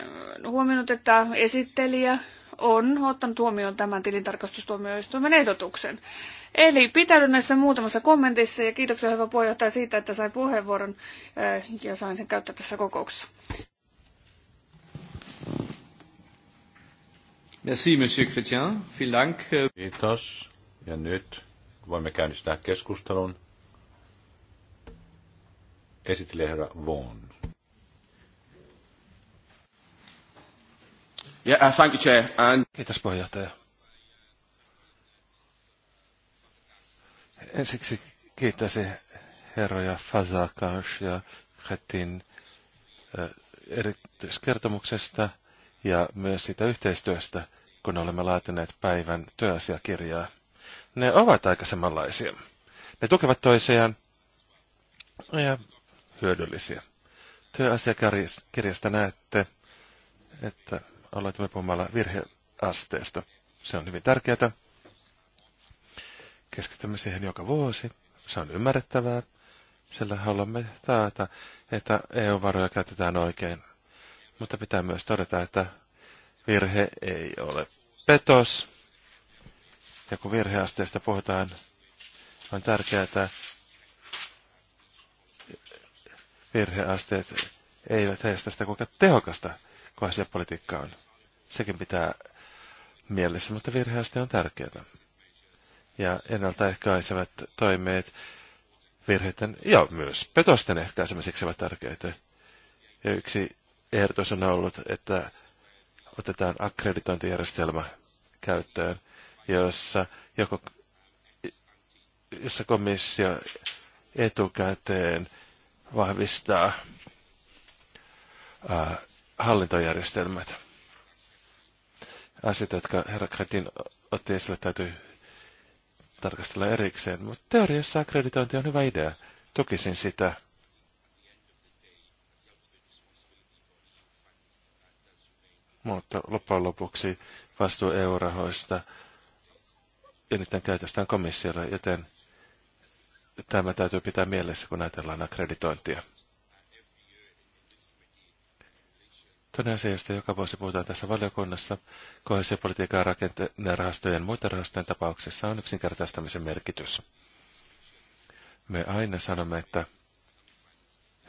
huomannut, että esittelijä on ottanut huomioon tämän tilintarkastustuomioistuimen ehdotuksen. Eli pitäydyn näissä muutamassa kommentissa ja kiitoksia hyvä puheenjohtaja siitä, että sain puheenvuoron äh, ja sain sen käyttää tässä kokouksessa. Merci, Monsieur Chrétien. Vielen Dank. Äh, Kiitos. Ja nyt voimme käynnistää keskustelun. Esittelee herra Vaughan. Yeah, uh, thank you, Chair. And... Kiitos puheenjohtaja. Ensiksi kiittäisin herroja Fazakash ja Hetin äh, erityiskertomuksesta – ja myös siitä yhteistyöstä, kun olemme laatineet päivän työasiakirjaa. Ne ovat aika samanlaisia. Ne tukevat toisiaan ja hyödyllisiä. Työasiakirjasta näette, että aloitamme puhumalla virheasteesta. Se on hyvin tärkeää. Keskitymme siihen joka vuosi. Se on ymmärrettävää. Sillä haluamme taata, että EU-varoja käytetään oikein mutta pitää myös todeta, että virhe ei ole petos. Ja kun virheasteesta puhutaan, on tärkeää, että virheasteet eivät heistä sitä, kuinka tehokasta kun asiapolitiikka on. Sekin pitää mielessä, mutta virheaste on tärkeää. Ja ennaltaehkäisevät toimeet virheiden ja myös petosten ehkäisemiseksi ovat tärkeitä. Ja yksi ehdotus on ollut, että otetaan akkreditointijärjestelmä käyttöön, jossa, joko, jossa komissio etukäteen vahvistaa ää, hallintojärjestelmät. Asiat, jotka herra Kretin otti esille, täytyy tarkastella erikseen, mutta teoriassa akkreditointi on hyvä idea. Tukisin sitä Mutta loppujen lopuksi vastuu EU-rahoista ja niiden käytöstä on komissiolla, joten tämä täytyy pitää mielessä, kun ajatellaan akkreditointia. Toinen asia, josta joka vuosi puhutaan tässä valiokunnassa, kohesiopolitiikan rakenteen rahastojen ja muiden rahastojen tapauksessa on yksinkertaistamisen merkitys. Me aina sanomme, että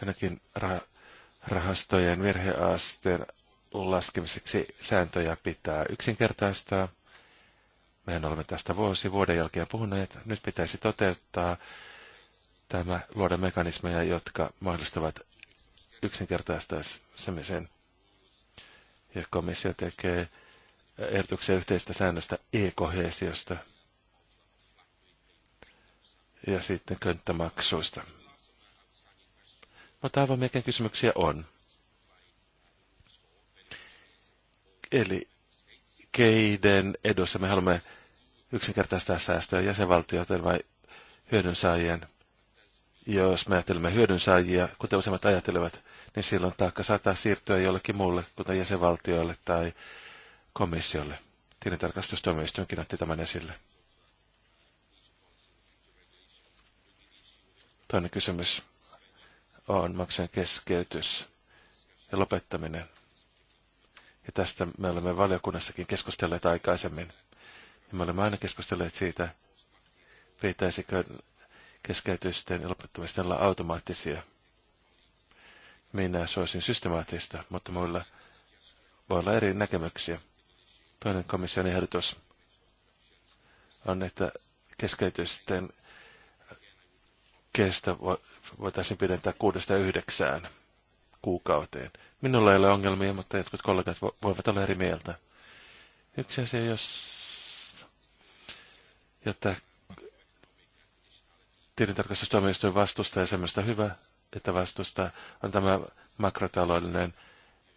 ainakin rahastojen virheasteen laskemiseksi sääntöjä pitää yksinkertaistaa. Mehän olemme tästä vuosi vuoden jälkeen puhuneet. Nyt pitäisi toteuttaa tämä luoda mekanismeja, jotka mahdollistavat yksinkertaistamisen. Ja komissio tekee ehdotuksia yhteistä säännöstä e-kohesiosta ja sitten könttämaksuista. Mutta aivan mikä kysymyksiä on. Eli keiden edussa me haluamme yksinkertaistaa säästöä jäsenvaltioiden vai hyödynsaajien? Jos me ajattelemme hyödynsaajia, kuten useimmat ajattelevat, niin silloin taakka saattaa siirtyä jollekin muulle, kuten jäsenvaltioille tai komissiolle. Tilintarkastustuomioistuinkin otti tämän esille. Toinen kysymys on maksujen keskeytys ja lopettaminen. Ja tästä me olemme valiokunnassakin keskustelleet aikaisemmin. Ja me olemme aina keskustelleet siitä, pitäisikö keskeytysten ja lopettamisten olla automaattisia. Minä suosin systemaattista, mutta muilla voi olla eri näkemyksiä. Toinen komission ehdotus on, että keskeytysten kesto voitaisiin pidentää kuudesta yhdeksään kuukauteen. Minulla ei ole ongelmia, mutta jotkut kollegat voivat olla eri mieltä. Yksi asia, jos, jotta tilintarkastustuomioistuin vastustaa ja semmoista hyvä, että vastustaa, on tämä makrotaloudellinen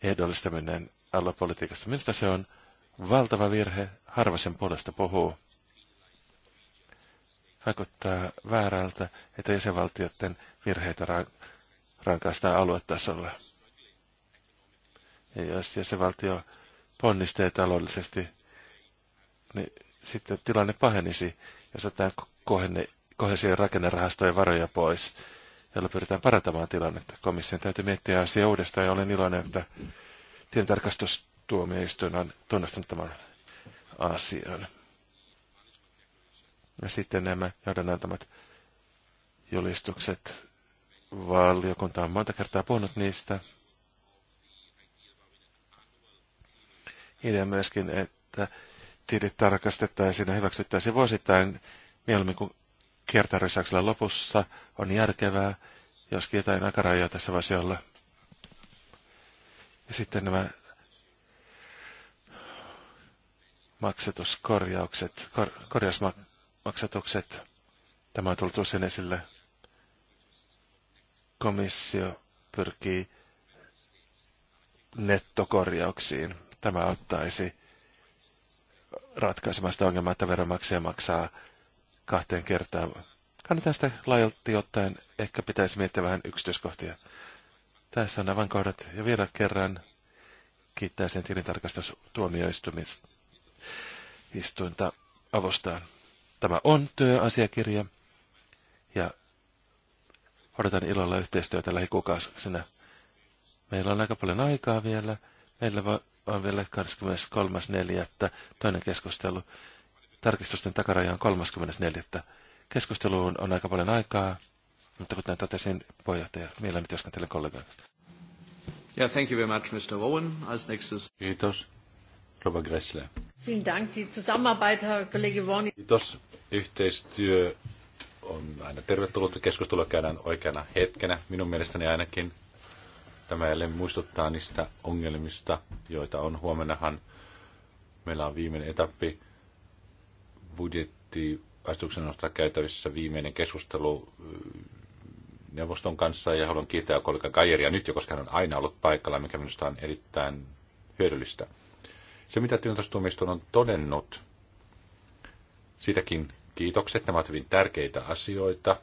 ehdollistaminen aluepolitiikasta. Minusta se on valtava virhe, harva sen puolesta puhuu. Vaikuttaa väärältä, että jäsenvaltioiden virheitä rankaistaan aluetasolla ja jos jäsenvaltio ponnistelee taloudellisesti, niin sitten tilanne pahenisi, jos otetaan kohesien rakennerahastojen varoja pois, jolla pyritään parantamaan tilannetta. Komission täytyy miettiä asiaa uudestaan ja olen iloinen, että tientarkastustuomioistuin on tunnustanut tämän asian. Ja sitten nämä joiden antamat julistukset. Valiokunta on monta kertaa puhunut niistä. idea myöskin, että tilit tarkastettaisiin ja hyväksyttäisiin vuosittain mieluummin kuin kiertarysäyksellä lopussa on järkevää, joskin jotain aikarajoja tässä voisi olla. Ja sitten nämä maksatuskorjaukset, kor, korjausmaksatukset. Tämä on tullut usein esille. Komissio pyrkii nettokorjauksiin. Tämä auttaisi ratkaisemaan sitä ongelmaa, että veronmaksaja maksaa kahteen kertaan. Kannatan sitä laajalti ottaen. Ehkä pitäisi miettiä vähän yksityiskohtia. Tässä on aivan kohdat. Ja vielä kerran kiittää sen tilintarkastustuomioistuinta avustaan. Tämä on työasiakirja ja odotan ilolla yhteistyötä lähikuukausina. Meillä on aika paljon aikaa vielä. Meillä on vielä 23.4. toinen keskustelu. Tarkistusten takaraja on 34. Keskusteluun on aika paljon aikaa, mutta kuten totesin, puheenjohtaja, mielelläni työskentelen kollegan. Yeah, thank you very much, Mr. Owen. Als nächstes. Kiitos. Rova Gressler. Vielen Dank. Die Zusammenarbeit, Herr Kollege Warni. Kiitos. Yhteistyö on aina tervetullut keskustelua käydään oikeana hetkenä, minun mielestäni ainakin. Tämä jälleen muistuttaa niistä ongelmista, joita on. Huomennahan meillä on viimeinen etappi budjetti osalta nostaa käytävissä viimeinen keskustelu äh, neuvoston kanssa ja haluan kiittää kollega Kajeria nyt jo, koska hän on aina ollut paikalla, mikä minusta on erittäin hyödyllistä. Se, mitä tilintastuomioistuin on todennut, siitäkin kiitokset. Nämä ovat hyvin tärkeitä asioita.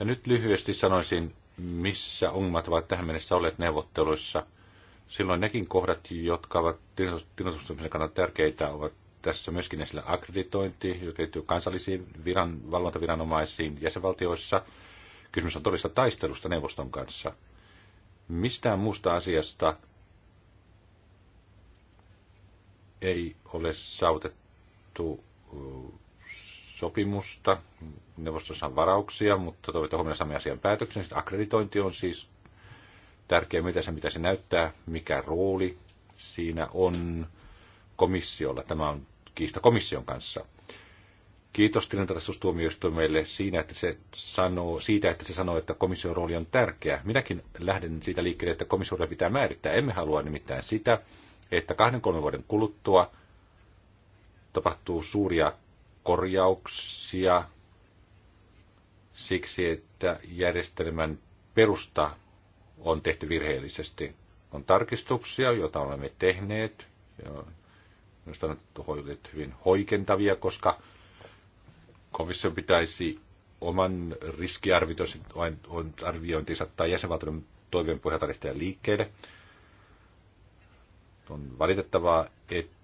Ja nyt lyhyesti sanoisin missä ongelmat ovat tähän mennessä olleet neuvotteluissa. Silloin nekin kohdat, jotka ovat tilastustamisen kannalta tärkeitä, ovat tässä myöskin esillä akkreditointi, joka liittyy kansallisiin viran, valvontaviranomaisiin jäsenvaltioissa. Kysymys on todellista taistelusta neuvoston kanssa. Mistään muusta asiasta ei ole saavutettu sopimusta. Neuvostossa on varauksia, mutta toivottavasti huomenna saamme asian päätöksen. Sitten akkreditointi on siis tärkeä, mitä se, mitä se näyttää, mikä rooli siinä on komissiolla. Tämä on kiista komission kanssa. Kiitos tilintarkastustuomioistuimelle siinä, että se sanoo, siitä, että se sanoo, että komission rooli on tärkeä. Minäkin lähden siitä liikkeelle, että komission pitää määrittää. Emme halua nimittäin sitä, että kahden kolmen vuoden kuluttua tapahtuu suuria korjauksia siksi, että järjestelmän perusta on tehty virheellisesti. On tarkistuksia, joita olemme tehneet. Minusta on hoidettu hyvin hoikentavia, koska komissio pitäisi oman riskiarviointinsa tai jäsenvaltion toiveen pohjalta liikkeelle. On valitettavaa, että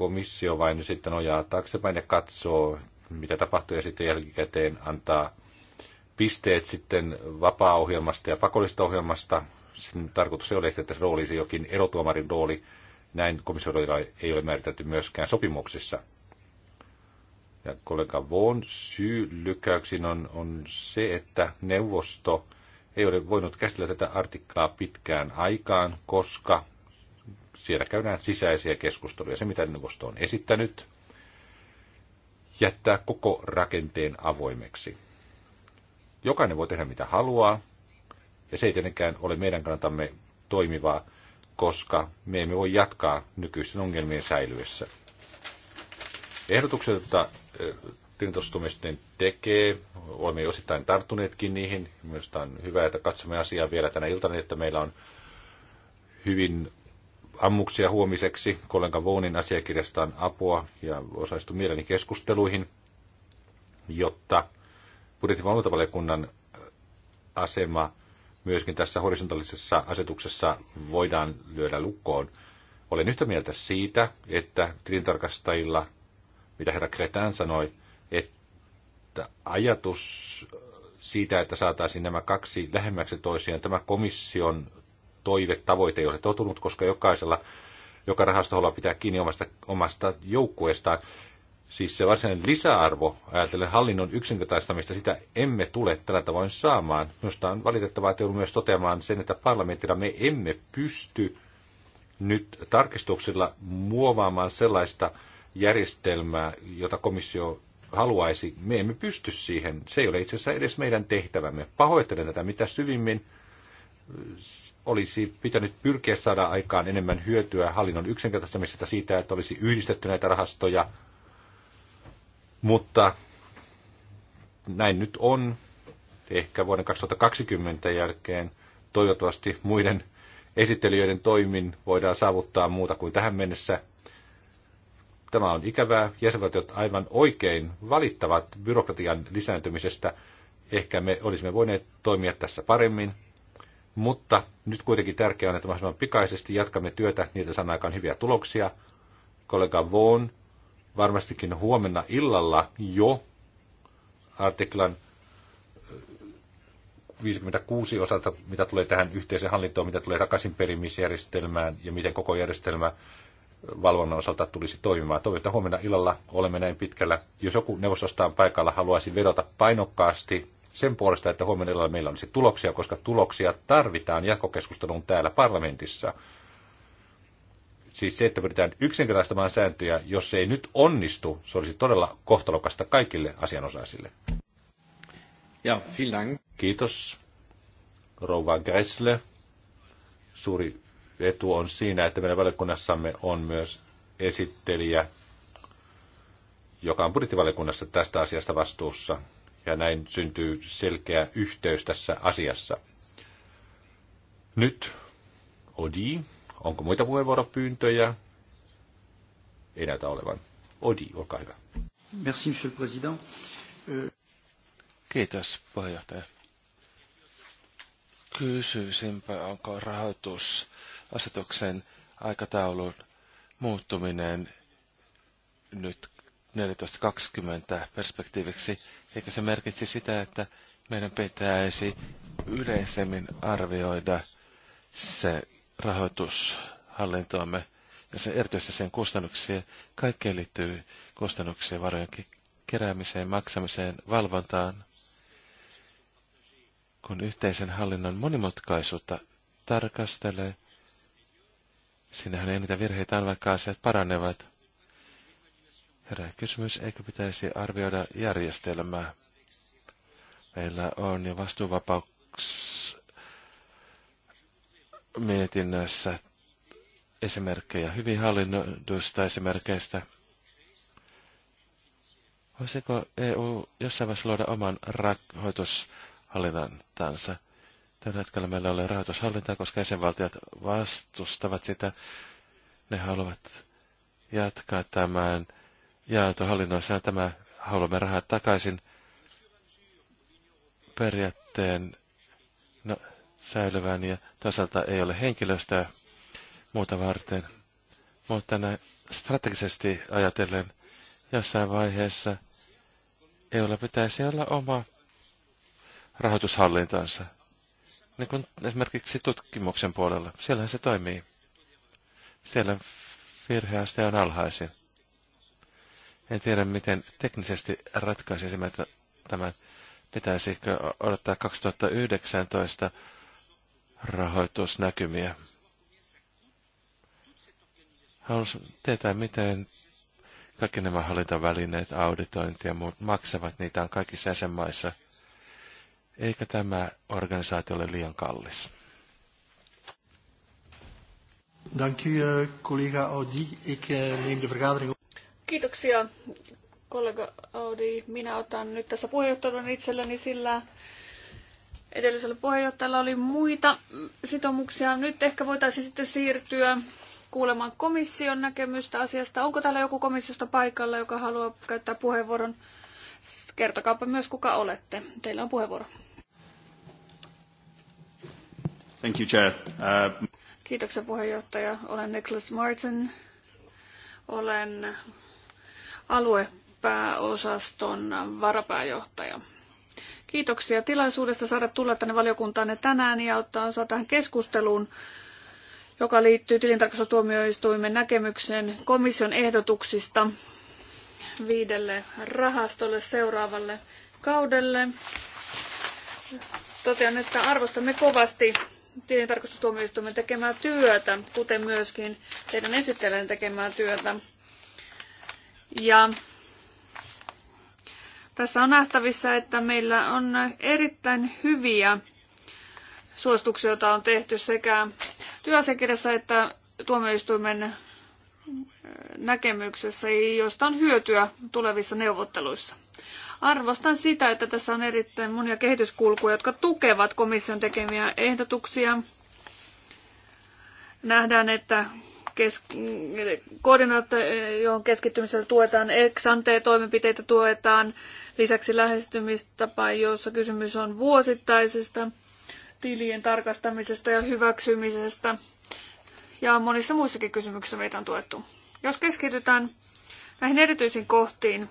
komissio vain sitten ojaa taaksepäin ja katsoo, mitä tapahtuu, ja sitten jälkikäteen antaa pisteet sitten vapaa-ohjelmasta ja pakollista ohjelmasta. Sen tarkoitus ei ole, että tässä rooli jokin erotuomarin rooli. Näin komissiolla ei ole määritelty myöskään sopimuksissa. Ja kollega Vaughan syy lykkäyksiin on, on se, että neuvosto ei ole voinut käsitellä tätä artiklaa pitkään aikaan, koska siellä käydään sisäisiä keskusteluja. Se, mitä neuvosto on esittänyt, jättää koko rakenteen avoimeksi. Jokainen voi tehdä mitä haluaa, ja se ei tietenkään ole meidän kannatamme toimivaa, koska me emme voi jatkaa nykyisten ongelmien säilyessä. Ehdotukset, joita tilintostumiston tekee, olemme osittain tarttuneetkin niihin. Minusta on hyvä, että katsomme asiaa vielä tänä iltana, että meillä on hyvin ammuksia huomiseksi. Kollega Vounin asiakirjasta on apua ja osallistu mieleni keskusteluihin, jotta budjettivalvontavaliokunnan äh, asema myöskin tässä horisontaalisessa asetuksessa voidaan lyödä lukkoon. Olen yhtä mieltä siitä, että tilintarkastajilla, mitä herra Kretan sanoi, että ajatus äh, siitä, että saataisiin nämä kaksi lähemmäksi toisiaan, tämä komission toive, tavoite ei ole totunut, koska jokaisella, joka rahasto haluaa pitää kiinni omasta, omasta joukkueestaan. Siis se varsinainen lisäarvo, ajatellen hallinnon yksinkertaistamista, sitä emme tule tällä tavoin saamaan. Minusta on valitettavaa, että joudun myös toteamaan sen, että parlamentilla me emme pysty nyt tarkistuksilla muovaamaan sellaista järjestelmää, jota komissio haluaisi. Me emme pysty siihen. Se ei ole itse asiassa edes meidän tehtävämme. Pahoittelen tätä mitä syvimmin, olisi pitänyt pyrkiä saada aikaan enemmän hyötyä hallinnon yksinkertaistamisesta siitä, että olisi yhdistetty näitä rahastoja. Mutta näin nyt on, ehkä vuoden 2020 jälkeen toivottavasti muiden esittelijöiden toimin voidaan saavuttaa muuta kuin tähän mennessä. Tämä on ikävää. Jäsenvaltiot aivan oikein valittavat byrokratian lisääntymisestä. Ehkä me olisimme voineet toimia tässä paremmin, mutta nyt kuitenkin tärkeää on, että mahdollisimman pikaisesti jatkamme työtä, niitä saan aikaan hyviä tuloksia. Kollega Vaughn varmastikin huomenna illalla jo artiklan 56 äh, osalta, mitä tulee tähän yhteiseen hallintoon, mitä tulee perimisjärjestelmään ja miten koko järjestelmä valvonnan osalta tulisi toimimaan. Toivottavasti huomenna illalla olemme näin pitkällä. Jos joku on paikalla haluaisi vedota painokkaasti sen puolesta, että huomenna illalla meillä olisi tuloksia, koska tuloksia tarvitaan jatkokeskusteluun täällä parlamentissa. Siis se, että pyritään yksinkertaistamaan sääntöjä, jos se ei nyt onnistu, se olisi todella kohtalokasta kaikille asianosaisille. Ja, vielen Kiitos. Rouva Gressle. Suuri etu on siinä, että meidän valiokunnassamme on myös esittelijä, joka on budjettivaliokunnassa tästä asiasta vastuussa ja näin syntyy selkeä yhteys tässä asiassa. Nyt Odi, onko muita puheenvuoropyyntöjä? Ei näytä olevan. Odi, olkaa hyvä. Merci, monsieur le président. Euh, Kiitos, puheenjohtaja. Kysyisinpä, onko rahoitusasetuksen aikataulun muuttuminen nyt 14.20 perspektiiviksi, eikä se merkitsi sitä, että meidän pitäisi yleisemmin arvioida se rahoitushallintoamme ja se, erityisesti sen kustannuksia. Kaikkeen liittyy kustannuksia varojen keräämiseen, maksamiseen, valvontaan. Kun yhteisen hallinnon monimutkaisuutta tarkastelee, sinnehän ei niitä virheitä ole, vaikka asiat paranevat Herää kysymys, eikö pitäisi arvioida järjestelmää? Meillä on jo vastuuvapauks mietinnössä esimerkkejä hyvin hallinnoidusta esimerkkeistä. Voisiko EU jossain vaiheessa luoda oman rahoitushallintansa? Tällä hetkellä meillä ei ole rahoitushallintaa, koska jäsenvaltiot vastustavat sitä. Ne haluavat jatkaa tämän ja tämä haluamme rahat takaisin periaatteen no, säilyvään ja toisaalta ei ole henkilöstöä muuta varten. Mutta näin strategisesti ajatellen jossain vaiheessa ei ole pitäisi olla oma rahoitushallintansa. Niin kuin esimerkiksi tutkimuksen puolella. Siellähän se toimii. Siellä virheaste on alhaisin. En tiedä, miten teknisesti ratkaisisimme tämän. Pitäisikö odottaa 2019 rahoitusnäkymiä? Haluaisin tietää, miten kaikki nämä hallintavälineet, auditointi ja muut maksavat. Niitä on kaikissa jäsenmaissa. Eikä tämä organisaatio ole liian kallis? Dank kollega eh, Audi. Ik eh, neem de vergadering Kiitoksia kollega Audi. Minä otan nyt tässä puheenjohtajan itselleni, sillä edellisellä puheenjohtajalla oli muita sitoumuksia. Nyt ehkä voitaisiin sitten siirtyä kuulemaan komission näkemystä asiasta. Onko täällä joku komissiosta paikalla, joka haluaa käyttää puheenvuoron? Kertokaapa myös, kuka olette. Teillä on puheenvuoro. Thank you, Chair. Uh... Kiitoksia puheenjohtaja. Olen Nicholas Martin. Olen aluepääosaston varapääjohtaja. Kiitoksia tilaisuudesta saada tulla tänne valiokuntaanne tänään ja ottaa osaa tähän keskusteluun, joka liittyy tilintarkastustuomioistuimen näkemykseen komission ehdotuksista viidelle rahastolle seuraavalle kaudelle. Totean, että arvostamme kovasti tilintarkastustuomioistuimen tekemää työtä, kuten myöskin teidän esittelijän tekemää työtä. Ja tässä on nähtävissä, että meillä on erittäin hyviä suosituksia, joita on tehty sekä työasiakirjassa että tuomioistuimen äh, näkemyksessä, josta on hyötyä tulevissa neuvotteluissa. Arvostan sitä, että tässä on erittäin monia kehityskulkuja, jotka tukevat komission tekemiä ehdotuksia. Nähdään, että kes- koordinaatio, johon keskittymisellä tuetaan, ex toimenpiteitä tuetaan, lisäksi lähestymistapa, jossa kysymys on vuosittaisesta tilien tarkastamisesta ja hyväksymisestä. Ja monissa muissakin kysymyksissä meitä on tuettu. Jos keskitytään näihin erityisiin kohtiin,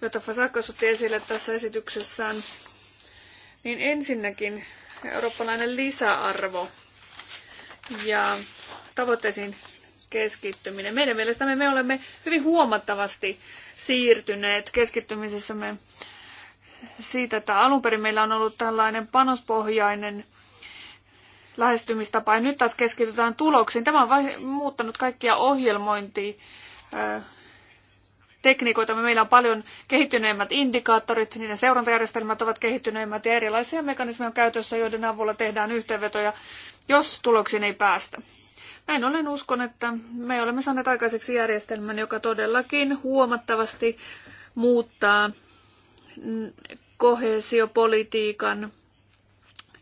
joita Fasakka otti esille tässä esityksessään, niin ensinnäkin eurooppalainen lisäarvo – ja tavoitteisiin keskittyminen. Meidän mielestämme me olemme hyvin huomattavasti siirtyneet keskittymisessämme siitä, että alun perin meillä on ollut tällainen panospohjainen lähestymistapa ja nyt taas keskitytään tuloksiin. Tämä on muuttanut kaikkia ohjelmointi tekniikoita. Meillä on paljon kehittyneimmät indikaattorit, niiden seurantajärjestelmät ovat kehittyneimmät ja erilaisia mekanismeja on käytössä, joiden avulla tehdään yhteenvetoja jos tuloksiin ei päästä. Näin ollen uskon, että me olemme saaneet aikaiseksi järjestelmän, joka todellakin huomattavasti muuttaa kohesiopolitiikan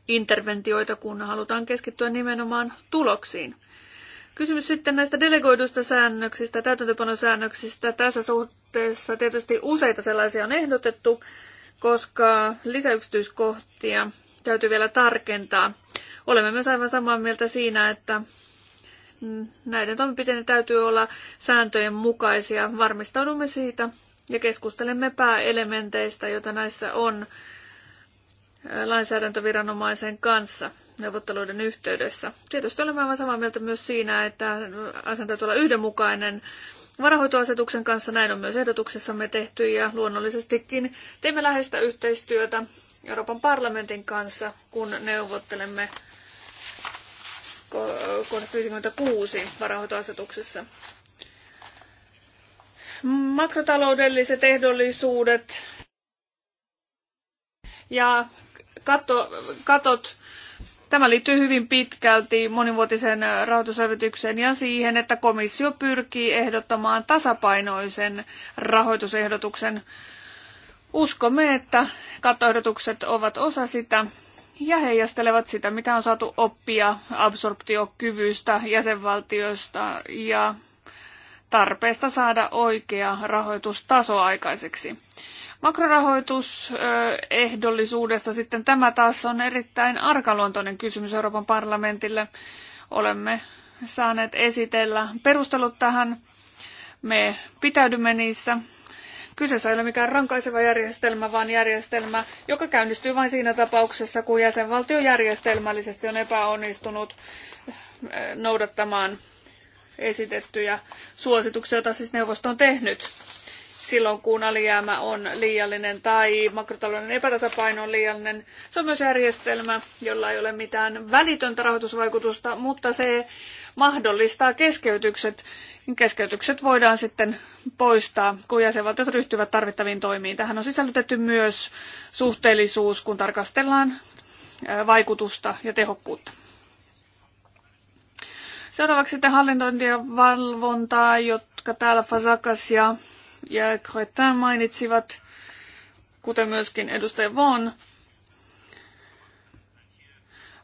interventioita, kun halutaan keskittyä nimenomaan tuloksiin. Kysymys sitten näistä delegoiduista säännöksistä, täytäntöpanosäännöksistä. Tässä suhteessa tietysti useita sellaisia on ehdotettu, koska lisäyksityiskohtia täytyy vielä tarkentaa. Olemme myös aivan samaa mieltä siinä, että näiden toimenpiteiden täytyy olla sääntöjen mukaisia. Varmistaudumme siitä ja keskustelemme pääelementeistä, joita näissä on lainsäädäntöviranomaisen kanssa neuvotteluiden yhteydessä. Tietysti olemme aivan samaa mieltä myös siinä, että asian täytyy olla yhdenmukainen varahoitoasetuksen kanssa. Näin on myös ehdotuksessamme tehty ja luonnollisestikin teemme läheistä yhteistyötä Euroopan parlamentin kanssa, kun neuvottelemme kohdasta 56 varahoitoasetuksessa. Makrotaloudelliset ehdollisuudet ja katto, katot Tämä liittyy hyvin pitkälti monivuotisen rahoitusselvitykseen ja siihen, että komissio pyrkii ehdottamaan tasapainoisen rahoitusehdotuksen. Uskomme, että kattoehdotukset ovat osa sitä ja heijastelevat sitä, mitä on saatu oppia absorptiokyvystä jäsenvaltioista ja tarpeesta saada oikea rahoitustaso aikaiseksi. Makrorahoitusehdollisuudesta sitten tämä taas on erittäin arkaluontoinen kysymys Euroopan parlamentille. Olemme saaneet esitellä perustelut tähän. Me pitäydymme niissä Kyseessä ei ole mikään rankaiseva järjestelmä, vaan järjestelmä, joka käynnistyy vain siinä tapauksessa, kun jäsenvaltio järjestelmällisesti on epäonnistunut eh, noudattamaan esitettyjä suosituksia, joita siis neuvosto on tehnyt silloin, kun alijäämä on liiallinen tai makrotalouden epätasapaino on liiallinen. Se on myös järjestelmä, jolla ei ole mitään välitöntä rahoitusvaikutusta, mutta se mahdollistaa keskeytykset keskeytykset voidaan sitten poistaa, kun jäsenvaltiot ryhtyvät tarvittaviin toimiin. Tähän on sisällytetty myös suhteellisuus, kun tarkastellaan vaikutusta ja tehokkuutta. Seuraavaksi sitten hallinto- ja valvontaa, jotka täällä Fasakas ja, ja Kretin mainitsivat, kuten myöskin edustaja Von.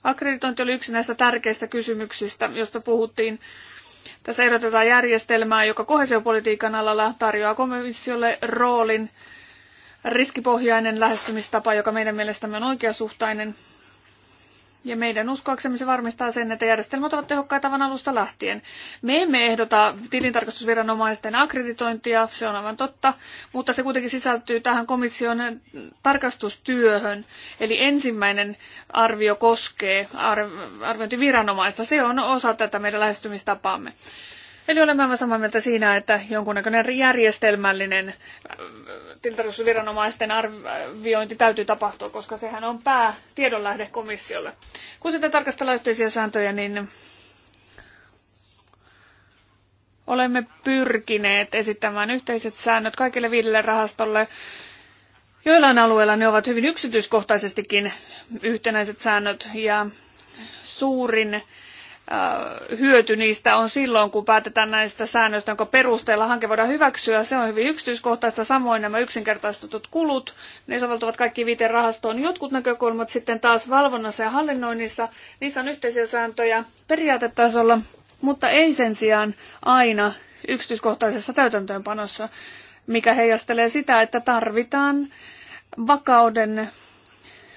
Akkreditointi oli yksi näistä tärkeistä kysymyksistä, josta puhuttiin tässä ehdotetaan järjestelmää, joka kohesiopolitiikan alalla tarjoaa komissiolle roolin riskipohjainen lähestymistapa, joka meidän mielestämme on oikeasuhtainen ja meidän uskoaksemme se varmistaa sen, että järjestelmät ovat tehokkaita tavan alusta lähtien. Me emme ehdota tilintarkastusviranomaisten akkreditointia, se on aivan totta, mutta se kuitenkin sisältyy tähän komission tarkastustyöhön. Eli ensimmäinen arvio koskee arviointiviranomaista, se on osa tätä meidän lähestymistapaamme. Eli olemme aivan samaa mieltä siinä, että jonkunnäköinen järjestelmällinen äh, tiltarusviranomaisten arviointi täytyy tapahtua, koska sehän on pää tiedonlähde komissiolle. Kun sitten tarkastellaan yhteisiä sääntöjä, niin olemme pyrkineet esittämään yhteiset säännöt kaikille viidelle rahastolle. Joillain alueilla ne ovat hyvin yksityiskohtaisestikin yhtenäiset säännöt ja suurin hyöty niistä on silloin, kun päätetään näistä säännöistä, jonka perusteella hanke voidaan hyväksyä. Se on hyvin yksityiskohtaista. Samoin nämä yksinkertaistetut kulut, ne soveltuvat kaikki viiteen rahastoon. Jotkut näkökulmat sitten taas valvonnassa ja hallinnoinnissa, niissä on yhteisiä sääntöjä periaatetasolla, mutta ei sen sijaan aina yksityiskohtaisessa täytäntöönpanossa, mikä heijastelee sitä, että tarvitaan vakauden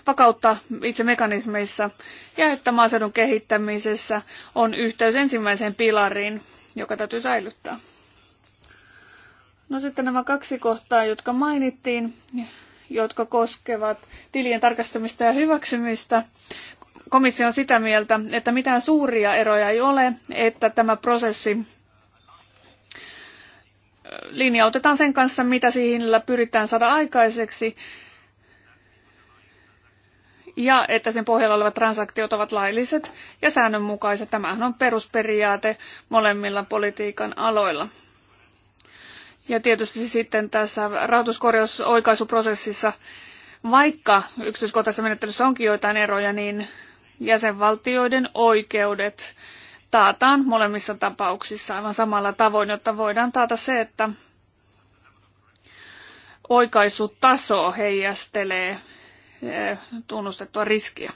vakautta itse mekanismeissa ja että maaseudun kehittämisessä on yhteys ensimmäiseen pilariin, joka täytyy säilyttää. No sitten nämä kaksi kohtaa, jotka mainittiin, jotka koskevat tilien tarkastamista ja hyväksymistä. Komissio on sitä mieltä, että mitään suuria eroja ei ole, että tämä prosessi linjautetaan sen kanssa, mitä sillä pyritään saada aikaiseksi ja että sen pohjalla olevat transaktiot ovat lailliset ja säännönmukaiset. Tämähän on perusperiaate molemmilla politiikan aloilla. Ja tietysti sitten tässä rahoituskorjausoikaisuprosessissa, vaikka yksityiskohtaisessa menettelyssä onkin joitain eroja, niin jäsenvaltioiden oikeudet taataan molemmissa tapauksissa aivan samalla tavoin, jotta voidaan taata se, että oikaisutaso heijastelee Eh, tunnustettua riskiä.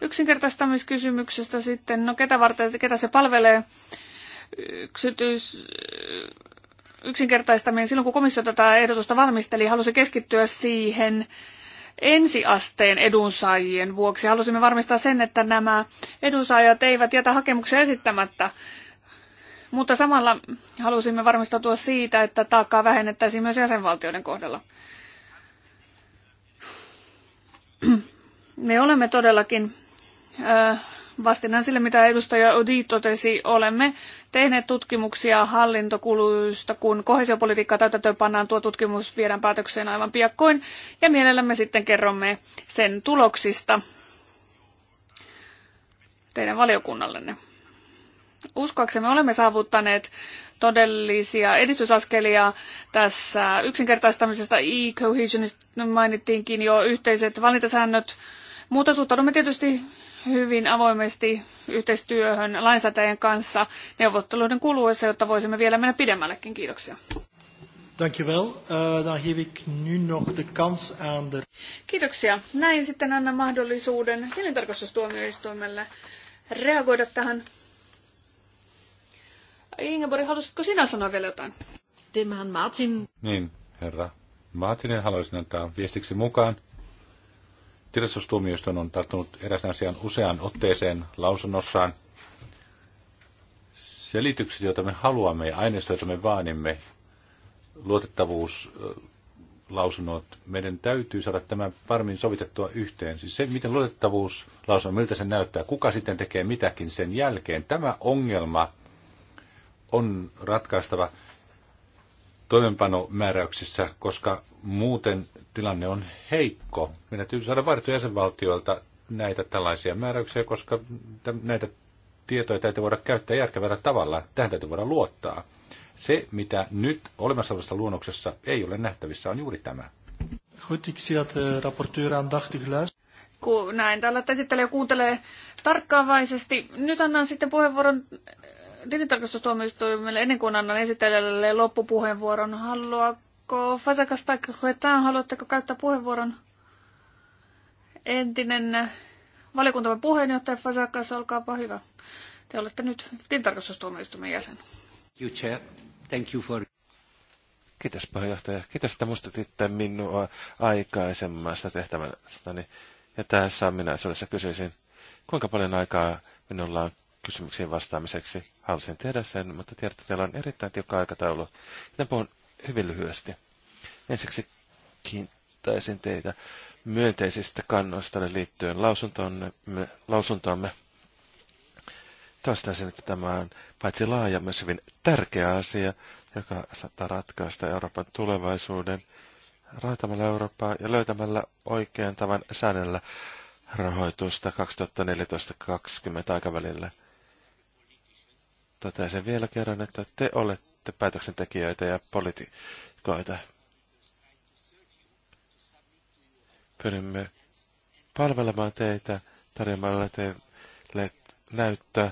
Yksinkertaistamiskysymyksestä sitten, no ketä varten, ketä se palvelee, yksityis, yksinkertaistaminen. Silloin kun komissio tätä ehdotusta valmisteli, halusi keskittyä siihen ensiasteen edunsaajien vuoksi. Halusimme varmistaa sen, että nämä edunsaajat eivät jätä hakemuksia esittämättä. Mutta samalla halusimme varmistautua siitä, että taakkaa vähennettäisiin myös jäsenvaltioiden kohdalla. Me olemme todellakin vastinaan sille, mitä edustaja Odi totesi, olemme tehneet tutkimuksia hallintokuluista, kun kohesiopolitiikkaa täytäntöön pannaan tuo tutkimus viedään päätökseen aivan piakkoin, ja mielellämme sitten kerromme sen tuloksista teidän valiokunnallenne. Uskoaksemme olemme saavuttaneet todellisia edistysaskelia tässä yksinkertaistamisesta. E-cohesionista mainittiinkin jo yhteiset valintasäännöt, mutta suhtaudumme tietysti hyvin avoimesti yhteistyöhön lainsäätäjien kanssa neuvotteluiden kuluessa, jotta voisimme vielä mennä pidemmällekin. Kiitoksia. Dankjewel. Uh, dan geef ik nu nog de kans aan de... Kiitoksia. Näin sitten annan mahdollisuuden tilintarkastustuomioistuimelle reagoida tähän Ingeborg, haluaisitko sinä sanoa vielä jotain? Timähän er Martin. Niin, herra. Martinin haluaisin antaa viestiksi mukaan. Tilastustuomioistuin on tarttunut eräs asian usean otteeseen lausunnossaan. Selitykset, joita me haluamme ja aineistoja, joita me vaanimme, luotettavuus, lausunnot, meidän täytyy saada tämä varmin sovitettua yhteen. Siis se, miten luotettavuus lausunut, miltä se näyttää, kuka sitten tekee mitäkin sen jälkeen. Tämä ongelma on ratkaistava toimenpanomääräyksissä, koska muuten tilanne on heikko. Meidän täytyy saada vaadittu jäsenvaltioilta näitä tällaisia määräyksiä, koska näitä tietoja täytyy voida käyttää järkevällä tavalla. Tähän täytyy voida luottaa. Se, mitä nyt olemassa olevassa luonnoksessa ei ole nähtävissä, on juuri tämä. Goed, Näin, täällä ja kuuntelee tarkkaavaisesti. Nyt annan sitten puheenvuoron tilintarkastustuomioistuimelle ennen kuin annan esittelijälle loppupuheenvuoron. Haluaako Fasakas tai Huetan, haluatteko käyttää puheenvuoron? Entinen valiokuntamme puheenjohtaja Fasakas, olkaapa hyvä. Te olette nyt tilintarkastustuomioistuimen jäsen. You, chair. Thank you for... Kiitos puheenjohtaja. Kiitos, että muistutitte minua aikaisemmasta tehtävästä. Ja tässä minä kysyisin, kuinka paljon aikaa minulla on kysymyksiin vastaamiseksi. Halusin tehdä sen, mutta tiedät, että teillä on erittäin tiukka aikataulu, joten puhun hyvin lyhyesti. Ensiksi kiittäisin teitä myönteisistä kannoista liittyen lausuntoamme. lausuntoamme. Toistaisin, että tämä on paitsi laaja, myös hyvin tärkeä asia, joka saattaa ratkaista Euroopan tulevaisuuden raitamalla Eurooppaa ja löytämällä oikean tavan säännellä rahoitusta 2014-2020 aikavälillä toteaisin vielä kerran, että te olette päätöksentekijöitä ja politikoita. Pyrimme palvelemaan teitä tarjoamalla teille näyttöä,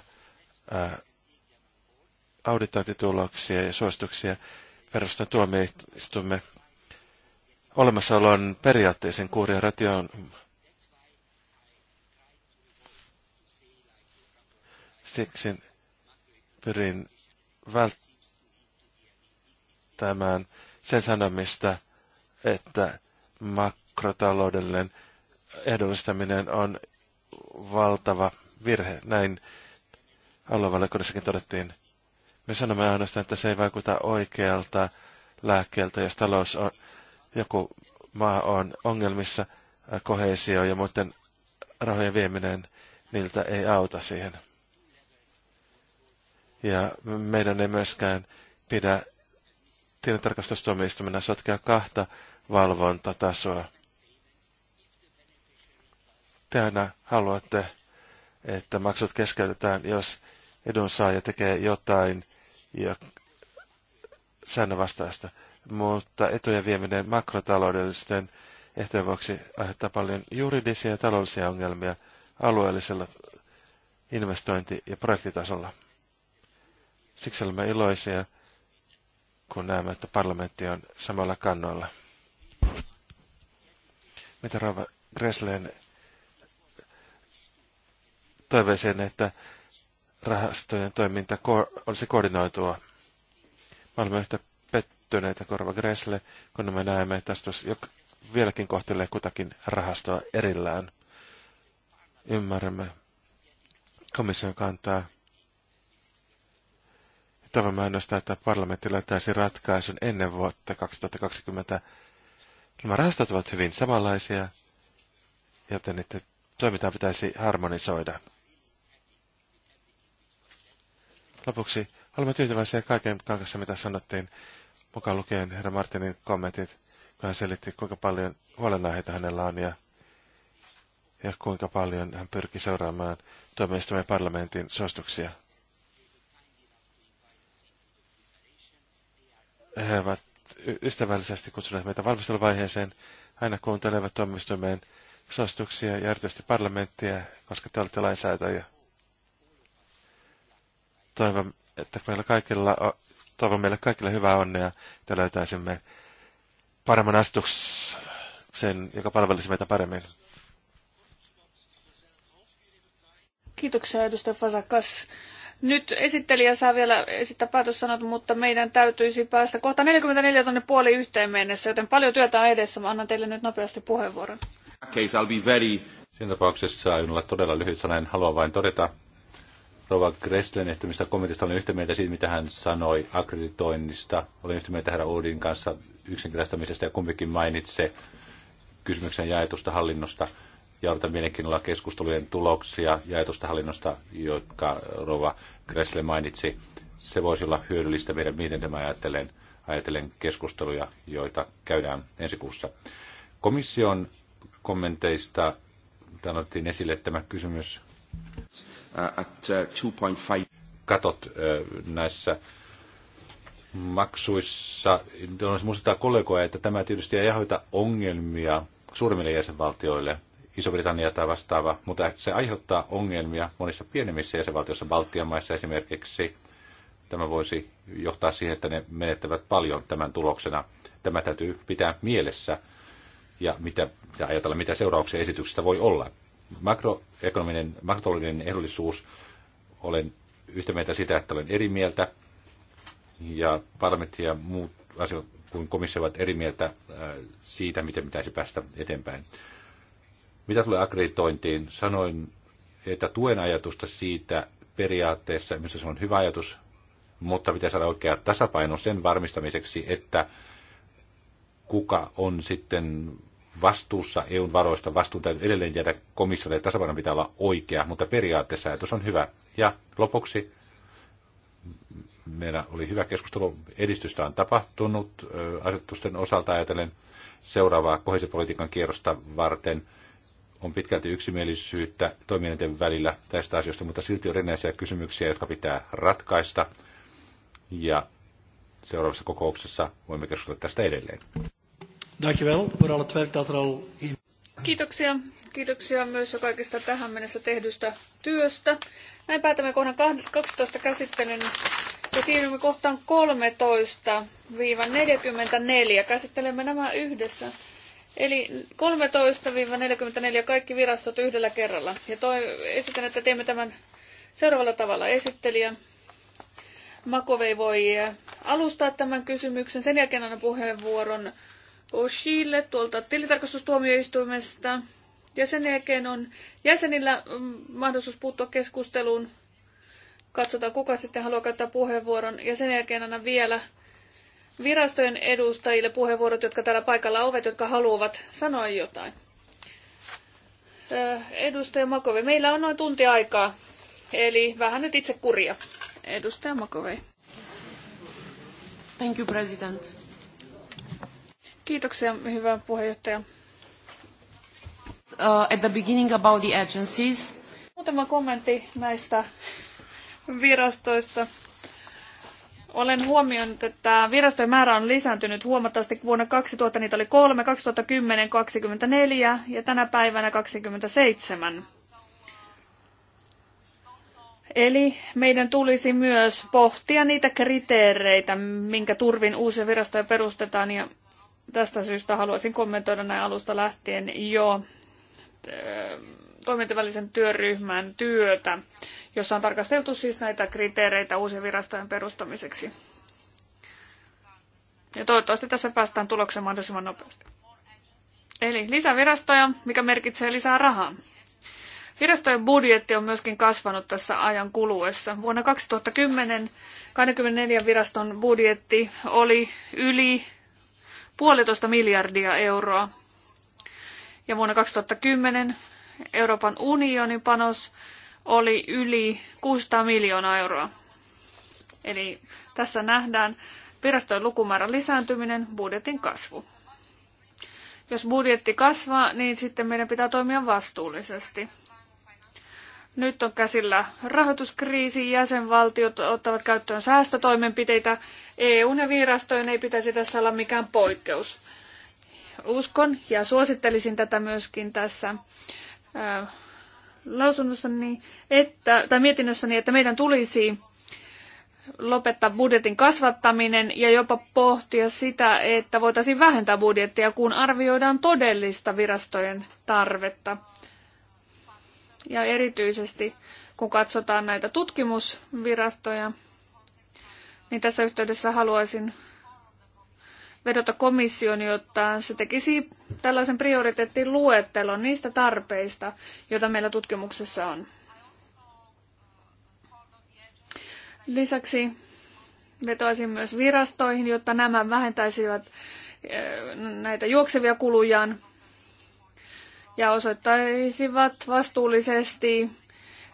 auditointituloksia ja suosituksia perustuen tuomioistumme olemassaolon periaatteisen kuuria ration Siksi pyrin välttämään sen sanomista, että makrotaloudellinen ehdollistaminen on valtava virhe. Näin aluevalikunnassakin todettiin. Me sanomme ainoastaan, että se ei vaikuta oikealta lääkkeeltä, jos talous on, joku maa on ongelmissa, kohesio ja muiden rahojen vieminen niiltä ei auta siihen. Ja meidän ei myöskään pidä tilintarkastustuomioistumina sotkea kahta valvontatasoa. Te aina haluatte, että maksut keskeytetään, jos edunsaaja tekee jotain ja säännönvastaista. Mutta etujen vieminen makrotaloudellisten ehtojen vuoksi aiheuttaa paljon juridisia ja taloudellisia ongelmia alueellisella investointi- ja projektitasolla. Siksi olemme iloisia, kun näemme, että parlamentti on samalla kannalla. Mitä Rava Greslen toiveeseen, että rahastojen toiminta olisi koordinoitua. Me olemme yhtä pettyneitä korva Gresle, kun me näemme, että tästä vieläkin kohtelee kutakin rahastoa erillään. Ymmärrämme komission kantaa Toivomme ainoastaan, että parlamentti löytäisi ratkaisun ennen vuotta 2020. Nämä rahastot ovat hyvin samanlaisia, joten niiden toimintaa pitäisi harmonisoida. Lopuksi olemme tyytyväisiä kaiken kanssa, mitä sanottiin, mukaan lukien herra Martinin kommentit, kun hän selitti, kuinka paljon huolenaiheita hänellä on ja, ja kuinka paljon hän pyrki seuraamaan tuomioistuimen parlamentin suostuksia. he ovat ystävällisesti kutsuneet meitä valmisteluvaiheeseen. Aina kuuntelevat tuomioistuimeen suosituksia ja erityisesti parlamenttia, koska te olette lainsäätäjä. Toivon, että meillä kaikilla, toivon meille kaikille hyvää onnea, että löytäisimme paremman astuksen, joka palvelisi meitä paremmin. Kiitoksia edustaja Fasakas. Nyt esittelijä saa vielä esittää päätössanat, mutta meidän täytyisi päästä kohta 44 tonne puoli yhteen mennessä, joten paljon työtä on edessä. Mä annan teille nyt nopeasti puheenvuoron. Okay, I'll be very... Siinä tapauksessa aion olla todella lyhyt sananen. Haluan vain todeta Rova Gresslen ehtimistä kommentista. Olen yhtä mieltä siitä, mitä hän sanoi akkreditoinnista. Olen yhtä mieltä herra Uudin kanssa yksinkertaistamisesta ja kumpikin mainitse kysymyksen jaetusta hallinnosta ja on mielenkiinnolla keskustelujen tuloksia ja ajatusta hallinnosta, jotka Rova Gressle mainitsi. Se voisi olla hyödyllistä meidän miten tämä ajatellen, ajatellen keskusteluja, joita käydään ensi kuussa. Komission kommenteista täällä otettiin esille tämä kysymys. Uh, uh, Katot uh, näissä maksuissa. Muistuttaa kollegoja, että tämä tietysti ei aiheuta ongelmia suurimmille jäsenvaltioille – Iso-Britannia tai vastaava, mutta se aiheuttaa ongelmia monissa pienemmissä jäsenvaltioissa, Baltian maissa esimerkiksi. Tämä voisi johtaa siihen, että ne menettävät paljon tämän tuloksena. Tämä täytyy pitää mielessä ja mitä, ja ajatella, mitä seurauksia esityksestä voi olla. Makroekonominen, makrotaloudellinen ehdollisuus, olen yhtä mieltä sitä, että olen eri mieltä, ja parlamentti ja muut asiat kuin komissio ovat eri mieltä äh, siitä, miten pitäisi päästä eteenpäin. Mitä tulee akreditointiin, sanoin, että tuen ajatusta siitä periaatteessa, missä se on hyvä ajatus, mutta pitää saada oikea tasapaino sen varmistamiseksi, että kuka on sitten vastuussa EUn varoista, vastuun täytyy edelleen jäädä komissiolle ja tasapaino pitää olla oikea, mutta periaatteessa ajatus on hyvä. Ja lopuksi meillä oli hyvä keskustelu, edistystä on tapahtunut asetusten osalta ajatellen seuraavaa kohesipolitiikan kierrosta varten on pitkälti yksimielisyyttä toimijoiden välillä tästä asiasta, mutta silti on erinäisiä kysymyksiä, jotka pitää ratkaista. Ja seuraavassa kokouksessa voimme keskustella tästä edelleen. Er Kiitoksia. Kiitoksia myös jo kaikista tähän mennessä tehdystä työstä. Näin päätämme kohdan 12 käsittelyn ja siirrymme kohtaan 13-44. Käsittelemme nämä yhdessä. Eli 13-44 kaikki virastot yhdellä kerralla. Ja toi, esitän, että teemme tämän seuraavalla tavalla esittelijä. Makovei voi alustaa tämän kysymyksen. Sen jälkeen annan puheenvuoron Oshille tuolta tilitarkastustuomioistuimesta. Ja sen jälkeen on jäsenillä mm, mahdollisuus puuttua keskusteluun. Katsotaan, kuka sitten haluaa käyttää puheenvuoron. Ja sen jälkeen annan vielä virastojen edustajille puheenvuorot, jotka täällä paikalla ovat, jotka haluavat sanoa jotain. Äh, edustaja Makove, meillä on noin tunti aikaa, eli vähän nyt itse kuria. Edustaja Makove. Thank you, President. Kiitoksia, hyvä puheenjohtaja. Uh, at the beginning about the agencies. Muutama kommentti näistä virastoista olen huomioinut, että virastojen määrä on lisääntynyt huomattavasti. Vuonna 2000 niitä oli kolme, 2010 24 ja tänä päivänä 27. Eli meidän tulisi myös pohtia niitä kriteereitä, minkä turvin uusia virastoja perustetaan. Ja tästä syystä haluaisin kommentoida näin alusta lähtien jo toimintavälisen työryhmän työtä jossa on tarkasteltu siis näitä kriteereitä uusien virastojen perustamiseksi. Ja toivottavasti tässä päästään tulokseen mahdollisimman nopeasti. Eli lisää virastoja, mikä merkitsee lisää rahaa. Virastojen budjetti on myöskin kasvanut tässä ajan kuluessa. Vuonna 2010 24 viraston budjetti oli yli puolitoista miljardia euroa. Ja vuonna 2010 Euroopan unionin panos oli yli 600 miljoonaa euroa. Eli tässä nähdään virastojen lukumäärän lisääntyminen, budjetin kasvu. Jos budjetti kasvaa, niin sitten meidän pitää toimia vastuullisesti. Nyt on käsillä rahoituskriisi, jäsenvaltiot ottavat käyttöön säästötoimenpiteitä. EUn ja virastojen ei pitäisi tässä olla mikään poikkeus. Uskon ja suosittelisin tätä myöskin tässä lausunnossani, että, tai mietinnössäni, että meidän tulisi lopettaa budjetin kasvattaminen ja jopa pohtia sitä, että voitaisiin vähentää budjettia, kun arvioidaan todellista virastojen tarvetta. Ja erityisesti kun katsotaan näitä tutkimusvirastoja, niin tässä yhteydessä haluaisin vedota komission, jotta se tekisi tällaisen prioriteettin luettelon niistä tarpeista, joita meillä tutkimuksessa on. Lisäksi vetoaisin myös virastoihin, jotta nämä vähentäisivät eh, näitä juoksevia kulujaan ja osoittaisivat vastuullisesti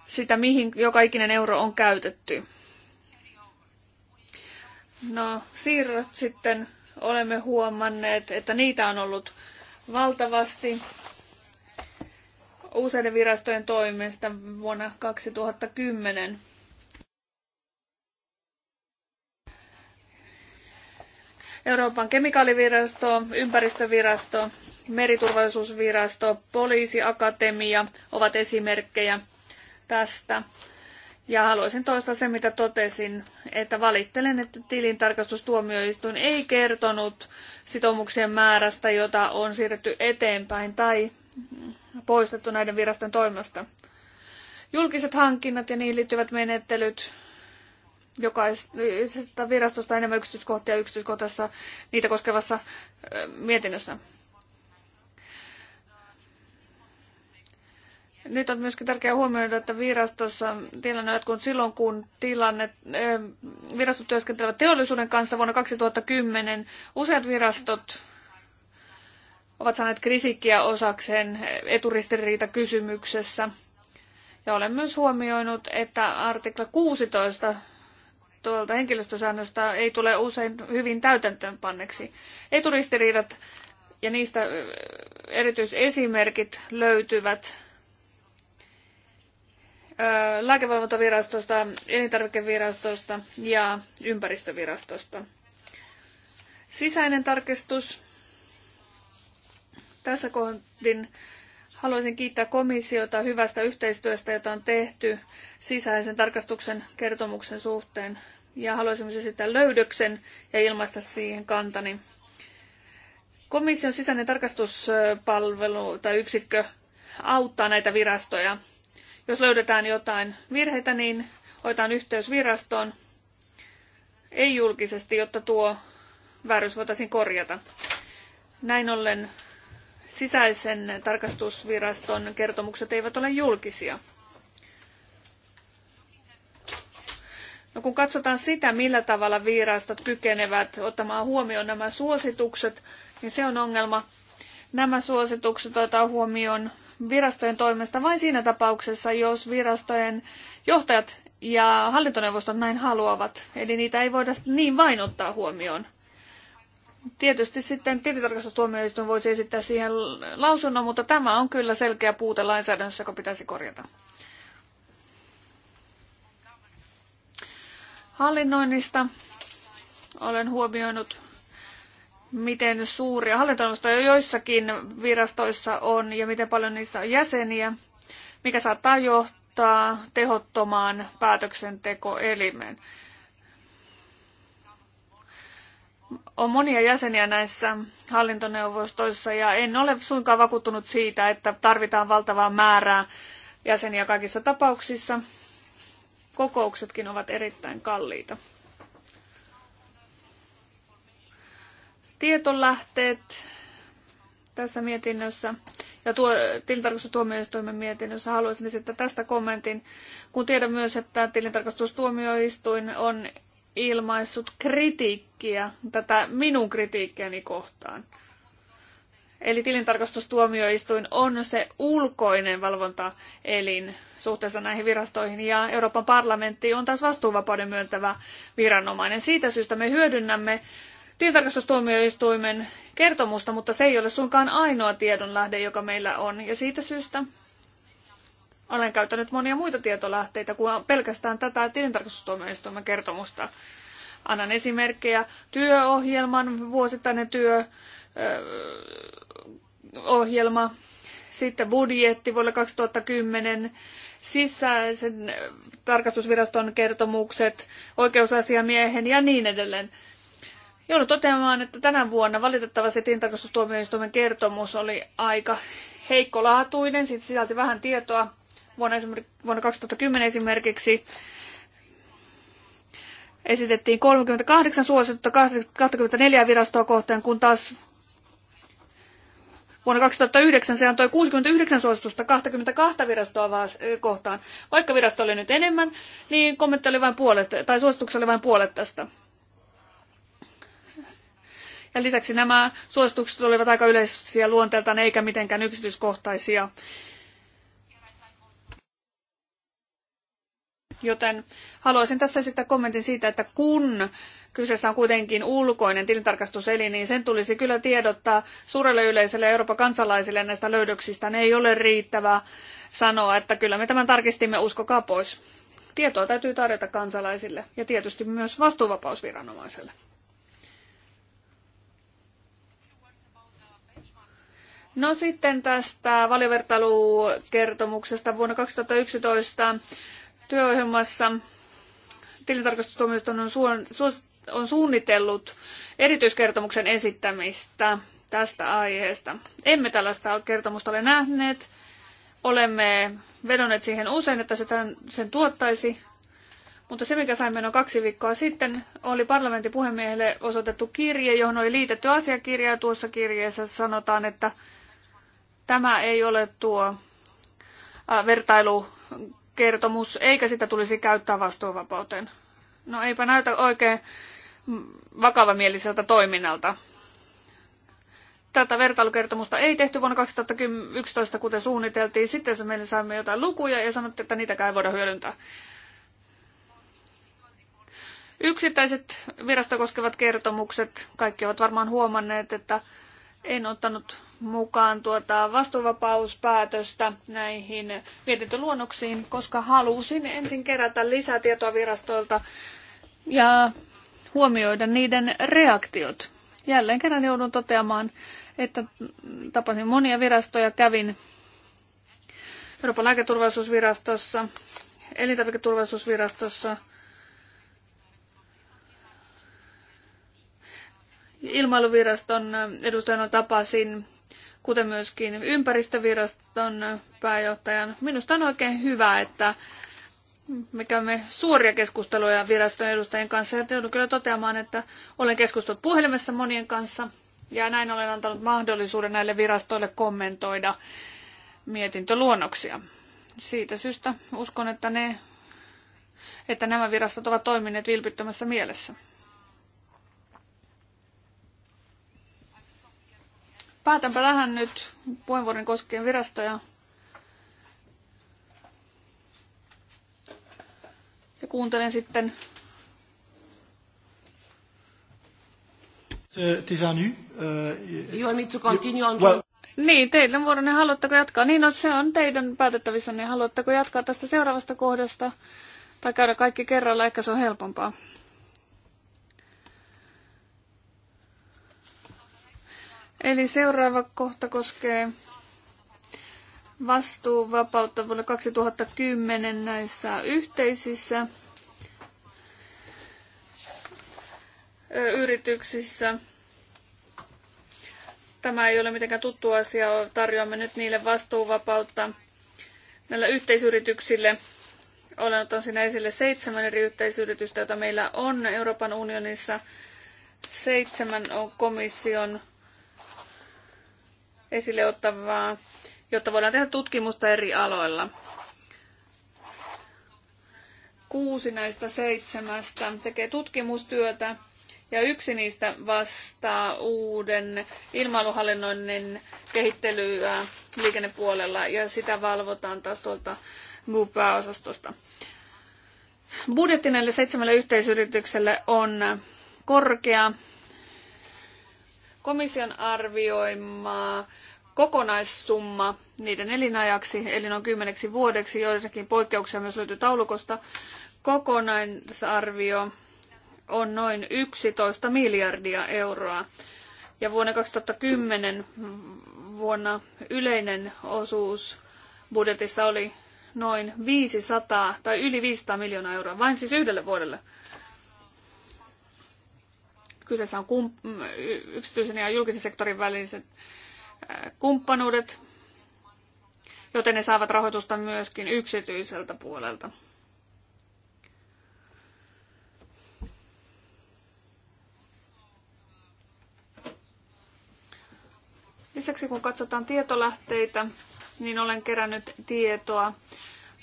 sitä, mihin joka ikinen euro on käytetty. No, siirrot sitten olemme huomanneet, että niitä on ollut valtavasti useiden virastojen toimesta vuonna 2010. Euroopan kemikaalivirasto, ympäristövirasto, meriturvallisuusvirasto, poliisiakatemia ovat esimerkkejä tästä. Ja haluaisin toistaa sen, mitä totesin, että valittelen, että tilintarkastustuomioistuin ei kertonut sitoumuksien määrästä, jota on siirretty eteenpäin tai poistettu näiden viraston toimesta. Julkiset hankinnat ja niihin liittyvät menettelyt jokaisesta virastosta enemmän yksityiskohtia yksityiskohtaisessa niitä koskevassa mietinnössä. Nyt on myöskin tärkeää huomioida, että virastossa tilanne on kun silloin, kun tilanne, eh, virastot työskentelevät teollisuuden kanssa vuonna 2010. Useat virastot ovat saaneet kritiikkiä osakseen eturistiriita kysymyksessä. Ja olen myös huomioinut, että artikla 16 tuolta henkilöstösäännöstä ei tule usein hyvin täytäntöönpanneksi. Eturistiriidat ja niistä eh, erityisesimerkit löytyvät lääkevalvontavirastosta, elintarvikevirastosta ja ympäristövirastosta. Sisäinen tarkistus. Tässä kohdin haluaisin kiittää komissiota hyvästä yhteistyöstä, jota on tehty sisäisen tarkastuksen kertomuksen suhteen. Ja haluaisin myös esittää löydöksen ja ilmaista siihen kantani. Komission sisäinen tarkastuspalvelu tai yksikkö auttaa näitä virastoja jos löydetään jotain virheitä, niin otetaan yhteys virastoon, ei julkisesti, jotta tuo väärys voitaisiin korjata. Näin ollen sisäisen tarkastusviraston kertomukset eivät ole julkisia. No kun katsotaan sitä, millä tavalla virastot kykenevät ottamaan huomioon nämä suositukset, niin se on ongelma. Nämä suositukset otetaan huomioon virastojen toimesta vain siinä tapauksessa, jos virastojen johtajat ja hallintoneuvostot näin haluavat. Eli niitä ei voida niin vain ottaa huomioon. Tietysti sitten tilintarkastustuomioistuin voisi esittää siihen lausunnon, mutta tämä on kyllä selkeä puute lainsäädännössä, joka pitäisi korjata. Hallinnoinnista olen huomioinut miten suuria hallintoneuvostoja joissakin virastoissa on ja miten paljon niissä on jäseniä, mikä saattaa johtaa tehottomaan päätöksentekoelimeen. On monia jäseniä näissä hallintoneuvostoissa ja en ole suinkaan vakuuttunut siitä, että tarvitaan valtavaa määrää jäseniä kaikissa tapauksissa. Kokouksetkin ovat erittäin kalliita. tietolähteet tässä mietinnössä ja tuo, tilintarkastustuomioistuimen mietinnössä haluaisin esittää tästä kommentin, kun tiedän myös, että tilintarkastustuomioistuin on ilmaissut kritiikkiä tätä minun kritiikkiäni kohtaan. Eli tilintarkastustuomioistuin on se ulkoinen valvontaelin suhteessa näihin virastoihin ja Euroopan parlamentti on taas vastuuvapauden myöntävä viranomainen. Siitä syystä me hyödynnämme tilintarkastustuomioistuimen kertomusta, mutta se ei ole suinkaan ainoa tiedonlähde, joka meillä on. Ja siitä syystä olen käyttänyt monia muita tietolähteitä kuin pelkästään tätä tilintarkastustuomioistuimen kertomusta. Annan esimerkkejä työohjelman, vuosittainen työohjelma, sitten budjetti vuodelle 2010, sisäisen tarkastusviraston kertomukset, oikeusasiamiehen ja niin edelleen. Joudun toteamaan, että tänä vuonna valitettavasti tilintarkastustuomioistuimen kertomus oli aika heikkolaatuinen, siitä sisälti vähän tietoa. Vuonna, vuonna 2010 esimerkiksi esitettiin 38 suositusta 24 virastoa kohtaan, kun taas Vuonna 2009 se antoi 69 suositusta 22 virastoa kohtaan. Vaikka virasto oli nyt enemmän, niin kommentti oli vain puolet, tai suositukset oli vain puolet tästä. Ja lisäksi nämä suositukset olivat aika yleisiä luonteeltaan eikä mitenkään yksityiskohtaisia. Joten haluaisin tässä esittää kommentin siitä, että kun kyseessä on kuitenkin ulkoinen tilintarkastuseli, niin sen tulisi kyllä tiedottaa suurelle yleisölle ja Euroopan kansalaisille näistä löydöksistä. Ne ei ole riittävää sanoa, että kyllä me tämän tarkistimme, uskokaa pois. Tietoa täytyy tarjota kansalaisille ja tietysti myös vastuuvapausviranomaiselle. No sitten tästä valiovertailukertomuksesta vuonna 2011 työohjelmassa tilintarkastustuomioistuin on, on suunnitellut erityiskertomuksen esittämistä tästä aiheesta. Emme tällaista kertomusta ole nähneet. Olemme vedonneet siihen usein, että se tämän, sen tuottaisi. Mutta se, mikä saimme noin kaksi viikkoa sitten, oli parlamentin puhemiehelle osoitettu kirje, johon oli liitetty asiakirja. Ja tuossa kirjeessä sanotaan, että Tämä ei ole tuo vertailukertomus, eikä sitä tulisi käyttää vastuuvapauteen. No eipä näytä oikein vakavamieliseltä toiminnalta. Tätä vertailukertomusta ei tehty vuonna 2011, kuten suunniteltiin. Sitten se meille saimme jotain lukuja ja sanottiin, että niitäkään ei voida hyödyntää. Yksittäiset virastokoskevat koskevat kertomukset, kaikki ovat varmaan huomanneet, että en ottanut mukaan tuota vastuuvapauspäätöstä näihin mietintöluonnoksiin, koska halusin ensin kerätä lisätietoa virastoilta ja huomioida niiden reaktiot. Jälleen kerran joudun toteamaan, että tapasin monia virastoja, kävin Euroopan lääketurvallisuusvirastossa, elintarviketurvallisuusvirastossa, ilmailuviraston edustajana tapasin, kuten myöskin ympäristöviraston pääjohtajan. Minusta on oikein hyvä, että me käymme suoria keskusteluja viraston edustajien kanssa ja joudun kyllä toteamaan, että olen keskustellut puhelimessa monien kanssa ja näin olen antanut mahdollisuuden näille virastoille kommentoida mietintöluonnoksia. Siitä syystä uskon, että, ne, että nämä virastot ovat toimineet vilpittömässä mielessä. Päätänpä tähän nyt puheenvuoron koskien virastoja. Ja kuuntelen sitten. Tisany. Eh, you want me to continue on? Well. Niin, teidän vuoronne, niin haluatteko jatkaa? Niin, no, se on teidän päätettävissä, niin haluatteko jatkaa tästä seuraavasta kohdasta? Tai käydä kaikki kerralla, ehkä se on helpompaa. Eli seuraava kohta koskee vastuuvapautta vuonna 2010 näissä yhteisissä yrityksissä. Tämä ei ole mitenkään tuttu asia. Tarjoamme nyt niille vastuuvapautta näillä yhteisyrityksille. Olen ottanut sinne esille seitsemän eri yhteisyritystä, joita meillä on Euroopan unionissa. Seitsemän on komission esille ottavaa, jotta voidaan tehdä tutkimusta eri aloilla. Kuusi näistä seitsemästä tekee tutkimustyötä ja yksi niistä vastaa uuden ilmailuhallinnoinnin kehittelyä liikennepuolella ja sitä valvotaan taas tuolta MOVE-pääosastosta. Budjetti näille seitsemälle yhteisyritykselle on korkea komission arvioimaa kokonaissumma niiden elinajaksi, eli noin kymmeneksi vuodeksi, joissakin poikkeuksia myös löytyy taulukosta, kokonaisarvio on noin 11 miljardia euroa. Ja vuonna 2010 vuonna yleinen osuus budjetissa oli noin 500 tai yli 500 miljoonaa euroa, vain siis yhdelle vuodelle. Kyseessä on yksityisen ja julkisen sektorin väliset kumppanuudet, joten ne saavat rahoitusta myöskin yksityiseltä puolelta. Lisäksi kun katsotaan tietolähteitä, niin olen kerännyt tietoa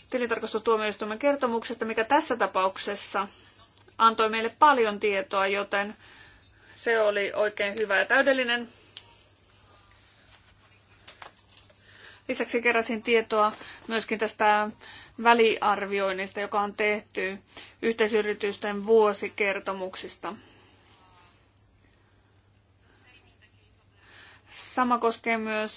tilintarkastustuomioistuimen kertomuksesta, mikä tässä tapauksessa antoi meille paljon tietoa, joten se oli oikein hyvä ja täydellinen. Lisäksi keräsin tietoa myöskin tästä väliarvioinnista, joka on tehty yhteisyritysten vuosikertomuksista. Sama koskee myös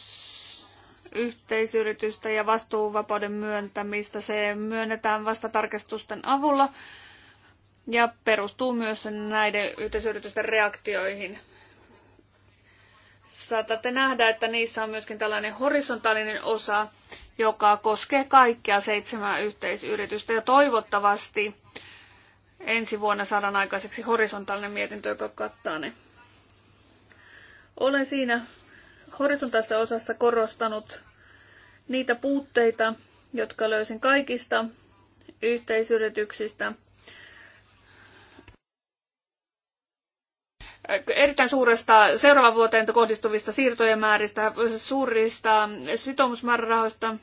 yhteisyritystä ja vastuuvapauden myöntämistä. Se myönnetään vasta tarkastusten avulla ja perustuu myös näiden yhteisyritysten reaktioihin. Saatatte nähdä, että niissä on myöskin tällainen horisontaalinen osa, joka koskee kaikkia seitsemää yhteisyritystä. Ja toivottavasti ensi vuonna saadaan aikaiseksi horisontaalinen mietintö, joka kattaa ne. Olen siinä horisontaalisessa osassa korostanut niitä puutteita, jotka löysin kaikista yhteisyrityksistä – erittäin suuresta seuraavan vuoteen kohdistuvista siirtojen määristä, suurista sitoumusmäärärahoista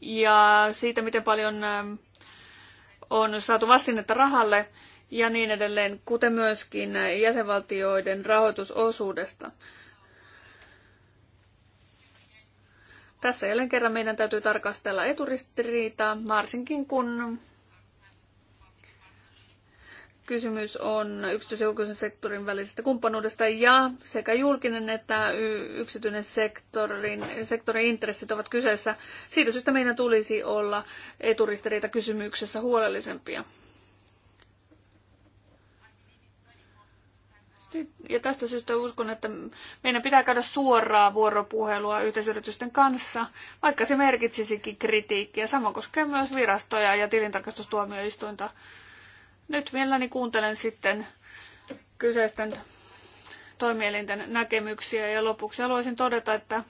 ja siitä, miten paljon ähm, on saatu vastinetta rahalle ja niin edelleen, kuten myöskin jäsenvaltioiden rahoitusosuudesta. Tässä jälleen kerran meidän täytyy tarkastella eturistiriitaa, varsinkin kun Kysymys on yksityisen julkisen sektorin välisestä kumppanuudesta ja sekä julkinen että yksityinen sektorin, sektorin intressit ovat kyseessä. Siitä syystä meidän tulisi olla eturistiriita kysymyksessä huolellisempia. Ja tästä syystä uskon, että meidän pitää käydä suoraa vuoropuhelua yhteisyritysten kanssa, vaikka se merkitsisikin kritiikkiä. Sama koskee myös virastoja ja tilintarkastustuomioistuinta. Nyt mielelläni niin kuuntelen sitten kyseisten toimielinten näkemyksiä ja lopuksi haluaisin todeta, että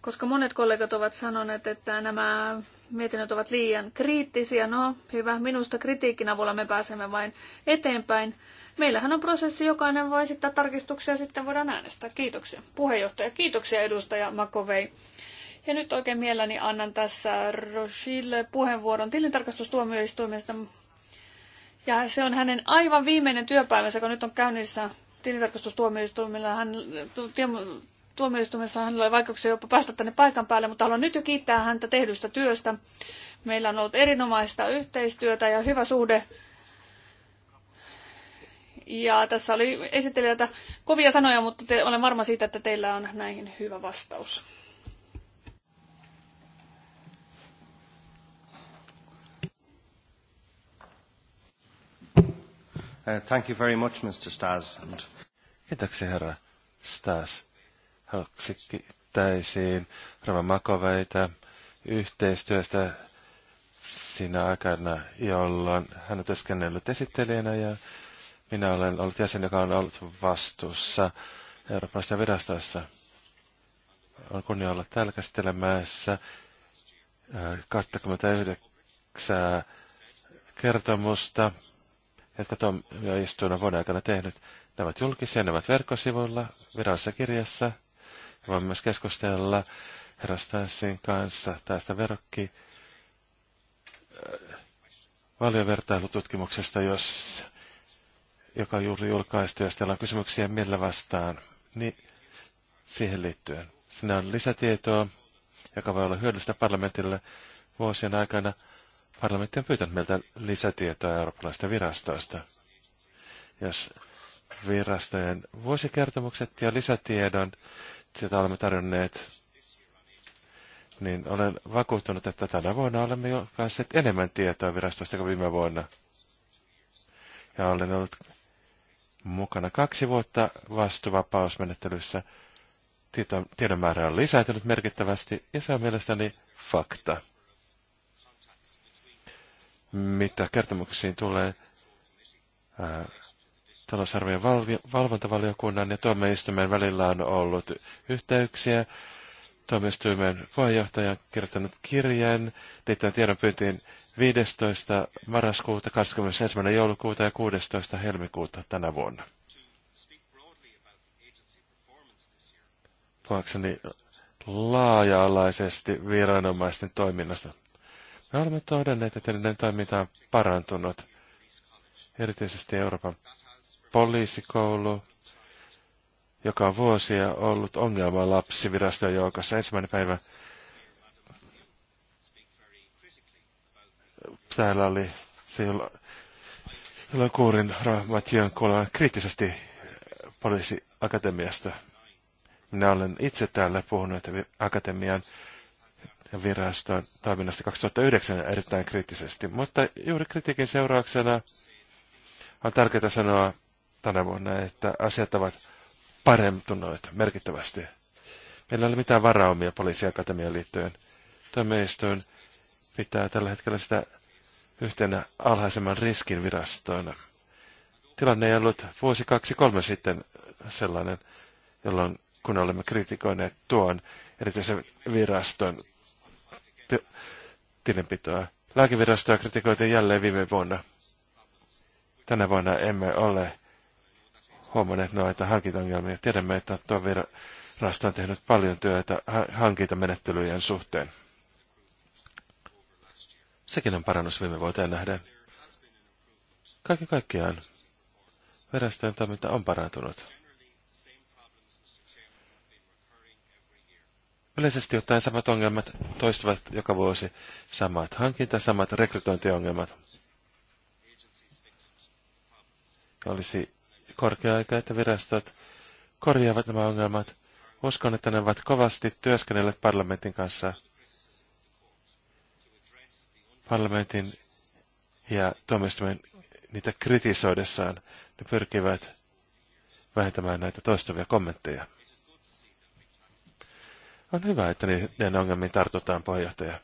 koska monet kollegat ovat sanoneet, että nämä mietinnöt ovat liian kriittisiä. No hyvä, minusta kritiikin avulla me pääsemme vain eteenpäin. Meillähän on prosessi, jokainen voi esittää tarkistuksia ja sitten voidaan äänestää. Kiitoksia puheenjohtaja, kiitoksia edustaja Makovei. Ja nyt oikein mielelläni annan tässä Rochille puheenvuoron tilintarkastustuomioistuimesta, ja se on hänen aivan viimeinen työpäivänsä, kun nyt on käynnissä tilintarkastustuomioistuimella. Hän, tuomioistuimessa hän oli vaikeuksia jopa päästä tänne paikan päälle, mutta haluan nyt jo kiittää häntä tehdystä työstä. Meillä on ollut erinomaista yhteistyötä ja hyvä suhde ja tässä oli esittelijöitä kovia sanoja, mutta te, olen varma siitä, että teillä on näihin hyvä vastaus. Uh, thank you very much, Mr. Stas. And... Kiitoksia, herra Stas. Haluaisin kiittäisiin Rava Makoveita yhteistyöstä siinä aikana, jolloin hän on työskennellyt esittelijänä ja minä olen ollut jäsen, joka on ollut vastuussa Euroopasta virastoissa. On kunnia olla täällä käsittelemässä 29 äh, kertomusta jotka tuomioistuin on vuoden aikana tehnyt. Ne ovat julkisia, ne ovat verkkosivuilla, virallisessa kirjassa. Ja voimme myös keskustella herra Stassin kanssa tästä verokki valiovertailututkimuksesta, jos, joka on juuri julkaistu, jos teillä on kysymyksiä millä vastaan, niin siihen liittyen. Sinä on lisätietoa, joka voi olla hyödyllistä parlamentille vuosien aikana. Parlamentti on pyytänyt meiltä lisätietoa eurooppalaisista virastoista. Jos virastojen vuosikertomukset ja lisätiedon, joita olemme tarjonneet, niin olen vakuuttunut, että tänä vuonna olemme jo päässeet enemmän tietoa virastoista kuin viime vuonna. Ja olen ollut mukana kaksi vuotta vastuvapausmenettelyssä. Tiedon määrä on lisääntynyt merkittävästi ja se on mielestäni fakta mitä kertomuksiin tulee ää, talousarvojen valvontavaliokunnan ja tuomioistuimen välillä on ollut yhteyksiä. Tuomioistuimen puheenjohtaja on kirjoittanut kirjeen liittyen pyyntiin 15. marraskuuta, 21. joulukuuta ja 16. helmikuuta tänä vuonna. Puhakseni laaja-alaisesti viranomaisten toiminnasta me olemme todenneet, että niiden toiminta on parantunut. Erityisesti Euroopan poliisikoulu, joka on vuosia ollut ongelma lapsiviraston joukossa. Ensimmäinen päivä täällä oli se, jolloin kuurin Rahmation kuulemaan kriittisesti poliisiakatemiasta. Minä olen itse täällä puhunut akatemian ja viraston toiminnasta 2009 erittäin kriittisesti, mutta juuri kritiikin seurauksena on tärkeää sanoa tänä vuonna, että asiat ovat parentuneet merkittävästi. Meillä ei ole mitään varaumia poliisiakatemian liittyen. Toimeistoon pitää tällä hetkellä sitä yhtenä alhaisemman riskin virastoina. Tilanne ei ollut vuosi kaksi kolme sitten sellainen, jolloin kun olemme kritikoineet tuon erityisen viraston tilinpitoa. Lääkevirastoa kritikoitiin jälleen viime vuonna. Tänä vuonna emme ole huomanneet noita hankintaongelmia. Tiedämme, että tuo virasto on tehnyt paljon työtä hankintamenettelyjen suhteen. Sekin on parannus viime vuoteen nähden. Kaiken kaikkiaan virastojen toiminta on parantunut. Yleisesti ottaen samat ongelmat toistuvat joka vuosi. Samat hankinta, samat rekrytointiongelmat. Olisi korkea aika, että virastot korjaavat nämä ongelmat. Uskon, että ne ovat kovasti työskennelleet parlamentin kanssa. Parlamentin ja tuomioistuimen niitä kritisoidessaan ne pyrkivät vähentämään näitä toistuvia kommentteja. On hyvä, että niiden ongelmiin tartutaan, puheenjohtaja.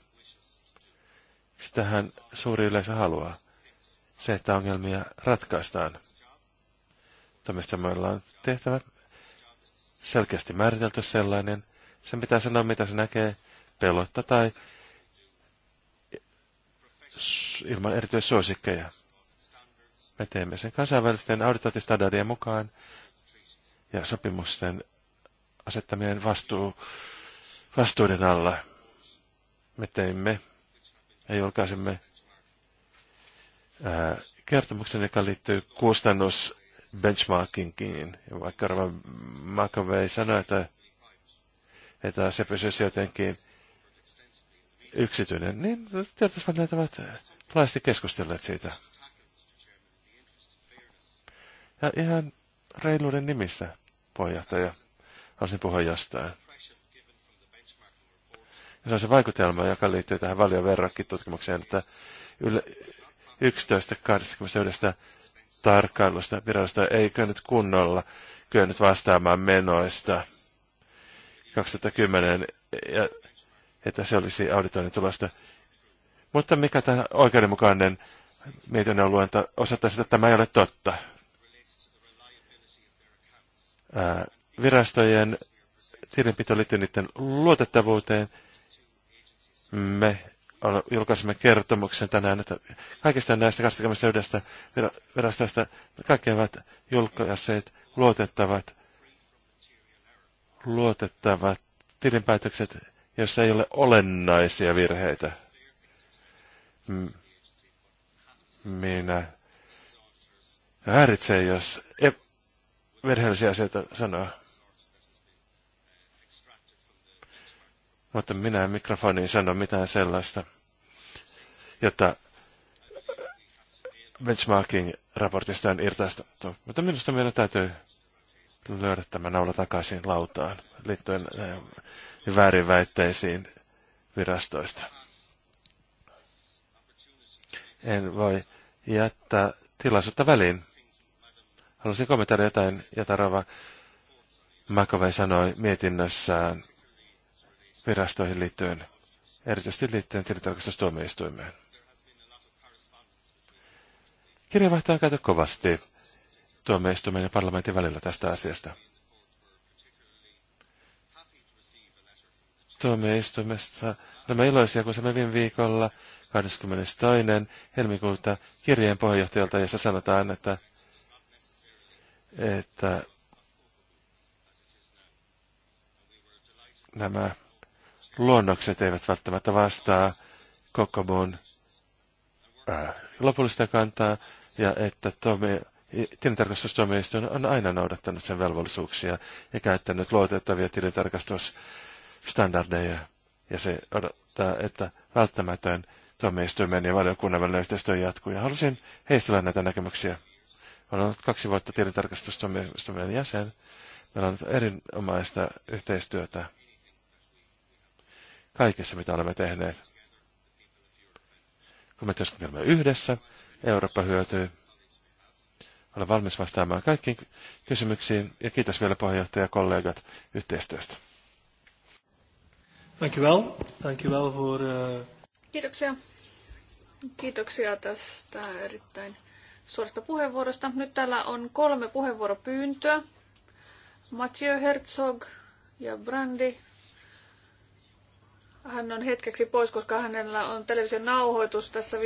Sitähän suuri yleisö haluaa. Se, että ongelmia ratkaistaan. meillä on tehtävä selkeästi määritelty sellainen. Sen pitää sanoa, mitä se näkee, pelotta tai ilman erityissuosikkeja. Me teemme sen kansainvälisten auditointistandardien mukaan ja sopimusten asettamien vastuu vastuuden alla. Me teimme ja julkaisimme ää, kertomuksen, joka liittyy kustannus benchmarkingiin. vaikka Ravan McAvey sanoi, että, että se pysyisi jotenkin yksityinen, niin tiedotusvälineet ovat laajasti keskustelleet siitä. Ja ihan reiluuden nimissä, puheenjohtaja, haluaisin puhua jostain. Ja se se vaikutelma, joka liittyy tähän valion tutkimukseen, että 11.21 tarkkailusta virallista ei nyt kunnolla kyennyt vastaamaan menoista 2010, ja, että se olisi auditoinnin tulosta. Mutta mikä tämä oikeudenmukainen mietinnön luenta osoittaa sitä, että tämä ei ole totta. Ää, virastojen tilinpito liittyy niiden luotettavuuteen – me julkaisimme kertomuksen tänään, että kaikista näistä 21 virastoista kaikki ovat julkaiseet luotettavat, luotettavat tilinpäätökset, joissa ei ole olennaisia virheitä. Minä häiritsee, jos e- virheellisiä asioita sanoa. mutta minä en mikrofoniin sano mitään sellaista, jotta benchmarking-raportista on irtaistettu. Mutta minusta meidän täytyy löydä tämä naula takaisin lautaan liittyen eh, väärinväitteisiin virastoista. En voi jättää tilaisuutta väliin. Haluaisin kommentoida jotain, jota Rova Makovei sanoi mietinnössään virastoihin liittyen, erityisesti liittyen tilintarkastustuomioistuimeen. Kirjavaihto on käyty kovasti tuomioistuimen ja parlamentin välillä tästä asiasta. Tuomioistuimessa olemme iloisia, kun saimme viime viikolla 22. helmikuuta kirjeen puheenjohtajalta, jossa sanotaan, että, että nämä luonnokset eivät välttämättä vastaa koko äh, lopullista kantaa, ja että toimi, tilintarkastustuomioistuin on aina noudattanut sen velvollisuuksia ja käyttänyt luotettavia tilintarkastusstandardeja. Ja se odottaa, että välttämätön tuomioistuimen ja valiokunnan välinen yhteistyö jatkuu. Ja halusin heistellä näitä näkemyksiä. Olen ollut kaksi vuotta tilintarkastustuomioistuimen jäsen. Meillä on ollut erinomaista yhteistyötä kaikessa, mitä olemme tehneet. Kun me työskentelemme yhdessä, Eurooppa hyötyy. Olen valmis vastaamaan kaikkiin kysymyksiin ja kiitos vielä puheenjohtaja ja kollegat yhteistyöstä. Thank you well. Thank you well for, uh... Kiitoksia. Kiitoksia tästä erittäin suorasta puheenvuorosta. Nyt täällä on kolme puheenvuoropyyntöä. Mathieu Herzog ja Brandi hän on hetkeksi pois, koska hänellä on television nauhoitus tässä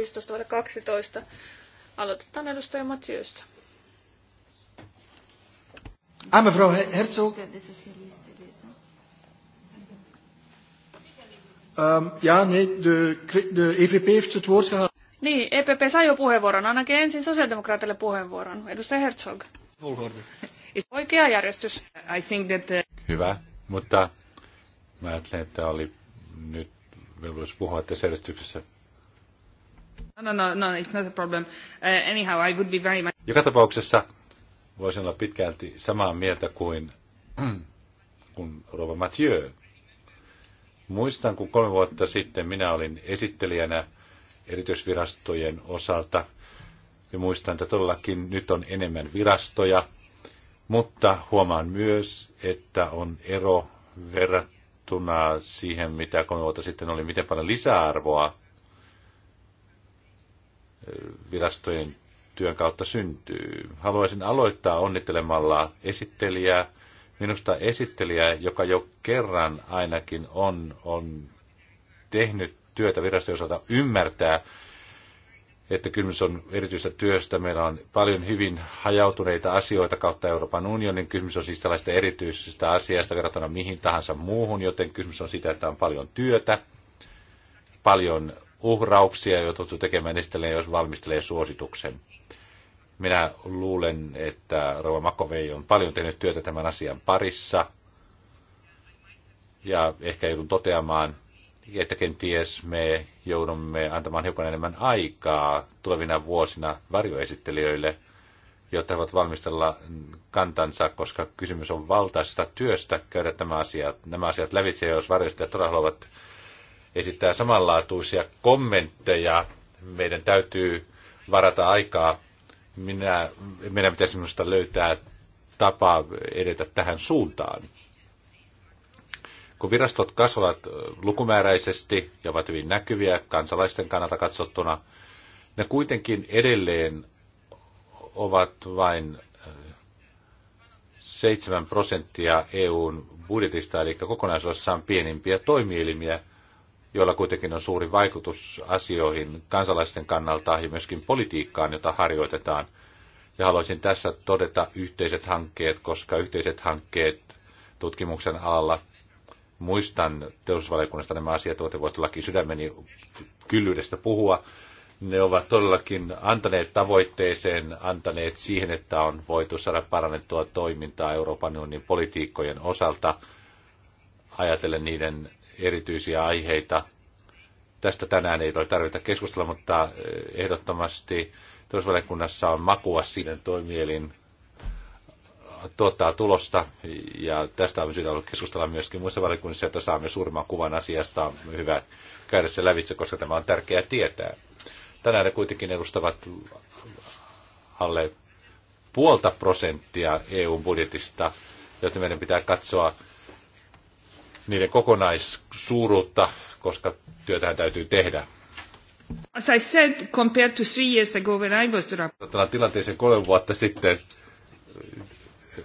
15.12. Aloitetaan edustaja Mathieusta. Ah, mevrouw Herzog. Um, ja, nee, de, de EVP heeft het woord gehad. Niin, EPP sai jo puheenvuoron, ainakin ensin sosiaalidemokraatille puheenvuoron. Edustaja Herzog. Oikea järjestys. I think that, uh, Hyvä, mutta mä ajattelen, että oli nyt me voisi puhua tässä järjestyksessä. No, no, no, no, it's not a problem. Uh, anyhow, I would be very much... Joka tapauksessa voisin olla pitkälti samaa mieltä kuin, [clears throat] kun Rova Mathieu. Muistan, kun kolme vuotta sitten minä olin esittelijänä erityisvirastojen osalta, ja muistan, että todellakin nyt on enemmän virastoja, mutta huomaan myös, että on ero verrattuna verrattuna siihen, mitä kolme vuotta sitten oli, miten paljon lisäarvoa virastojen työn kautta syntyy. Haluaisin aloittaa onnittelemalla esittelijää. Minusta esittelijä, joka jo kerran ainakin on, on tehnyt työtä virastojen osalta, ymmärtää, että kysymys on erityistä työstä. Meillä on paljon hyvin hajautuneita asioita kautta Euroopan unionin. Kysymys on siis tällaista erityisestä asiasta verrattuna mihin tahansa muuhun, joten kysymys on sitä, että on paljon työtä, paljon uhrauksia, joita joutuu tekemään esitellen, jos valmistelee suosituksen. Minä luulen, että Rova Makovei on paljon tehnyt työtä tämän asian parissa. Ja ehkä joudun toteamaan, että kenties me joudumme antamaan hiukan enemmän aikaa tulevina vuosina varjoesittelijöille, jotta he voivat valmistella kantansa, koska kysymys on valtaisesta työstä käydä tämä asia, nämä asiat lävitse, jos varjoesittelijät todella haluavat esittää samanlaatuisia kommentteja. Meidän täytyy varata aikaa. Minä, meidän pitäisi minusta löytää tapa edetä tähän suuntaan. Kun virastot kasvavat lukumääräisesti ja ovat hyvin näkyviä kansalaisten kannalta katsottuna, ne kuitenkin edelleen ovat vain 7 prosenttia EUn budjetista, eli kokonaisuudessaan pienimpiä toimielimiä, joilla kuitenkin on suuri vaikutus asioihin kansalaisten kannalta ja myöskin politiikkaan, jota harjoitetaan. Ja haluaisin tässä todeta yhteiset hankkeet, koska yhteiset hankkeet tutkimuksen alalla muistan teollisuusvaliokunnasta nämä asiat, ovat voivat laki sydämeni kyllyydestä puhua. Ne ovat todellakin antaneet tavoitteeseen, antaneet siihen, että on voitu saada parannettua toimintaa Euroopan unionin politiikkojen osalta, ajatellen niiden erityisiä aiheita. Tästä tänään ei ole tarvita keskustella, mutta eh, ehdottomasti teollisuusvaliokunnassa on makua siinä toimielin tuottaa tulosta, ja tästä on syytä keskustella myöskin muissa valiokunnissa, että saamme suurimman kuvan asiasta. On hyvä käydä se lävitse, koska tämä on tärkeää tietää. Tänään ne kuitenkin edustavat alle puolta prosenttia EU-budjetista, joten meidän pitää katsoa niiden kokonaissuuruutta, koska työtähän täytyy tehdä. As I said, compared to three years ago when I was the tilanteeseen kolme vuotta sitten,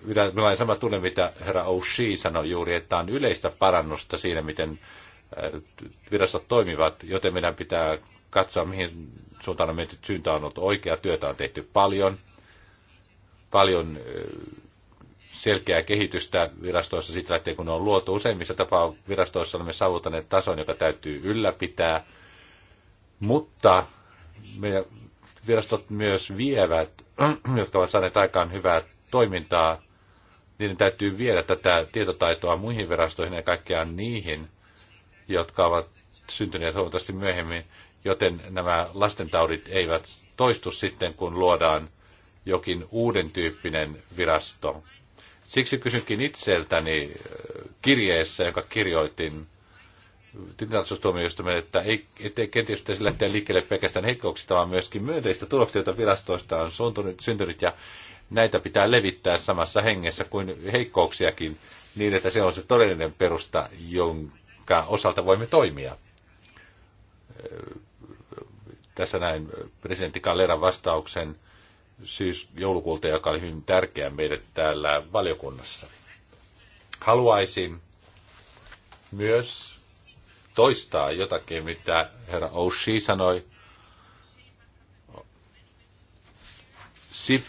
minä on sama tunne, mitä herra Oushi sanoi juuri, että on yleistä parannusta siinä, miten äh, virastot toimivat, joten meidän pitää katsoa, mihin suuntaan on mennyt syntä on ollut oikea, työtä on tehty paljon, paljon äh, selkeää kehitystä virastoissa siitä lähtien, kun ne on luotu. Useimmissa tapauksissa virastoissa olemme saavuttaneet tason, joka täytyy ylläpitää, mutta meidän virastot myös vievät, [clears throat] jotka ovat saaneet aikaan hyvää toimintaa, niiden täytyy viedä tätä tietotaitoa muihin virastoihin ja kaikkiaan niihin, jotka ovat syntyneet huomattavasti myöhemmin, joten nämä lastentaudit eivät toistu sitten, kun luodaan jokin uuden tyyppinen virasto. Siksi kysynkin itseltäni kirjeessä, jonka kirjoitin tilintarkastustuomioistuimelle, että ei, ettei kenties pitäisi lähteä liikkeelle pelkästään heikkouksista, vaan myöskin myönteistä tuloksista, joita virastoista on syntynyt ja näitä pitää levittää samassa hengessä kuin heikkouksiakin, niin että se on se todellinen perusta, jonka osalta voimme toimia. Tässä näin presidentti Kalleran vastauksen syys joulukulta joka oli hyvin tärkeä meille täällä valiokunnassa. Haluaisin myös toistaa jotakin, mitä herra Oshii sanoi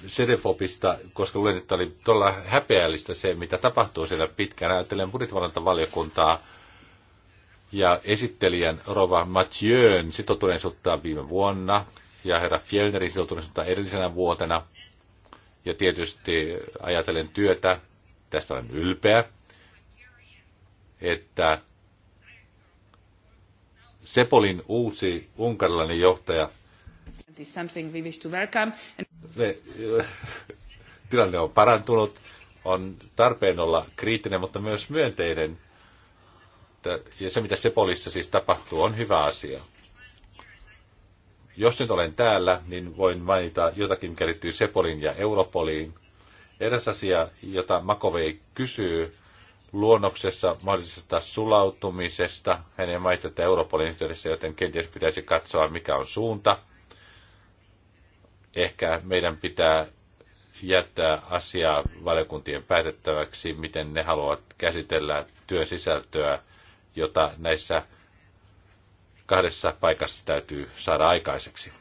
Sedefopista, koska luulen, että oli todella häpeällistä se, mitä tapahtuu siellä pitkään. Ajattelen budjettivalvontavaliokuntaa ja esittelijän Rova Mathieuin sitoutuneisuutta viime vuonna ja herra Fjellnerin sitoutuneisuutta edellisenä vuotena. Ja tietysti ajatellen työtä, tästä olen ylpeä, että Sepolin uusi unkarilainen johtaja [laughs] tilanne on parantunut, on tarpeen olla kriittinen, mutta myös myönteinen. Ja se, mitä Sepolissa siis tapahtuu, on hyvä asia. Jos nyt olen täällä, niin voin mainita jotakin, mikä liittyy Sepolin ja Europoliin. Eräs asia, jota Makovei kysyy luonnoksessa mahdollisesta sulautumisesta hänen maista Europolin yhteydessä, joten kenties pitäisi katsoa, mikä on suunta – Ehkä meidän pitää jättää asiaa valiokuntien päätettäväksi, miten ne haluavat käsitellä työn sisältöä, jota näissä kahdessa paikassa täytyy saada aikaiseksi.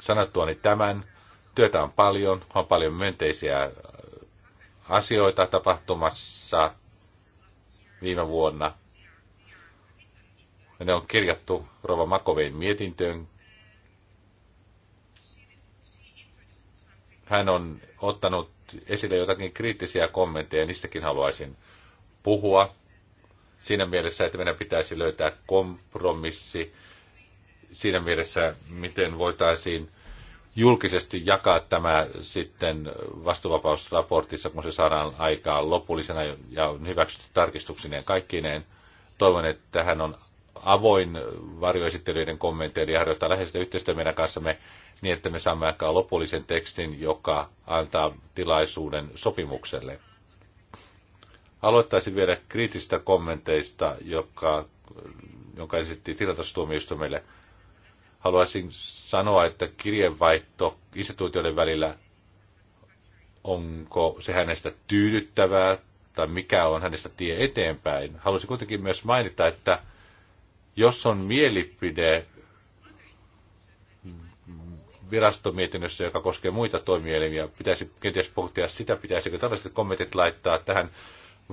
Sanottuani tämän, työtä on paljon, on paljon myönteisiä asioita tapahtumassa viime vuonna. Ne on kirjattu Rova Makovein mietintöön hän on ottanut esille jotakin kriittisiä kommentteja, niistäkin haluaisin puhua. Siinä mielessä, että meidän pitäisi löytää kompromissi siinä mielessä, miten voitaisiin julkisesti jakaa tämä sitten vastuvapausraportissa, kun se saadaan aikaan lopullisena ja on hyväksytty tarkistuksineen kaikkineen. Toivon, että hän on avoin varjoesittelyiden kommentteja ja harjoittaa läheistä yhteistyötä meidän kanssamme niin että me saamme aikaan lopullisen tekstin, joka antaa tilaisuuden sopimukselle. Aloittaisin vielä kriittisistä kommenteista, joka, jonka esitti tilatastuomioistuimelle. Haluaisin sanoa, että kirjeenvaihto instituutioiden välillä, onko se hänestä tyydyttävää tai mikä on hänestä tie eteenpäin. Haluaisin kuitenkin myös mainita, että jos on mielipide virastomietinnössä, joka koskee muita toimielimiä. Pitäisi kenties pohtia sitä, pitäisikö tällaiset kommentit laittaa tähän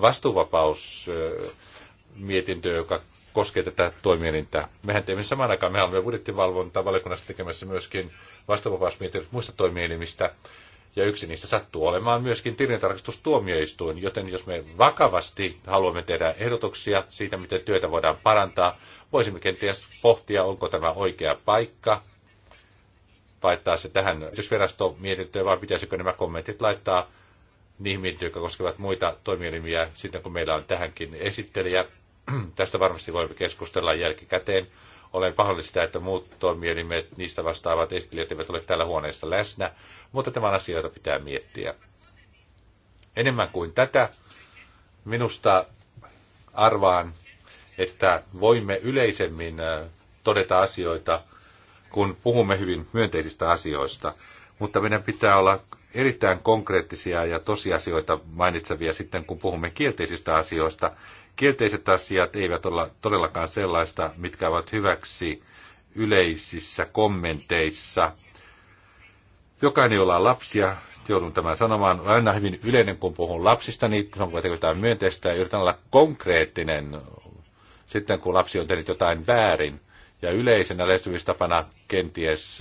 vastuuvapausmietintöön, joka koskee tätä toimielintä. Mehän teemme samaan aikaan, me olemme budjettivalvontaa valiokunnassa tekemässä myöskin vastuuvapausmietinnöt muista toimielimistä, ja yksi niistä sattuu olemaan myöskin tilintarkastustuomioistuin, joten jos me vakavasti haluamme tehdä ehdotuksia siitä, miten työtä voidaan parantaa, voisimme kenties pohtia, onko tämä oikea paikka laittaa se tähän yritysvirasto mietintöä, vai pitäisikö nämä kommentit laittaa niihin mietintöihin, jotka koskevat muita toimielimiä, sitten kun meillä on tähänkin esittelijä. [clears throat] Tästä varmasti voimme keskustella jälkikäteen. Olen pahoillani sitä, että muut toimielimet, niistä vastaavat esittelijät eivät ole täällä huoneessa läsnä, mutta tämä on asia, jota pitää miettiä. Enemmän kuin tätä, minusta arvaan, että voimme yleisemmin äh, todeta asioita – kun puhumme hyvin myönteisistä asioista, mutta meidän pitää olla erittäin konkreettisia ja tosiasioita mainitsevia sitten, kun puhumme kielteisistä asioista. Kielteiset asiat eivät ole todellakaan sellaista, mitkä ovat hyväksi yleisissä kommenteissa. Jokainen, jolla on lapsia, joudun tämän sanomaan, on aina hyvin yleinen, kun puhun lapsista, niin on kuitenkin jotain myönteistä ja yritän olla konkreettinen sitten, kun lapsi on tehnyt jotain väärin. Ja yleisenä lähestymistapana kenties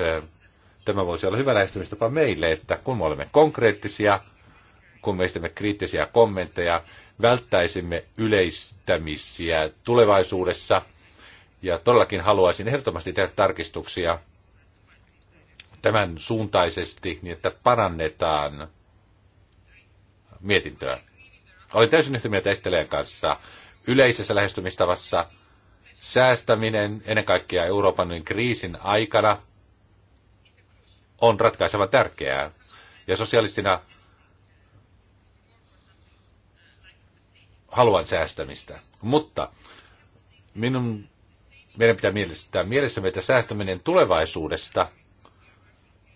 tämä voisi olla hyvä lähestymistapa meille, että kun me olemme konkreettisia, kun me esitämme kriittisiä kommentteja, välttäisimme yleistämisiä tulevaisuudessa. Ja todellakin haluaisin ehdottomasti tehdä tarkistuksia tämän suuntaisesti, niin että parannetaan mietintöä. Olen täysin yhtä mieltä esittelijän kanssa. Yleisessä lähestymistavassa – säästäminen ennen kaikkea Euroopan kriisin aikana on ratkaisevan tärkeää. Ja sosialistina haluan säästämistä. Mutta minun, meidän pitää mielestää mielessämme, että säästäminen tulevaisuudesta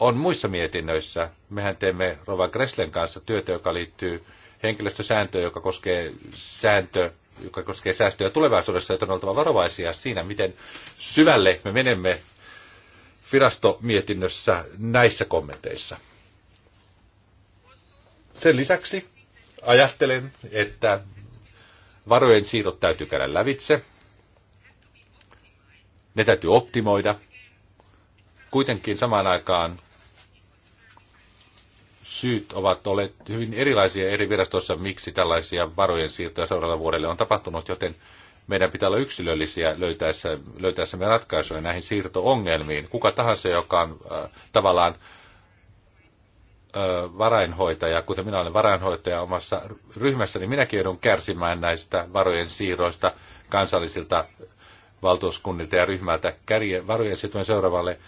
on muissa mietinnöissä. Mehän teemme Rova Greslen kanssa työtä, joka liittyy henkilöstösääntöön, joka koskee sääntö joka koskee säästöjä tulevaisuudessa, joten on oltava varovaisia siinä, miten syvälle me menemme virastomietinnössä näissä kommenteissa. Sen lisäksi ajattelen, että varojen siirrot täytyy käydä lävitse. Ne täytyy optimoida. Kuitenkin samaan aikaan syyt ovat olleet hyvin erilaisia eri virastoissa, miksi tällaisia varojen siirtoja seuraavalle vuodelle on tapahtunut, joten meidän pitää olla yksilöllisiä löytäessä, löytäessämme ratkaisuja näihin siirtoongelmiin. Kuka tahansa, joka on äh, tavallaan äh, varainhoitaja, kuten minä olen varainhoitaja omassa ryhmässäni, niin minäkin joudun kärsimään näistä varojen siirroista kansallisilta valtuuskunnilta ja ryhmältä. Kärje, varojen siirtojen seuraavalle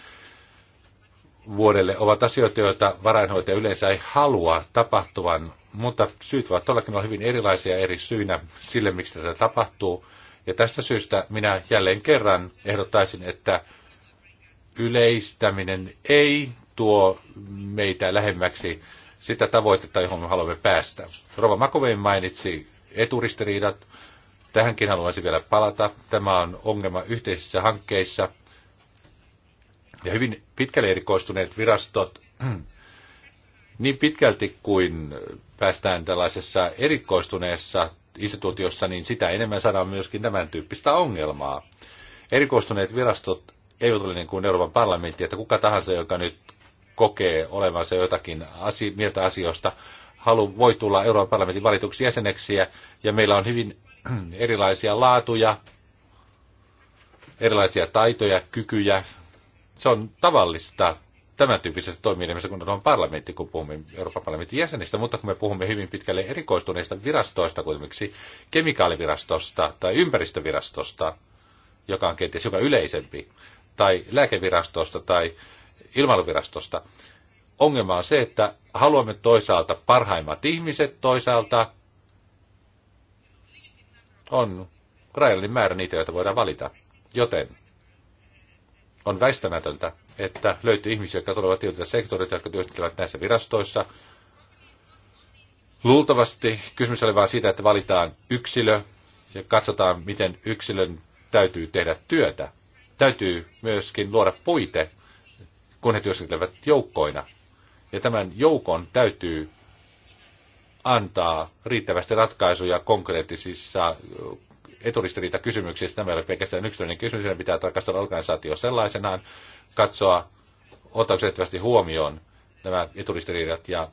vuodelle ovat asioita, joita varainhoitaja yleensä ei halua tapahtuvan, mutta syyt ovat todellakin olla hyvin erilaisia eri syinä sille, miksi tätä tapahtuu. Ja tästä syystä minä jälleen kerran ehdottaisin, että yleistäminen ei tuo meitä lähemmäksi sitä tavoitetta, johon me haluamme päästä. Rova Makovein mainitsi eturistiriidat. Tähänkin haluaisin vielä palata. Tämä on ongelma yhteisissä hankkeissa – ne hyvin pitkälle erikoistuneet virastot, [clears throat] niin pitkälti kuin päästään tällaisessa erikoistuneessa instituutiossa, niin sitä enemmän saadaan myöskin tämän tyyppistä ongelmaa. Erikoistuneet virastot eivät ole niin kuin Euroopan parlamentti, että kuka tahansa, joka nyt kokee olevansa jotakin asi- mieltä asioista, halu voi tulla Euroopan parlamentin valituksi jäseneksi, ja meillä on hyvin [clears throat] erilaisia laatuja, erilaisia taitoja, kykyjä, se on tavallista tämän tyyppisessä toimielimessä, kun on parlamentti, kun puhumme Euroopan parlamentin jäsenistä, mutta kun me puhumme hyvin pitkälle erikoistuneista virastoista, kuten esimerkiksi kemikaalivirastosta tai ympäristövirastosta, joka on kenties joka yleisempi, tai lääkevirastosta tai ilmailuvirastosta, ongelma on se, että haluamme toisaalta parhaimmat ihmiset, toisaalta on rajallinen määrä niitä, joita voidaan valita. Joten on väistämätöntä, että löytyy ihmisiä, jotka tulevat tietyiltä sektorilta, jotka työskentelevät näissä virastoissa. Luultavasti kysymys oli vain siitä, että valitaan yksilö ja katsotaan, miten yksilön täytyy tehdä työtä. Täytyy myöskin luoda puite, kun he työskentelevät joukkoina. Ja tämän joukon täytyy antaa riittävästi ratkaisuja konkreettisissa eturistiriita kysymyksistä. Tämä ei ole pelkästään yksilöllinen kysymys, meidän pitää tarkastella organisaatio sellaisenaan, katsoa, ottaako riittävästi huomioon nämä eturistiriidat ja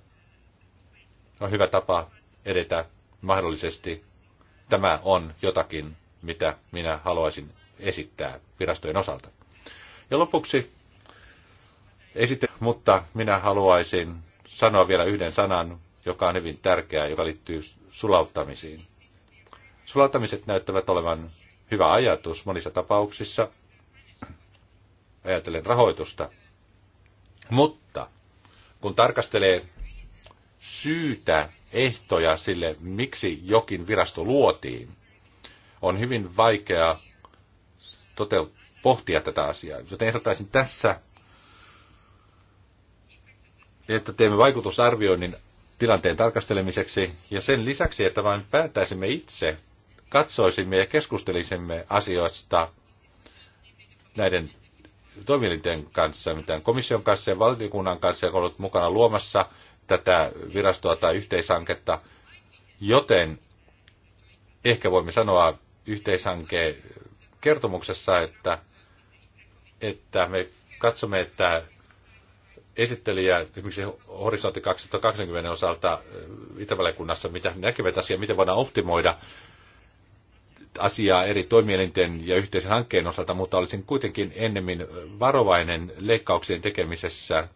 on hyvä tapa edetä mahdollisesti. Tämä on jotakin, mitä minä haluaisin esittää virastojen osalta. Ja lopuksi esittelen, mutta minä haluaisin sanoa vielä yhden sanan, joka on hyvin tärkeä, joka liittyy sulauttamisiin. Sulatamiset näyttävät olevan hyvä ajatus monissa tapauksissa, ajatellen rahoitusta. Mutta kun tarkastelee syytä, ehtoja sille, miksi jokin virasto luotiin, on hyvin vaikea toteut- pohtia tätä asiaa. Joten ehdottaisin tässä, että teemme vaikutusarvioinnin tilanteen tarkastelemiseksi ja sen lisäksi, että vain päättäisimme itse katsoisimme ja keskustelisimme asioista näiden toimielinten kanssa, mitään komission kanssa ja valtiokunnan kanssa, joka on ollut mukana luomassa tätä virastoa tai yhteishanketta. Joten ehkä voimme sanoa yhteishanke kertomuksessa, että, että me katsomme, että esittelijä esimerkiksi Horisontti 2020 osalta eh, Itävaliokunnassa, mitä näkevät asiaa, miten voidaan optimoida asiaa eri toimielinten ja yhteisen hankkeen osalta, mutta olisin kuitenkin ennemmin varovainen leikkauksien tekemisessä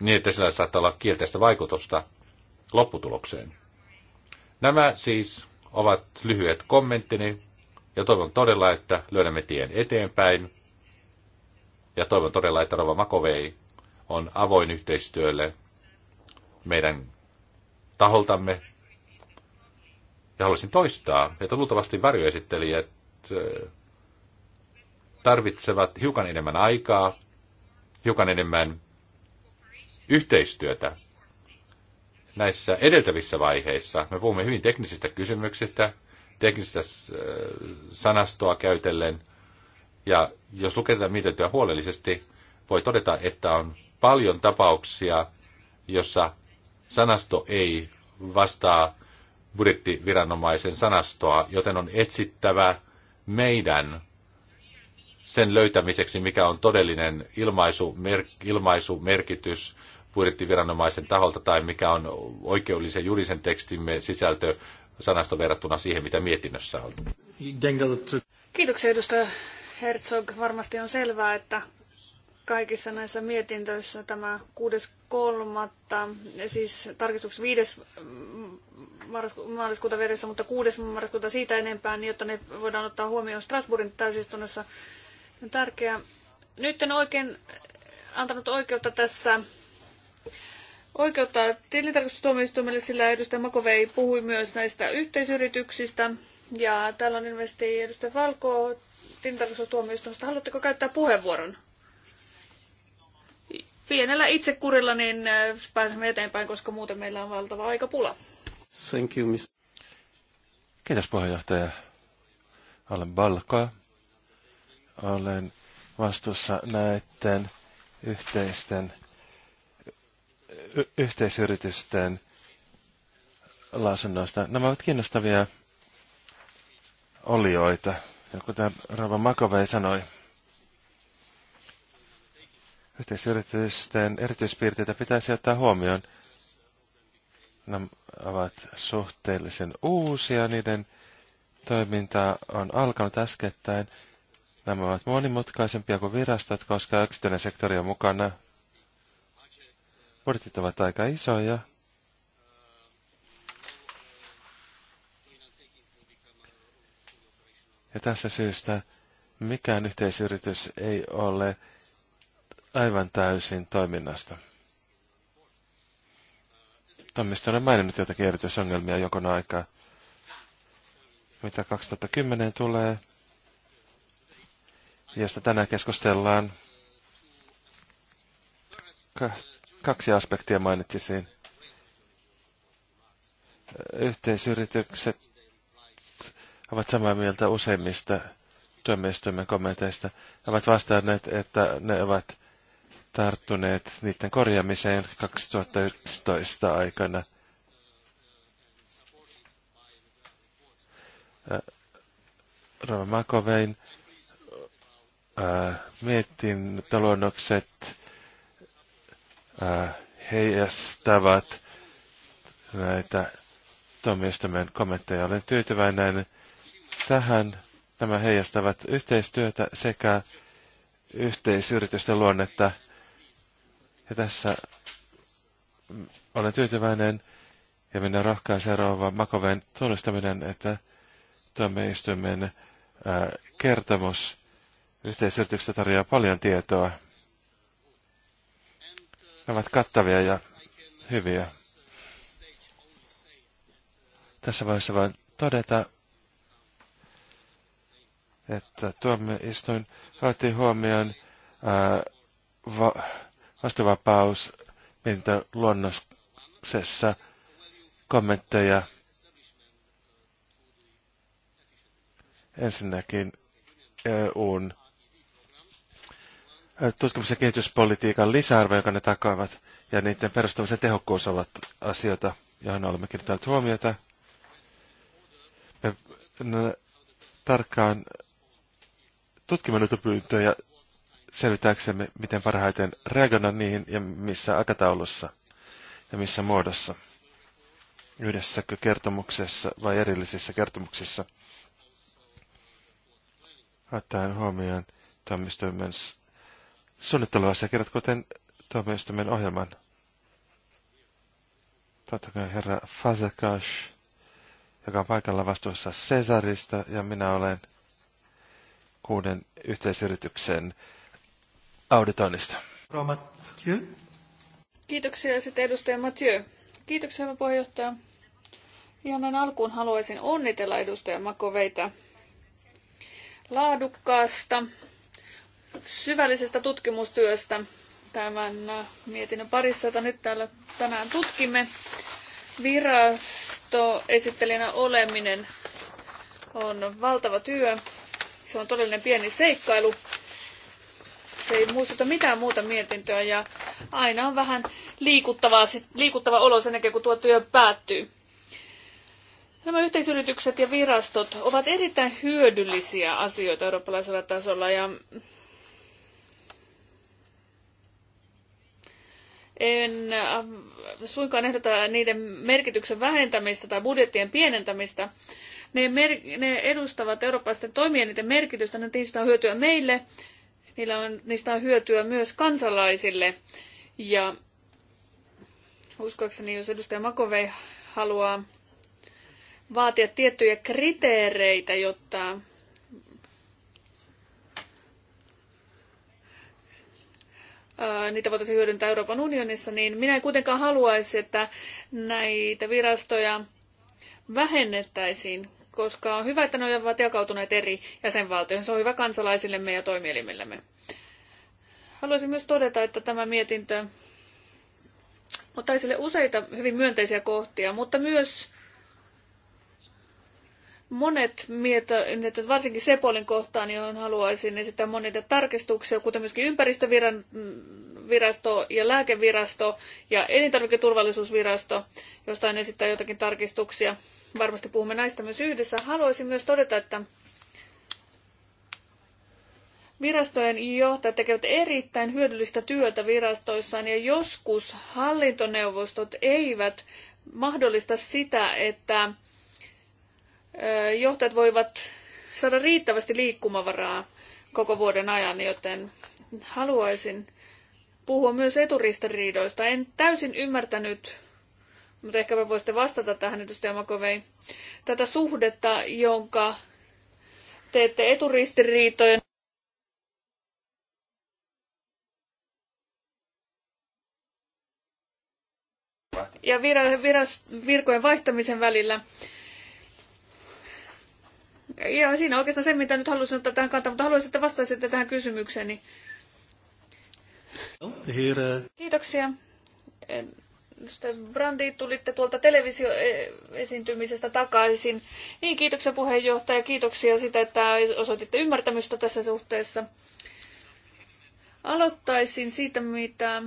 niin, että sillä saattaa olla kielteistä vaikutusta lopputulokseen. Nämä siis ovat lyhyet kommenttini ja toivon todella, että löydämme tien eteenpäin. Ja toivon todella, että Rova Makovei on avoin yhteistyölle meidän taholtamme ja haluaisin toistaa, että luultavasti varjoesittelijät tarvitsevat hiukan enemmän aikaa, hiukan enemmän yhteistyötä näissä edeltävissä vaiheissa. Me puhumme hyvin teknisistä kysymyksistä, teknisistä sanastoa käytellen. Ja jos lukee tätä mietintöä huolellisesti, voi todeta, että on paljon tapauksia, jossa sanasto ei vastaa budjettiviranomaisen sanastoa, joten on etsittävä meidän sen löytämiseksi, mikä on todellinen ilmaisumer- ilmaisumerkitys budjettiviranomaisen taholta tai mikä on oikeudellisen julisen tekstimme sisältö sanasta verrattuna siihen, mitä mietinnössä on. Kiitoksia edustaja Herzog. Varmasti on selvää, että kaikissa näissä mietintöissä tämä 6.3. siis tarkistuksessa 5. maaliskuuta veressä, mutta 6. maaliskuuta siitä enempää, niin jotta ne voidaan ottaa huomioon Strasbourgin täysistunnossa. On tärkeää. Nyt en oikein antanut oikeutta tässä oikeutta tilintarkastustuomioistuimelle, sillä edustaja Makovei puhui myös näistä yhteisyrityksistä. Ja täällä on ilmeisesti edustaja Valko tilintarkastustuomioistuimesta. Haluatteko käyttää puheenvuoron? pienellä itsekurilla niin äh, pääsemme eteenpäin, koska muuten meillä on valtava aikapula. Thank you, miss. Kiitos puheenjohtaja. Olen Balka. Olen vastuussa näiden yhteisten y- yhteisyritysten lausunnoista. Nämä ovat kiinnostavia olioita. Ja kuten Rava Makovei sanoi, Yhteisyritysten erityispiirteitä pitäisi ottaa huomioon. Nämä ovat suhteellisen uusia, niiden toiminta on alkanut äskettäin. Nämä ovat monimutkaisempia kuin virastot, koska yksityinen sektori on mukana. Budjetit ovat aika isoja. Ja tässä syystä mikään yhteisyritys ei ole aivan täysin toiminnasta. Tammista olen maininnut jotakin erityisongelmia jokon aikaa. Mitä 2010 tulee, josta tänään keskustellaan. kaksi aspektia mainitsisin. Yhteisyritykset ovat samaa mieltä useimmista työmiestyömen kommenteista. He ovat vastanneet, että ne ovat tarttuneet niiden korjaamiseen 2011 aikana. Rava Makovein mietin talonnokset heijastavat näitä tuomioistuimen kommentteja. Olen tyytyväinen tähän. tämä heijastavat yhteistyötä sekä yhteisyritysten luonnetta – ja tässä olen tyytyväinen ja minä rohkaan seuraava Makoven tunnustaminen, että tuomioistuimen kertomus yhteisyrityksestä tarjoaa paljon tietoa. Ne ovat kattavia ja hyviä. Tässä vaiheessa vain todeta, että tuomioistuin otti huomioon ää, va- vastuvapaus luonnoksessa kommentteja. Ensinnäkin EUn tutkimus- ja kehityspolitiikan lisäarvo, joka ne takaavat, ja niiden perustamisen tehokkuus ovat asioita, joihin olemme kiinnittäneet huomiota. Me tarkkaan tutkimme noita pyyntöjä selvittääksemme, miten parhaiten reagoida niihin ja missä aikataulussa ja missä muodossa. Yhdessäkö kertomuksessa vai erillisissä kertomuksissa. Ottaen huomioon tuomioistuimen suunnitteluasiakirjat, kuten tuomioistuimen ohjelman. Totta kai herra Fazakash, joka on paikalla vastuussa Cesarista, ja minä olen kuuden yhteisyrityksen auditoinnista. Roma, Kiitoksia sitten edustaja Mathieu. Kiitoksia, hyvä puheenjohtaja. Ihan näin alkuun haluaisin onnitella edustaja Makoveita laadukkaasta, syvällisestä tutkimustyöstä tämän äh, mietinnön parissa, jota nyt täällä tänään tutkimme. Virastoesittelijänä oleminen on valtava työ. Se on todellinen pieni seikkailu se ei muistuta mitään muuta mietintöä ja aina on vähän liikuttavaa, liikuttava olo sen jälkeen, kun tuo työ päättyy. Nämä yhteisyritykset ja virastot ovat erittäin hyödyllisiä asioita eurooppalaisella tasolla ja en äh, suinkaan ehdota niiden merkityksen vähentämistä tai budjettien pienentämistä. Ne, mer- ne edustavat eurooppalaisten toimien niiden merkitystä, niin niistä on hyötyä meille Niillä on, niistä on hyötyä myös kansalaisille. Ja uskoakseni, jos edustaja Makovei haluaa vaatia tiettyjä kriteereitä, jotta niitä voitaisiin hyödyntää Euroopan unionissa, niin minä en kuitenkaan haluaisi, että näitä virastoja vähennettäisiin, koska on hyvä, että ne ovat jakautuneet eri jäsenvaltioihin. Se on hyvä kansalaisillemme ja toimielimillemme. Haluaisin myös todeta, että tämä mietintö ottaa esille useita hyvin myönteisiä kohtia, mutta myös monet mietinnöt, varsinkin Sepolin kohtaan, johon haluaisin esittää monia tarkistuksia, kuten myöskin ympäristövirasto ja lääkevirasto ja elintarviketurvallisuusvirasto, josta en esittää jotakin tarkistuksia. Varmasti puhumme näistä myös yhdessä. Haluaisin myös todeta, että virastojen johtajat tekevät erittäin hyödyllistä työtä virastoissaan ja joskus hallintoneuvostot eivät mahdollista sitä, että johtajat voivat saada riittävästi liikkumavaraa koko vuoden ajan, joten haluaisin puhua myös eturistiriidoista. En täysin ymmärtänyt, mutta ehkä me voisitte vastata tähän edustaja Makovei, tätä suhdetta, jonka teette eturistiriitojen ja virkojen vaihtamisen välillä ja siinä oikeastaan se, mitä nyt halusin ottaa tähän kantaa, mutta haluaisin, että vastaisitte tähän kysymykseeni. Kiitoksia. Mr. Brandi, tulitte tuolta televisioesiintymisestä takaisin. Niin, kiitoksia puheenjohtaja, kiitoksia sitä, että osoititte ymmärtämystä tässä suhteessa. Aloittaisin siitä, mitä...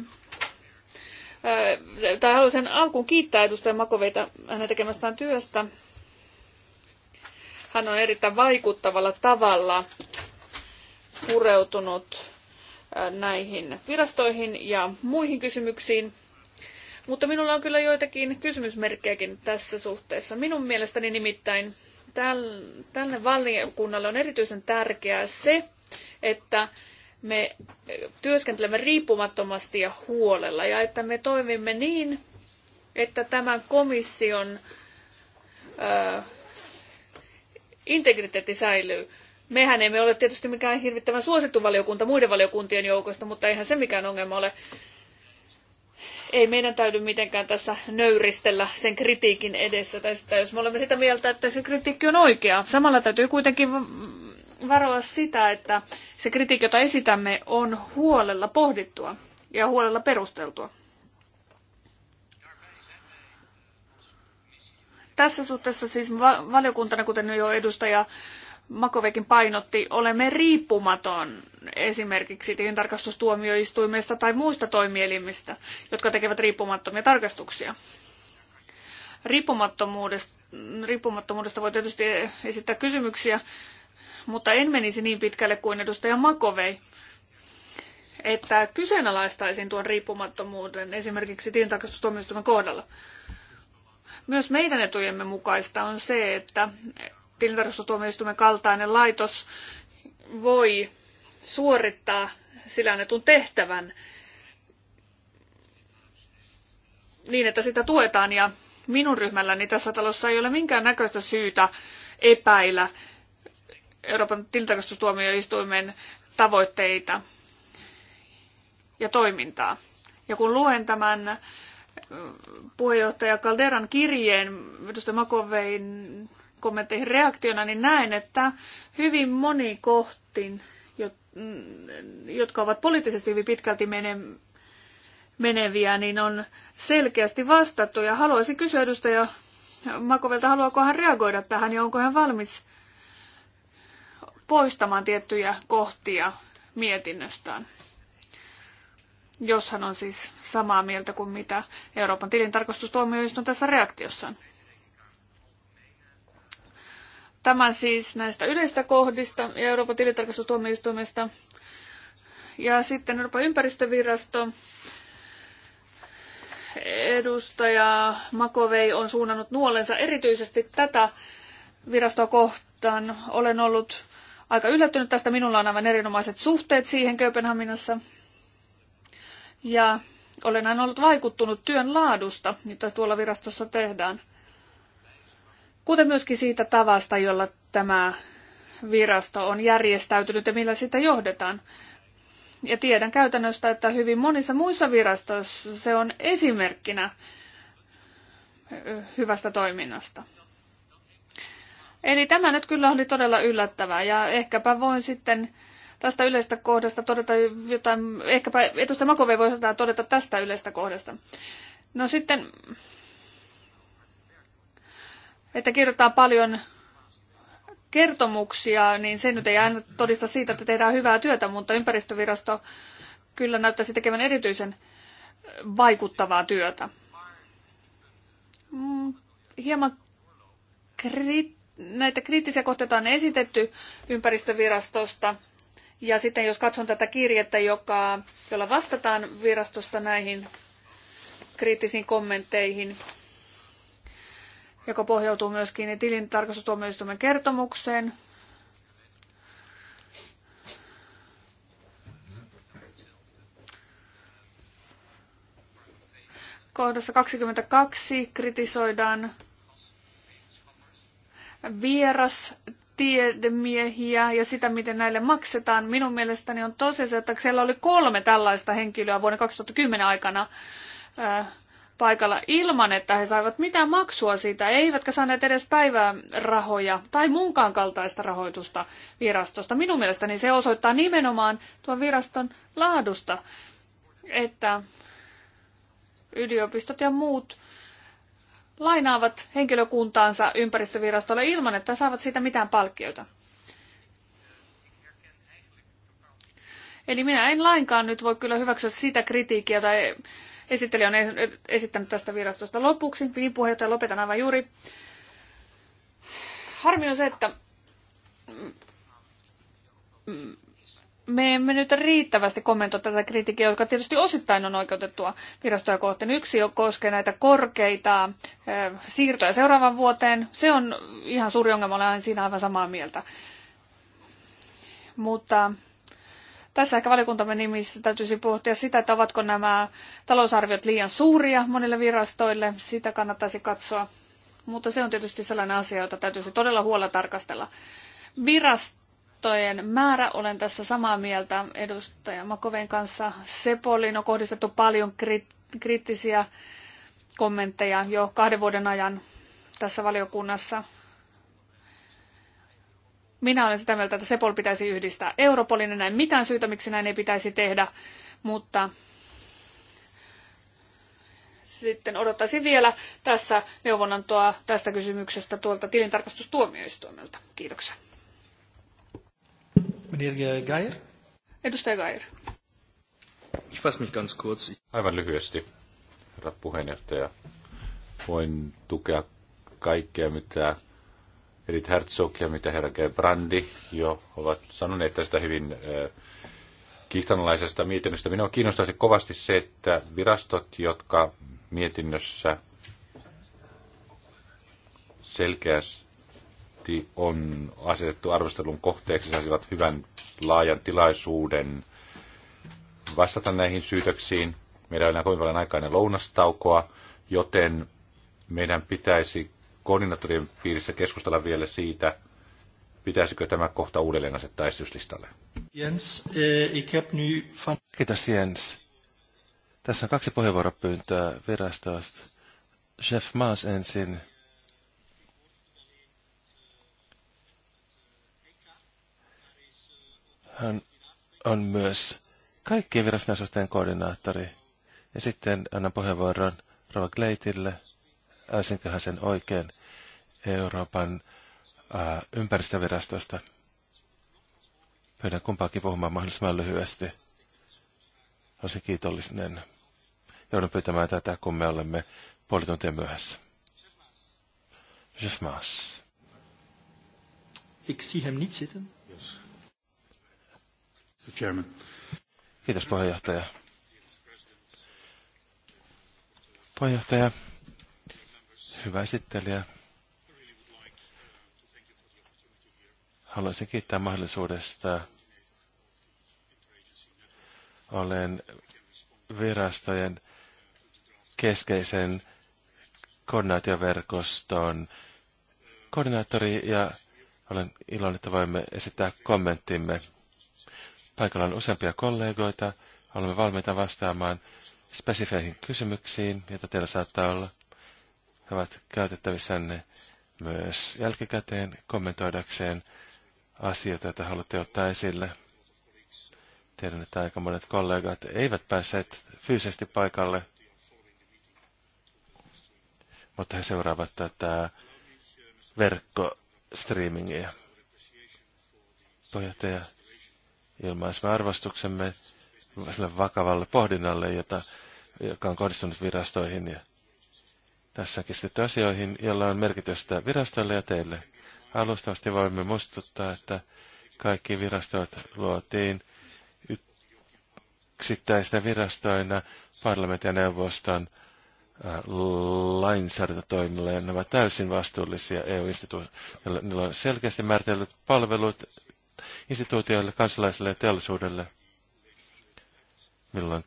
Tai haluaisin alkuun kiittää edustaja Makoveita hänen tekemästään työstä. Hän on erittäin vaikuttavalla tavalla pureutunut näihin virastoihin ja muihin kysymyksiin. Mutta minulla on kyllä joitakin kysymysmerkkejäkin tässä suhteessa. Minun mielestäni nimittäin tälle valiokunnalle on erityisen tärkeää se, että me työskentelemme riippumattomasti ja huolella ja että me toimimme niin, että tämän komission integriteetti säilyy. Mehän emme ole tietysti mikään hirvittävän suosittu valiokunta muiden valiokuntien joukosta, mutta eihän se mikään ongelma ole. Ei meidän täydy mitenkään tässä nöyristellä sen kritiikin edessä, tai sitä, jos me olemme sitä mieltä, että se kritiikki on oikea. Samalla täytyy kuitenkin varoa sitä, että se kritiikki, jota esitämme, on huolella pohdittua ja huolella perusteltua. Tässä suhteessa siis valiokuntana, kuten jo edustaja Makovekin painotti, olemme riippumaton esimerkiksi tilintarkastustuomioistuimesta tai muista toimielimistä, jotka tekevät riippumattomia tarkastuksia. Riippumattomuudesta, riippumattomuudesta voi tietysti esittää kysymyksiä, mutta en menisi niin pitkälle kuin edustaja Makovei, että kyseenalaistaisin tuon riippumattomuuden esimerkiksi tilintarkastustuomioistuimen kohdalla. Myös meidän etujemme mukaista on se, että tilintarkastustuomioistuimen kaltainen laitos voi suorittaa sillä annetun tehtävän niin, että sitä tuetaan. Ja minun ryhmälläni tässä talossa ei ole minkään näköistä syytä epäillä Euroopan tilintarkastustuomioistuimen tavoitteita ja toimintaa. Ja kun luen tämän puheenjohtaja Calderan kirjeen edustaja Makovein kommentteihin reaktiona, niin näen, että hyvin moni kohtin, mm, jotka ovat poliittisesti hyvin pitkälti meneviä, niin on selkeästi vastattu. Ja haluaisin kysyä edustaja Makovelta, haluaako hän reagoida tähän ja onko hän valmis poistamaan tiettyjä kohtia mietinnöstään jos hän on siis samaa mieltä kuin mitä Euroopan tilintarkastustuomioistuin tässä reaktiossaan. Tämä siis näistä yleistä kohdista ja Euroopan tilintarkastustuomioistuimesta. Ja sitten Euroopan ympäristövirasto. Edustaja Makovei on suunnannut nuolensa erityisesti tätä virastoa kohtaan. Olen ollut aika yllättynyt tästä. Minulla on aivan erinomaiset suhteet siihen Kööpenhaminassa ja olen aina ollut vaikuttunut työn laadusta, mitä tuolla virastossa tehdään. Kuten myöskin siitä tavasta, jolla tämä virasto on järjestäytynyt ja millä sitä johdetaan. Ja tiedän käytännöstä, että hyvin monissa muissa virastoissa se on esimerkkinä hyvästä toiminnasta. Eli tämä nyt kyllä oli todella yllättävää ja ehkäpä voin sitten tästä yleisestä kohdasta todeta jotain, ehkäpä edustaja Makove voi jotain todeta tästä yleisestä kohdasta. No sitten, että kirjoittaa paljon kertomuksia, niin se nyt ei aina todista siitä, että tehdään hyvää työtä, mutta ympäristövirasto kyllä näyttäisi tekevän erityisen vaikuttavaa työtä. Mm, hieman kri- näitä kriittisiä kohteita on esitetty ympäristövirastosta ja sitten jos katson tätä kirjettä, joka, jolla vastataan virastosta näihin kriittisiin kommentteihin, joka pohjautuu myöskin tilintarkastustuomioistuimen kertomukseen, kohdassa 22 kritisoidaan vieras tiedemiehiä ja sitä, miten näille maksetaan. Minun mielestäni on tosiasia, että siellä oli kolme tällaista henkilöä vuonna 2010 aikana äh, paikalla ilman, että he saivat mitään maksua siitä, eivätkä saaneet edes päivärahoja tai muunkaan kaltaista rahoitusta virastosta. Minun mielestäni se osoittaa nimenomaan tuon viraston laadusta, että yliopistot ja muut lainaavat henkilökuntaansa ympäristövirastolle ilman, että saavat siitä mitään palkkiota. Eli minä en lainkaan nyt voi kyllä hyväksyä sitä kritiikkiä, jota esittelijä on esittänyt tästä virastosta lopuksi. Niin puheenjohtaja lopetan aivan juuri. Harmi on se, että me emme nyt riittävästi kommentoi tätä kritiikkiä, joka tietysti osittain on oikeutettua virastoja kohtaan. Yksi jo koskee näitä korkeita siirtoja seuraavan vuoteen. Se on ihan suuri ongelma, olen siinä aivan samaa mieltä. Mutta tässä ehkä valiokuntamme nimissä täytyisi pohtia sitä, että ovatko nämä talousarviot liian suuria monille virastoille. Sitä kannattaisi katsoa. Mutta se on tietysti sellainen asia, jota täytyisi todella huolella tarkastella. Virast kattojen määrä, olen tässä samaa mieltä edustaja Makoven kanssa. Sepolin on kohdistettu paljon kriittisiä kommentteja jo kahden vuoden ajan tässä valiokunnassa. Minä olen sitä mieltä, että Sepol pitäisi yhdistää Europolin. Näin mitään syytä, miksi näin ei pitäisi tehdä, mutta sitten odottaisin vielä tässä neuvonantoa tästä kysymyksestä tuolta tilintarkastustuomioistuimelta. Kiitoksia. Meneer eh, Geier. Edustaja Geier. Ich fass mich ganz kurz. Aivan lyhyesti, herra puheenjohtaja. Voin tukea kaikkea, mitä Edith Herzog ja mitä herra Brandi jo ovat sanoneet tästä hyvin eh, kiihtanalaisesta mietinnöstä. Minua kiinnostaisi kovasti se, että virastot, jotka mietinnössä selkeästi raportti on asetettu arvostelun kohteeksi, saisivat hyvän laajan tilaisuuden vastata näihin syytöksiin. Meillä on enää kovin paljon ennen lounastaukoa, joten meidän pitäisi koordinaattorien piirissä keskustella vielä siitä, pitäisikö tämä kohta uudelleen asettaa esityslistalle. Jens, eh, ik heb nu van... Kiitos Jens. Tässä on kaksi puheenvuoropyyntöä virastosta. Chef Maas ensin. Hän on myös kaikkien viraston suhteen koordinaattori. Ja sitten annan puheenvuoron Rova Gleitille, äsinköhän sen oikein, Euroopan ää, ympäristövirastosta. Pyydän kumpaakin puhumaan mahdollisimman lyhyesti. Olisin kiitollinen. Joudun pyytämään tätä, kun me olemme puoli tuntia myöhässä. Jeff Maas. Ik zie hem niet zitten. Yes. Kiitos puheenjohtaja. Puheenjohtaja, hyvä esittelijä. Haluaisin kiittää mahdollisuudesta. Olen virastojen keskeisen koordinaatioverkoston koordinaattori ja olen iloinen, että voimme esittää kommenttimme Paikalla on useampia kollegoita. Olemme valmiita vastaamaan spesifeihin kysymyksiin, joita teillä saattaa olla. He ovat käytettävissänne myös jälkikäteen kommentoidakseen asioita, joita haluatte ottaa esille. Tiedän, että aika monet kollegat eivät päässeet fyysisesti paikalle, mutta he seuraavat tätä verkkostriimingiä. Puheenjohtaja ilmaisimme arvostuksemme sille vakavalle pohdinnalle, jota, joka on kohdistunut virastoihin ja tässäkin sitten asioihin, joilla on merkitystä virastoille ja teille. Alustavasti voimme muistuttaa, että kaikki virastot luotiin yksittäisinä virastoina parlamentin ja neuvoston äh, lainsäädäntötoimilla, ja ne ovat täysin vastuullisia EU-instituutioille. Niillä on selkeästi määritellyt palvelut, instituutioille, kansalaisille ja teollisuudelle, milloin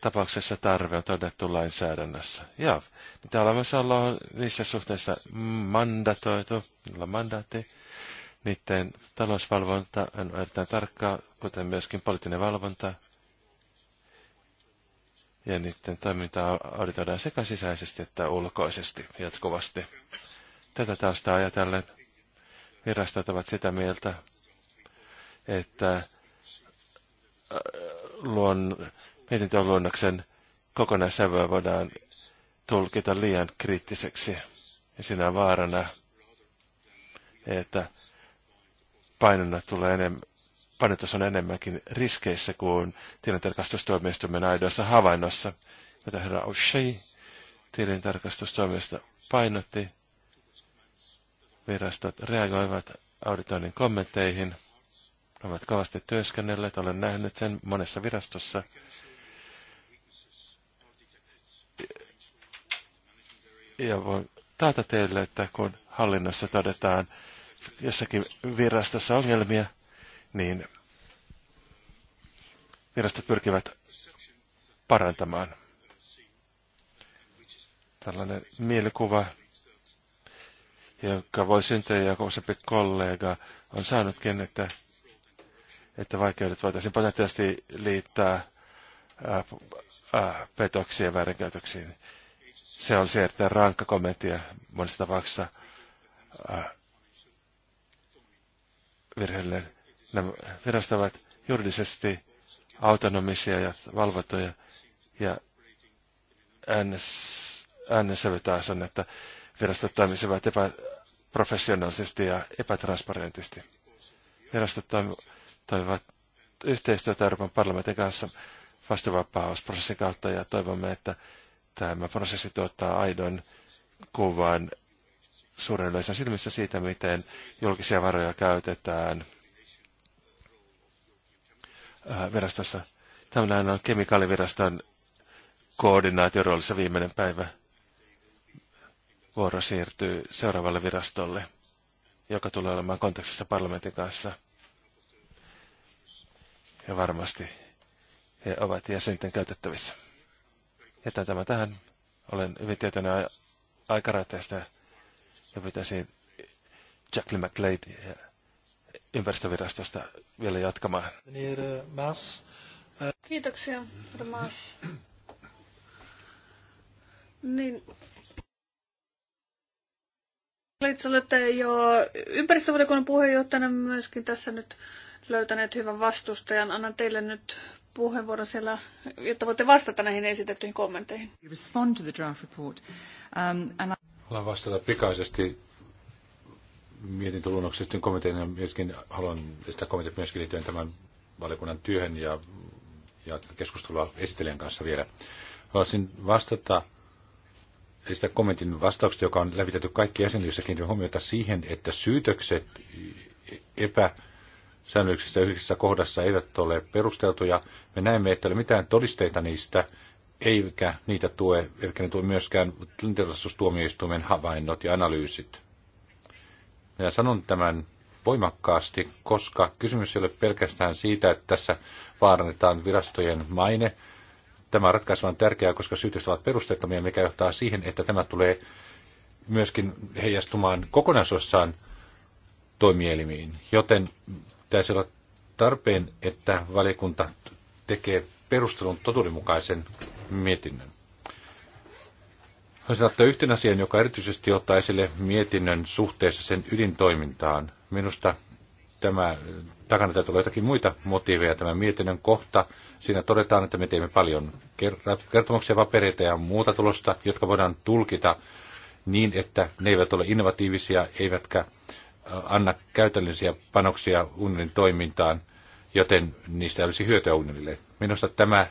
tapauksessa tarve on todettu lainsäädännössä. Ja mitä olemassa on niissä suhteissa mandatoitu, niillä on mandaatti, niiden talousvalvonta on erittäin tarkkaa, kuten myöskin poliittinen valvonta. Ja niiden toimintaa auditoidaan sekä sisäisesti että ulkoisesti jatkuvasti. Tätä taustaa ajatellen virastot ovat sitä mieltä, että äh, luon, mietintöön luonnoksen kokonaissävyä voidaan tulkita liian kriittiseksi. Ja siinä on vaarana, että painona tulee enemmän, painotus on enemmänkin riskeissä kuin tilintarkastustoimistomme aidoissa havainnossa, jota herra O'Shea tilintarkastustoimista painotti. Virastot reagoivat auditoinnin kommentteihin – ovat kovasti työskennelleet, olen nähnyt sen monessa virastossa. Ja voin taata teille, että kun hallinnossa todetaan jossakin virastossa ongelmia, niin virastot pyrkivät parantamaan. Tällainen mielikuva, jonka voi syntyä ja useampi kollega on saanutkin, että että vaikeudet voitaisiin potentiaalisesti liittää ää, ää, petoksiin ja väärinkäytöksiin. Se on erittäin rankka kommentti ja monissa tapauksissa virheelle. Nämä virastot ovat juridisesti autonomisia ja valvottuja ja äänensävy taas on, että virastot toimisivat epäprofessionaalisesti ja epätransparentisti. Virastot toimivat toivovat yhteistyötä Euroopan parlamentin kanssa vastuvapausprosessin kautta ja toivomme, että tämä prosessi tuottaa aidon kuvan suuren yleisön silmissä siitä, miten julkisia varoja käytetään äh, virastossa. Tämä on kemikaaliviraston koordinaatioroolissa viimeinen päivä. Vuoro siirtyy seuraavalle virastolle, joka tulee olemaan kontekstissa parlamentin kanssa – ja varmasti he ovat jäsenten käytettävissä. Jätän tämä tähän. Olen hyvin tietoinen aikarajoitteesta ja pitäisin Jacqueline McLeod ympäristövirastosta vielä jatkamaan. Eh, eh, Kiitoksia, Ramas. Niin. Olette jo ympäristövaliokunnan puheenjohtajana myöskin tässä nyt löytäneet hyvän vastustajan. Annan teille nyt puheenvuoron siellä, jotta voitte vastata näihin esitettyihin kommentteihin. Respond to the draft report. Um, and I... Haluan vastata pikaisesti mietintöluonnoksesta kommenteihin, ja myöskin haluan sitä komitean myöskin liittyen tämän valiokunnan työhön ja, ja keskustelua esittelijän kanssa vielä. Haluaisin vastata sitä kommentin vastauksesta, joka on lävitetty kaikki jäsenille, jossa kiinnitin huomiota siihen, että syytökset e, epä säännöksistä yhdessä kohdassa eivät ole perusteltuja. Me näemme, että ei ole mitään todisteita niistä, eikä niitä tue, eikä ne tue myöskään tilastustuomioistuimen havainnot ja analyysit. Minä sanon tämän voimakkaasti, koska kysymys ei ole pelkästään siitä, että tässä vaarannetaan virastojen maine. Tämä on tärkeää, koska syytöstä ovat perusteettomia, mikä johtaa siihen, että tämä tulee myöskin heijastumaan kokonaisuudessaan toimielimiin. Joten pitäisi olla tarpeen, että valiokunta tekee perustelun totuudenmukaisen mietinnön. Haluaisin ottaa yhten asian, joka erityisesti ottaa esille mietinnön suhteessa sen ydintoimintaan. Minusta tämä, takana täytyy olla jotakin muita motiiveja. Tämä mietinnön kohta, siinä todetaan, että me teemme paljon kertomuksia, papereita ja muuta tulosta, jotka voidaan tulkita niin, että ne eivät ole innovatiivisia, eivätkä Äh, anna käytännöllisiä panoksia unionin toimintaan, joten niistä olisi hyötyä unionille. Minusta tämä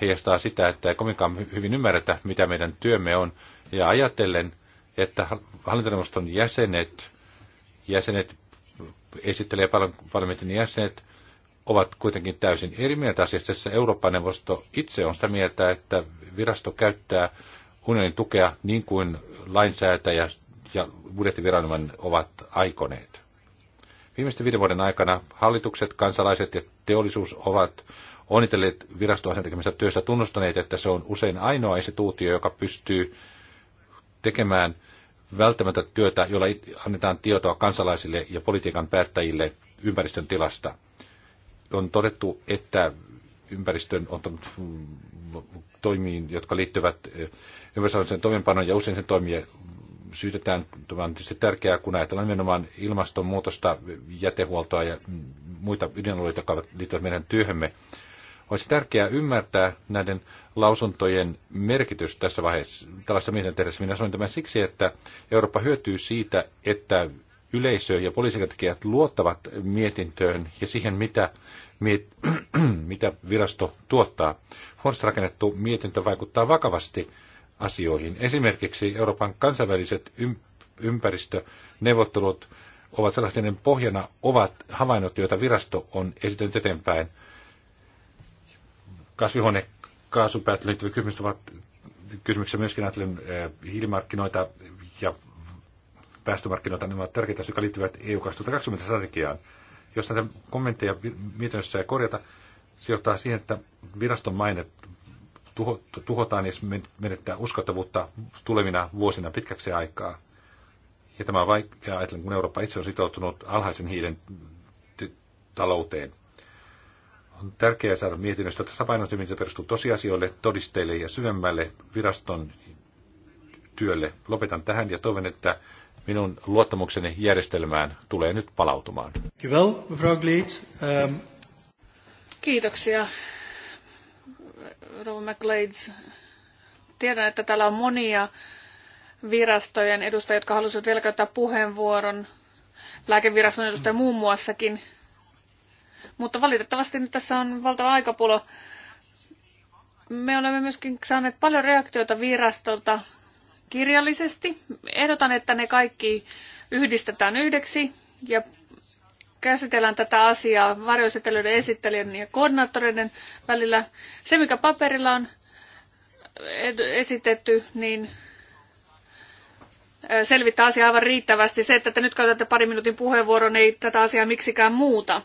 heijastaa sitä, että ei kovinkaan hyvin ymmärretä, mitä meidän työmme on, ja ajatellen, että hallintoneuvoston jäsenet, jäsenet esittelee parlamentin jäsenet, ovat kuitenkin täysin eri mieltä asiasta. Tässä Euroopan neuvosto itse on sitä mieltä, että virasto käyttää unionin tukea niin kuin lainsäätäjä ja budjettiviranomainen ovat aikoneet. Viimeisten viiden vuoden aikana hallitukset, kansalaiset ja teollisuus ovat onnitelleet virastoasian sen työstä tunnustaneet, että se on usein ainoa instituutio, joka pystyy tekemään välttämättä työtä, jolla annetaan tietoa kansalaisille ja politiikan päättäjille ympäristön tilasta. On todettu, että ympäristön mm, toimiin, jotka liittyvät eh, ympäristön toimenpanoon ja usein sen toimien syytetään, tämä on tietysti tärkeää, kun ajatellaan nimenomaan ilmastonmuutosta, jätehuoltoa ja muita ydinalueita, jotka liittyvät meidän työhömme. Olisi tärkeää ymmärtää näiden lausuntojen merkitys tässä vaiheessa, tällaista mielen tehdessä. Minä sanoin tämän siksi, että Eurooppa hyötyy siitä, että yleisö ja poliisikatekijät luottavat mietintöön ja siihen, mitä, miet, [clears throat] mitä virasto tuottaa. Huonosti rakennettu mietintö vaikuttaa vakavasti asioihin. Esimerkiksi Euroopan kansainväliset ympäristöneuvottelut ovat sellaisten pohjana ovat havainnot, joita virasto on esitellyt eteenpäin. Kasvihuonekaasupäätön liittyvät kysymykset ovat kysymyksiä myöskin ajatellen hiilimarkkinoita ja päästömarkkinoita, ne ovat tärkeitä, jotka liittyvät EU 2020 strategiaan. Jos näitä kommentteja mietinnössä ei korjata, se johtaa siihen, että viraston maine tuho, tuhotaan ja menettää uskottavuutta tulevina vuosina pitkäksi aikaa. Ja tämä on vaikea ajatella, kun Eurooppa itse on sitoutunut alhaisen hiilen talouteen. On tärkeää saada mietinnöstä tasapainoisemmin, perustuu tosiasioille, todisteille ja syvemmälle viraston työlle. Lopetan tähän ja toivon, että minun luottamukseni järjestelmään tulee nyt palautumaan. Ehm, Kiitoksia, Rova Tiedän, että täällä on monia virastojen edustajia, jotka halusivat vielä käyttää puheenvuoron. Lääkeviraston edustaja muun muassakin. Mutta valitettavasti nyt tässä on valtava aikapulo. Me olemme myöskin saaneet paljon reaktioita virastolta kirjallisesti. Ehdotan, että ne kaikki yhdistetään yhdeksi ja käsitellään tätä asiaa varjoisetelyiden esittelijän ja koordinaattoreiden välillä. Se, mikä paperilla on esitetty, niin selvittää asiaa aivan riittävästi. Se, että te nyt käytätte pari minuutin puheenvuoron, ei tätä asiaa miksikään muuta.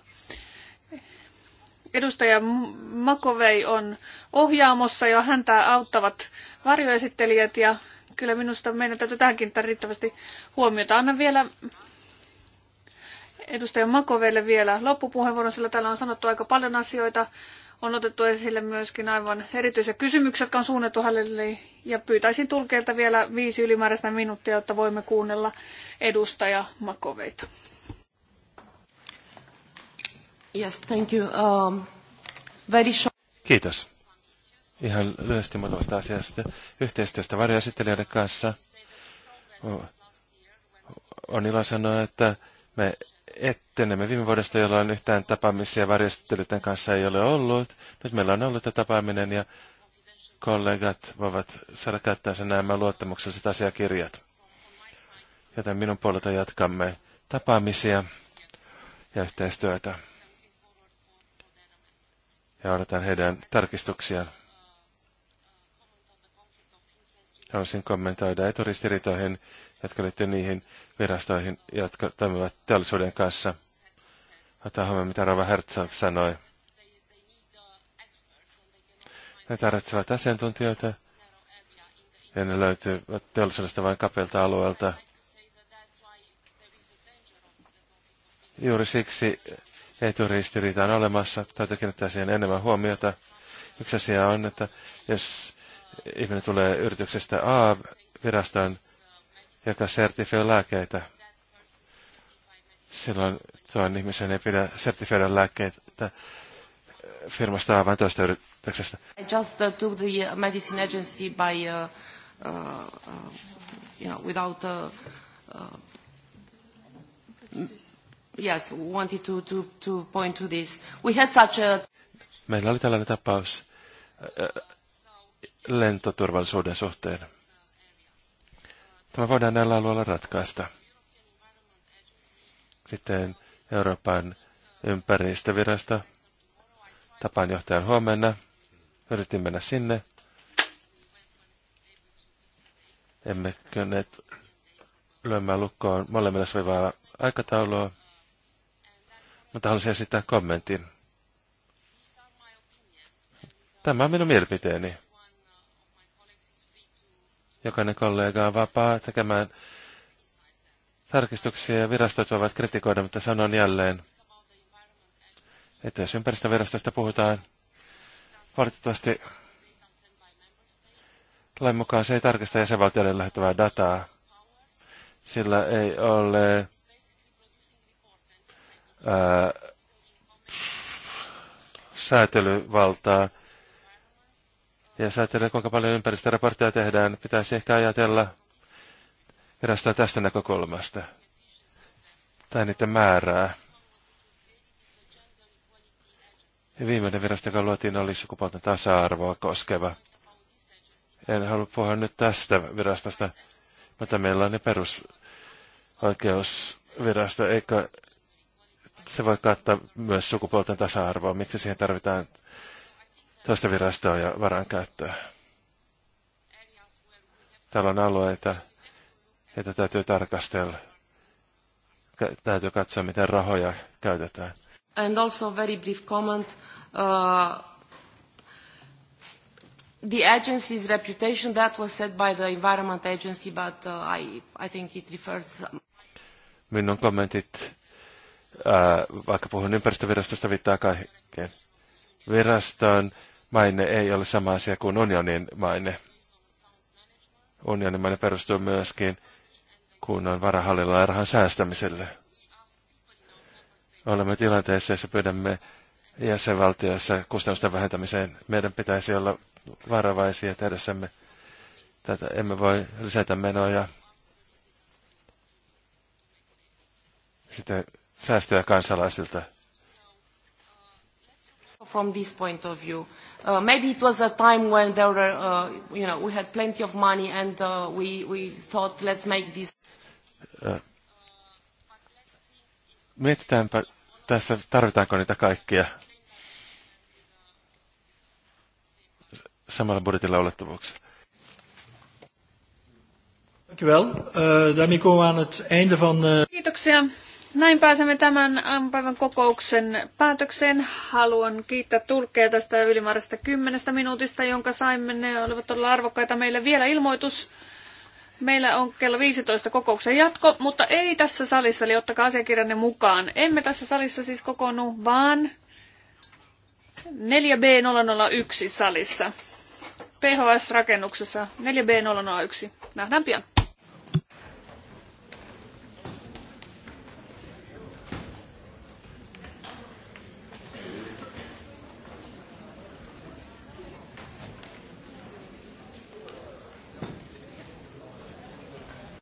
Edustaja Makovei on ohjaamossa ja häntä auttavat varjoesittelijät ja kyllä minusta meidän täytyy tähänkin riittävästi huomiota. Annan vielä edustaja Makovelle vielä loppupuheenvuoron, sillä täällä on sanottu aika paljon asioita. On otettu esille myöskin aivan erityisiä kysymyksiä, jotka on suunnattu hänelle, ja pyytäisin tulkeilta vielä viisi ylimääräistä minuuttia, jotta voimme kuunnella edustaja Makoveita. Yes, thank you. Um, very short. Kiitos. Ihan lyhyesti muutamasta asiasta. Yhteistyöstä varjoesittelijöiden kanssa. On ilo sanoa, että me ettenemme viime vuodesta, jolloin yhtään tapaamisia varjostelijoiden kanssa ei ole ollut. Nyt meillä on ollut tapaaminen ja kollegat voivat saada käyttäänsä nämä luottamukselliset asiakirjat. Joten minun puolelta jatkamme tapaamisia ja yhteistyötä. Ja odotan heidän tarkistuksiaan. Haluaisin kommentoida eturistiriitoihin, jotka liittyvät niihin virastoihin, jotka toimivat teollisuuden kanssa. Otamme, mitä Rava Herzog sanoi. Ne tarvitsevat asiantuntijoita, ja ne löytyvät teollisuudesta vain kapelta alueelta. Juuri siksi eturistiriita on olemassa. Täytyy kiinnittää siihen enemmän huomiota. Yksi asia on, että jos ihminen tulee yrityksestä A virastoon, joka sertifioi lääkkeitä. Silloin tuon ihmisen ei pidä sertifioida lääkkeitä firmasta A vain toista yrityksestä. I just uh, took the uh, medicine agency by, uh, uh, uh, you know, without, uh, uh, yes, wanted to, to, to point to this. We had such a... Meillä oli tällainen tapaus uh, lentoturvallisuuden suhteen. Tämä voidaan näillä alueilla ratkaista. Sitten Euroopan ympäristövirasto, tapaan johtajan huomenna. Yritin mennä sinne. Emme kyenneet lyömään lukkoon molemmilla sovivaa aikataulua, mutta halusin esittää kommentin. Tämä on minun mielipiteeni. Jokainen kollega on vapaa tekemään tarkistuksia ja virastot voivat kritikoida, mutta sanon jälleen, että jos ympäristövirastosta puhutaan, valitettavasti lain mukaan se ei tarkista jäsenvaltioiden lähettävää dataa. Sillä ei ole ää, säätelyvaltaa ja jos ajattelee, kuinka paljon ympäristöraportteja tehdään, pitäisi ehkä ajatella virastoa tästä näkökulmasta. Tai niiden määrää. Ja viimeinen virasto, joka luotiin, oli sukupuolten tasa-arvoa koskeva. En halua puhua nyt tästä virastosta, mutta meillä on ne perusoikeusvirasto, eikä se voi kattaa myös sukupuolten tasa-arvoa. Miksi siihen tarvitaan tästä virastoa ja varan käyttöä. Täällä on alueita, joita täytyy tarkastella. Täytyy katsoa, miten rahoja käytetään. And also very brief comment. Uh, the agency's reputation, that was said by the Environment Agency, but uh, I, I think it refers... Minun kommentit, uh, vaikka puhun ympäristövirastosta, viittaa kaikkeen. Viraston maine ei ole sama asia kuin unionin maine. Unionin maine perustuu myöskin kunnan varahallilla ja rahan säästämiselle. Olemme tilanteessa, jossa pyydämme jäsenvaltioissa kustannusten vähentämiseen. Meidän pitäisi olla varovaisia tehdessämme tätä. Emme voi lisätä menoja. Sitten säästöjä kansalaisilta. From this point of view. Uh, maybe it was a time when there were, uh, you know, we had plenty of money and uh, we, we thought, let's make this. Uh, mietitäänpä tässä, tarvitaanko niitä kaikkia samalla budjetilla olettavuuksella. Dankjewel. Uh, uh... Kiitoksia. Näin pääsemme tämän päivän kokouksen päätökseen. Haluan kiittää Turkkeja tästä ylimääräisestä kymmenestä minuutista, jonka saimme. Ne olivat todella arvokkaita. Meillä vielä ilmoitus. Meillä on kello 15 kokouksen jatko, mutta ei tässä salissa, eli ottakaa asiakirjanne mukaan. Emme tässä salissa siis kokoonnu, vaan 4B001 salissa. PHS-rakennuksessa 4B001. Nähdään pian.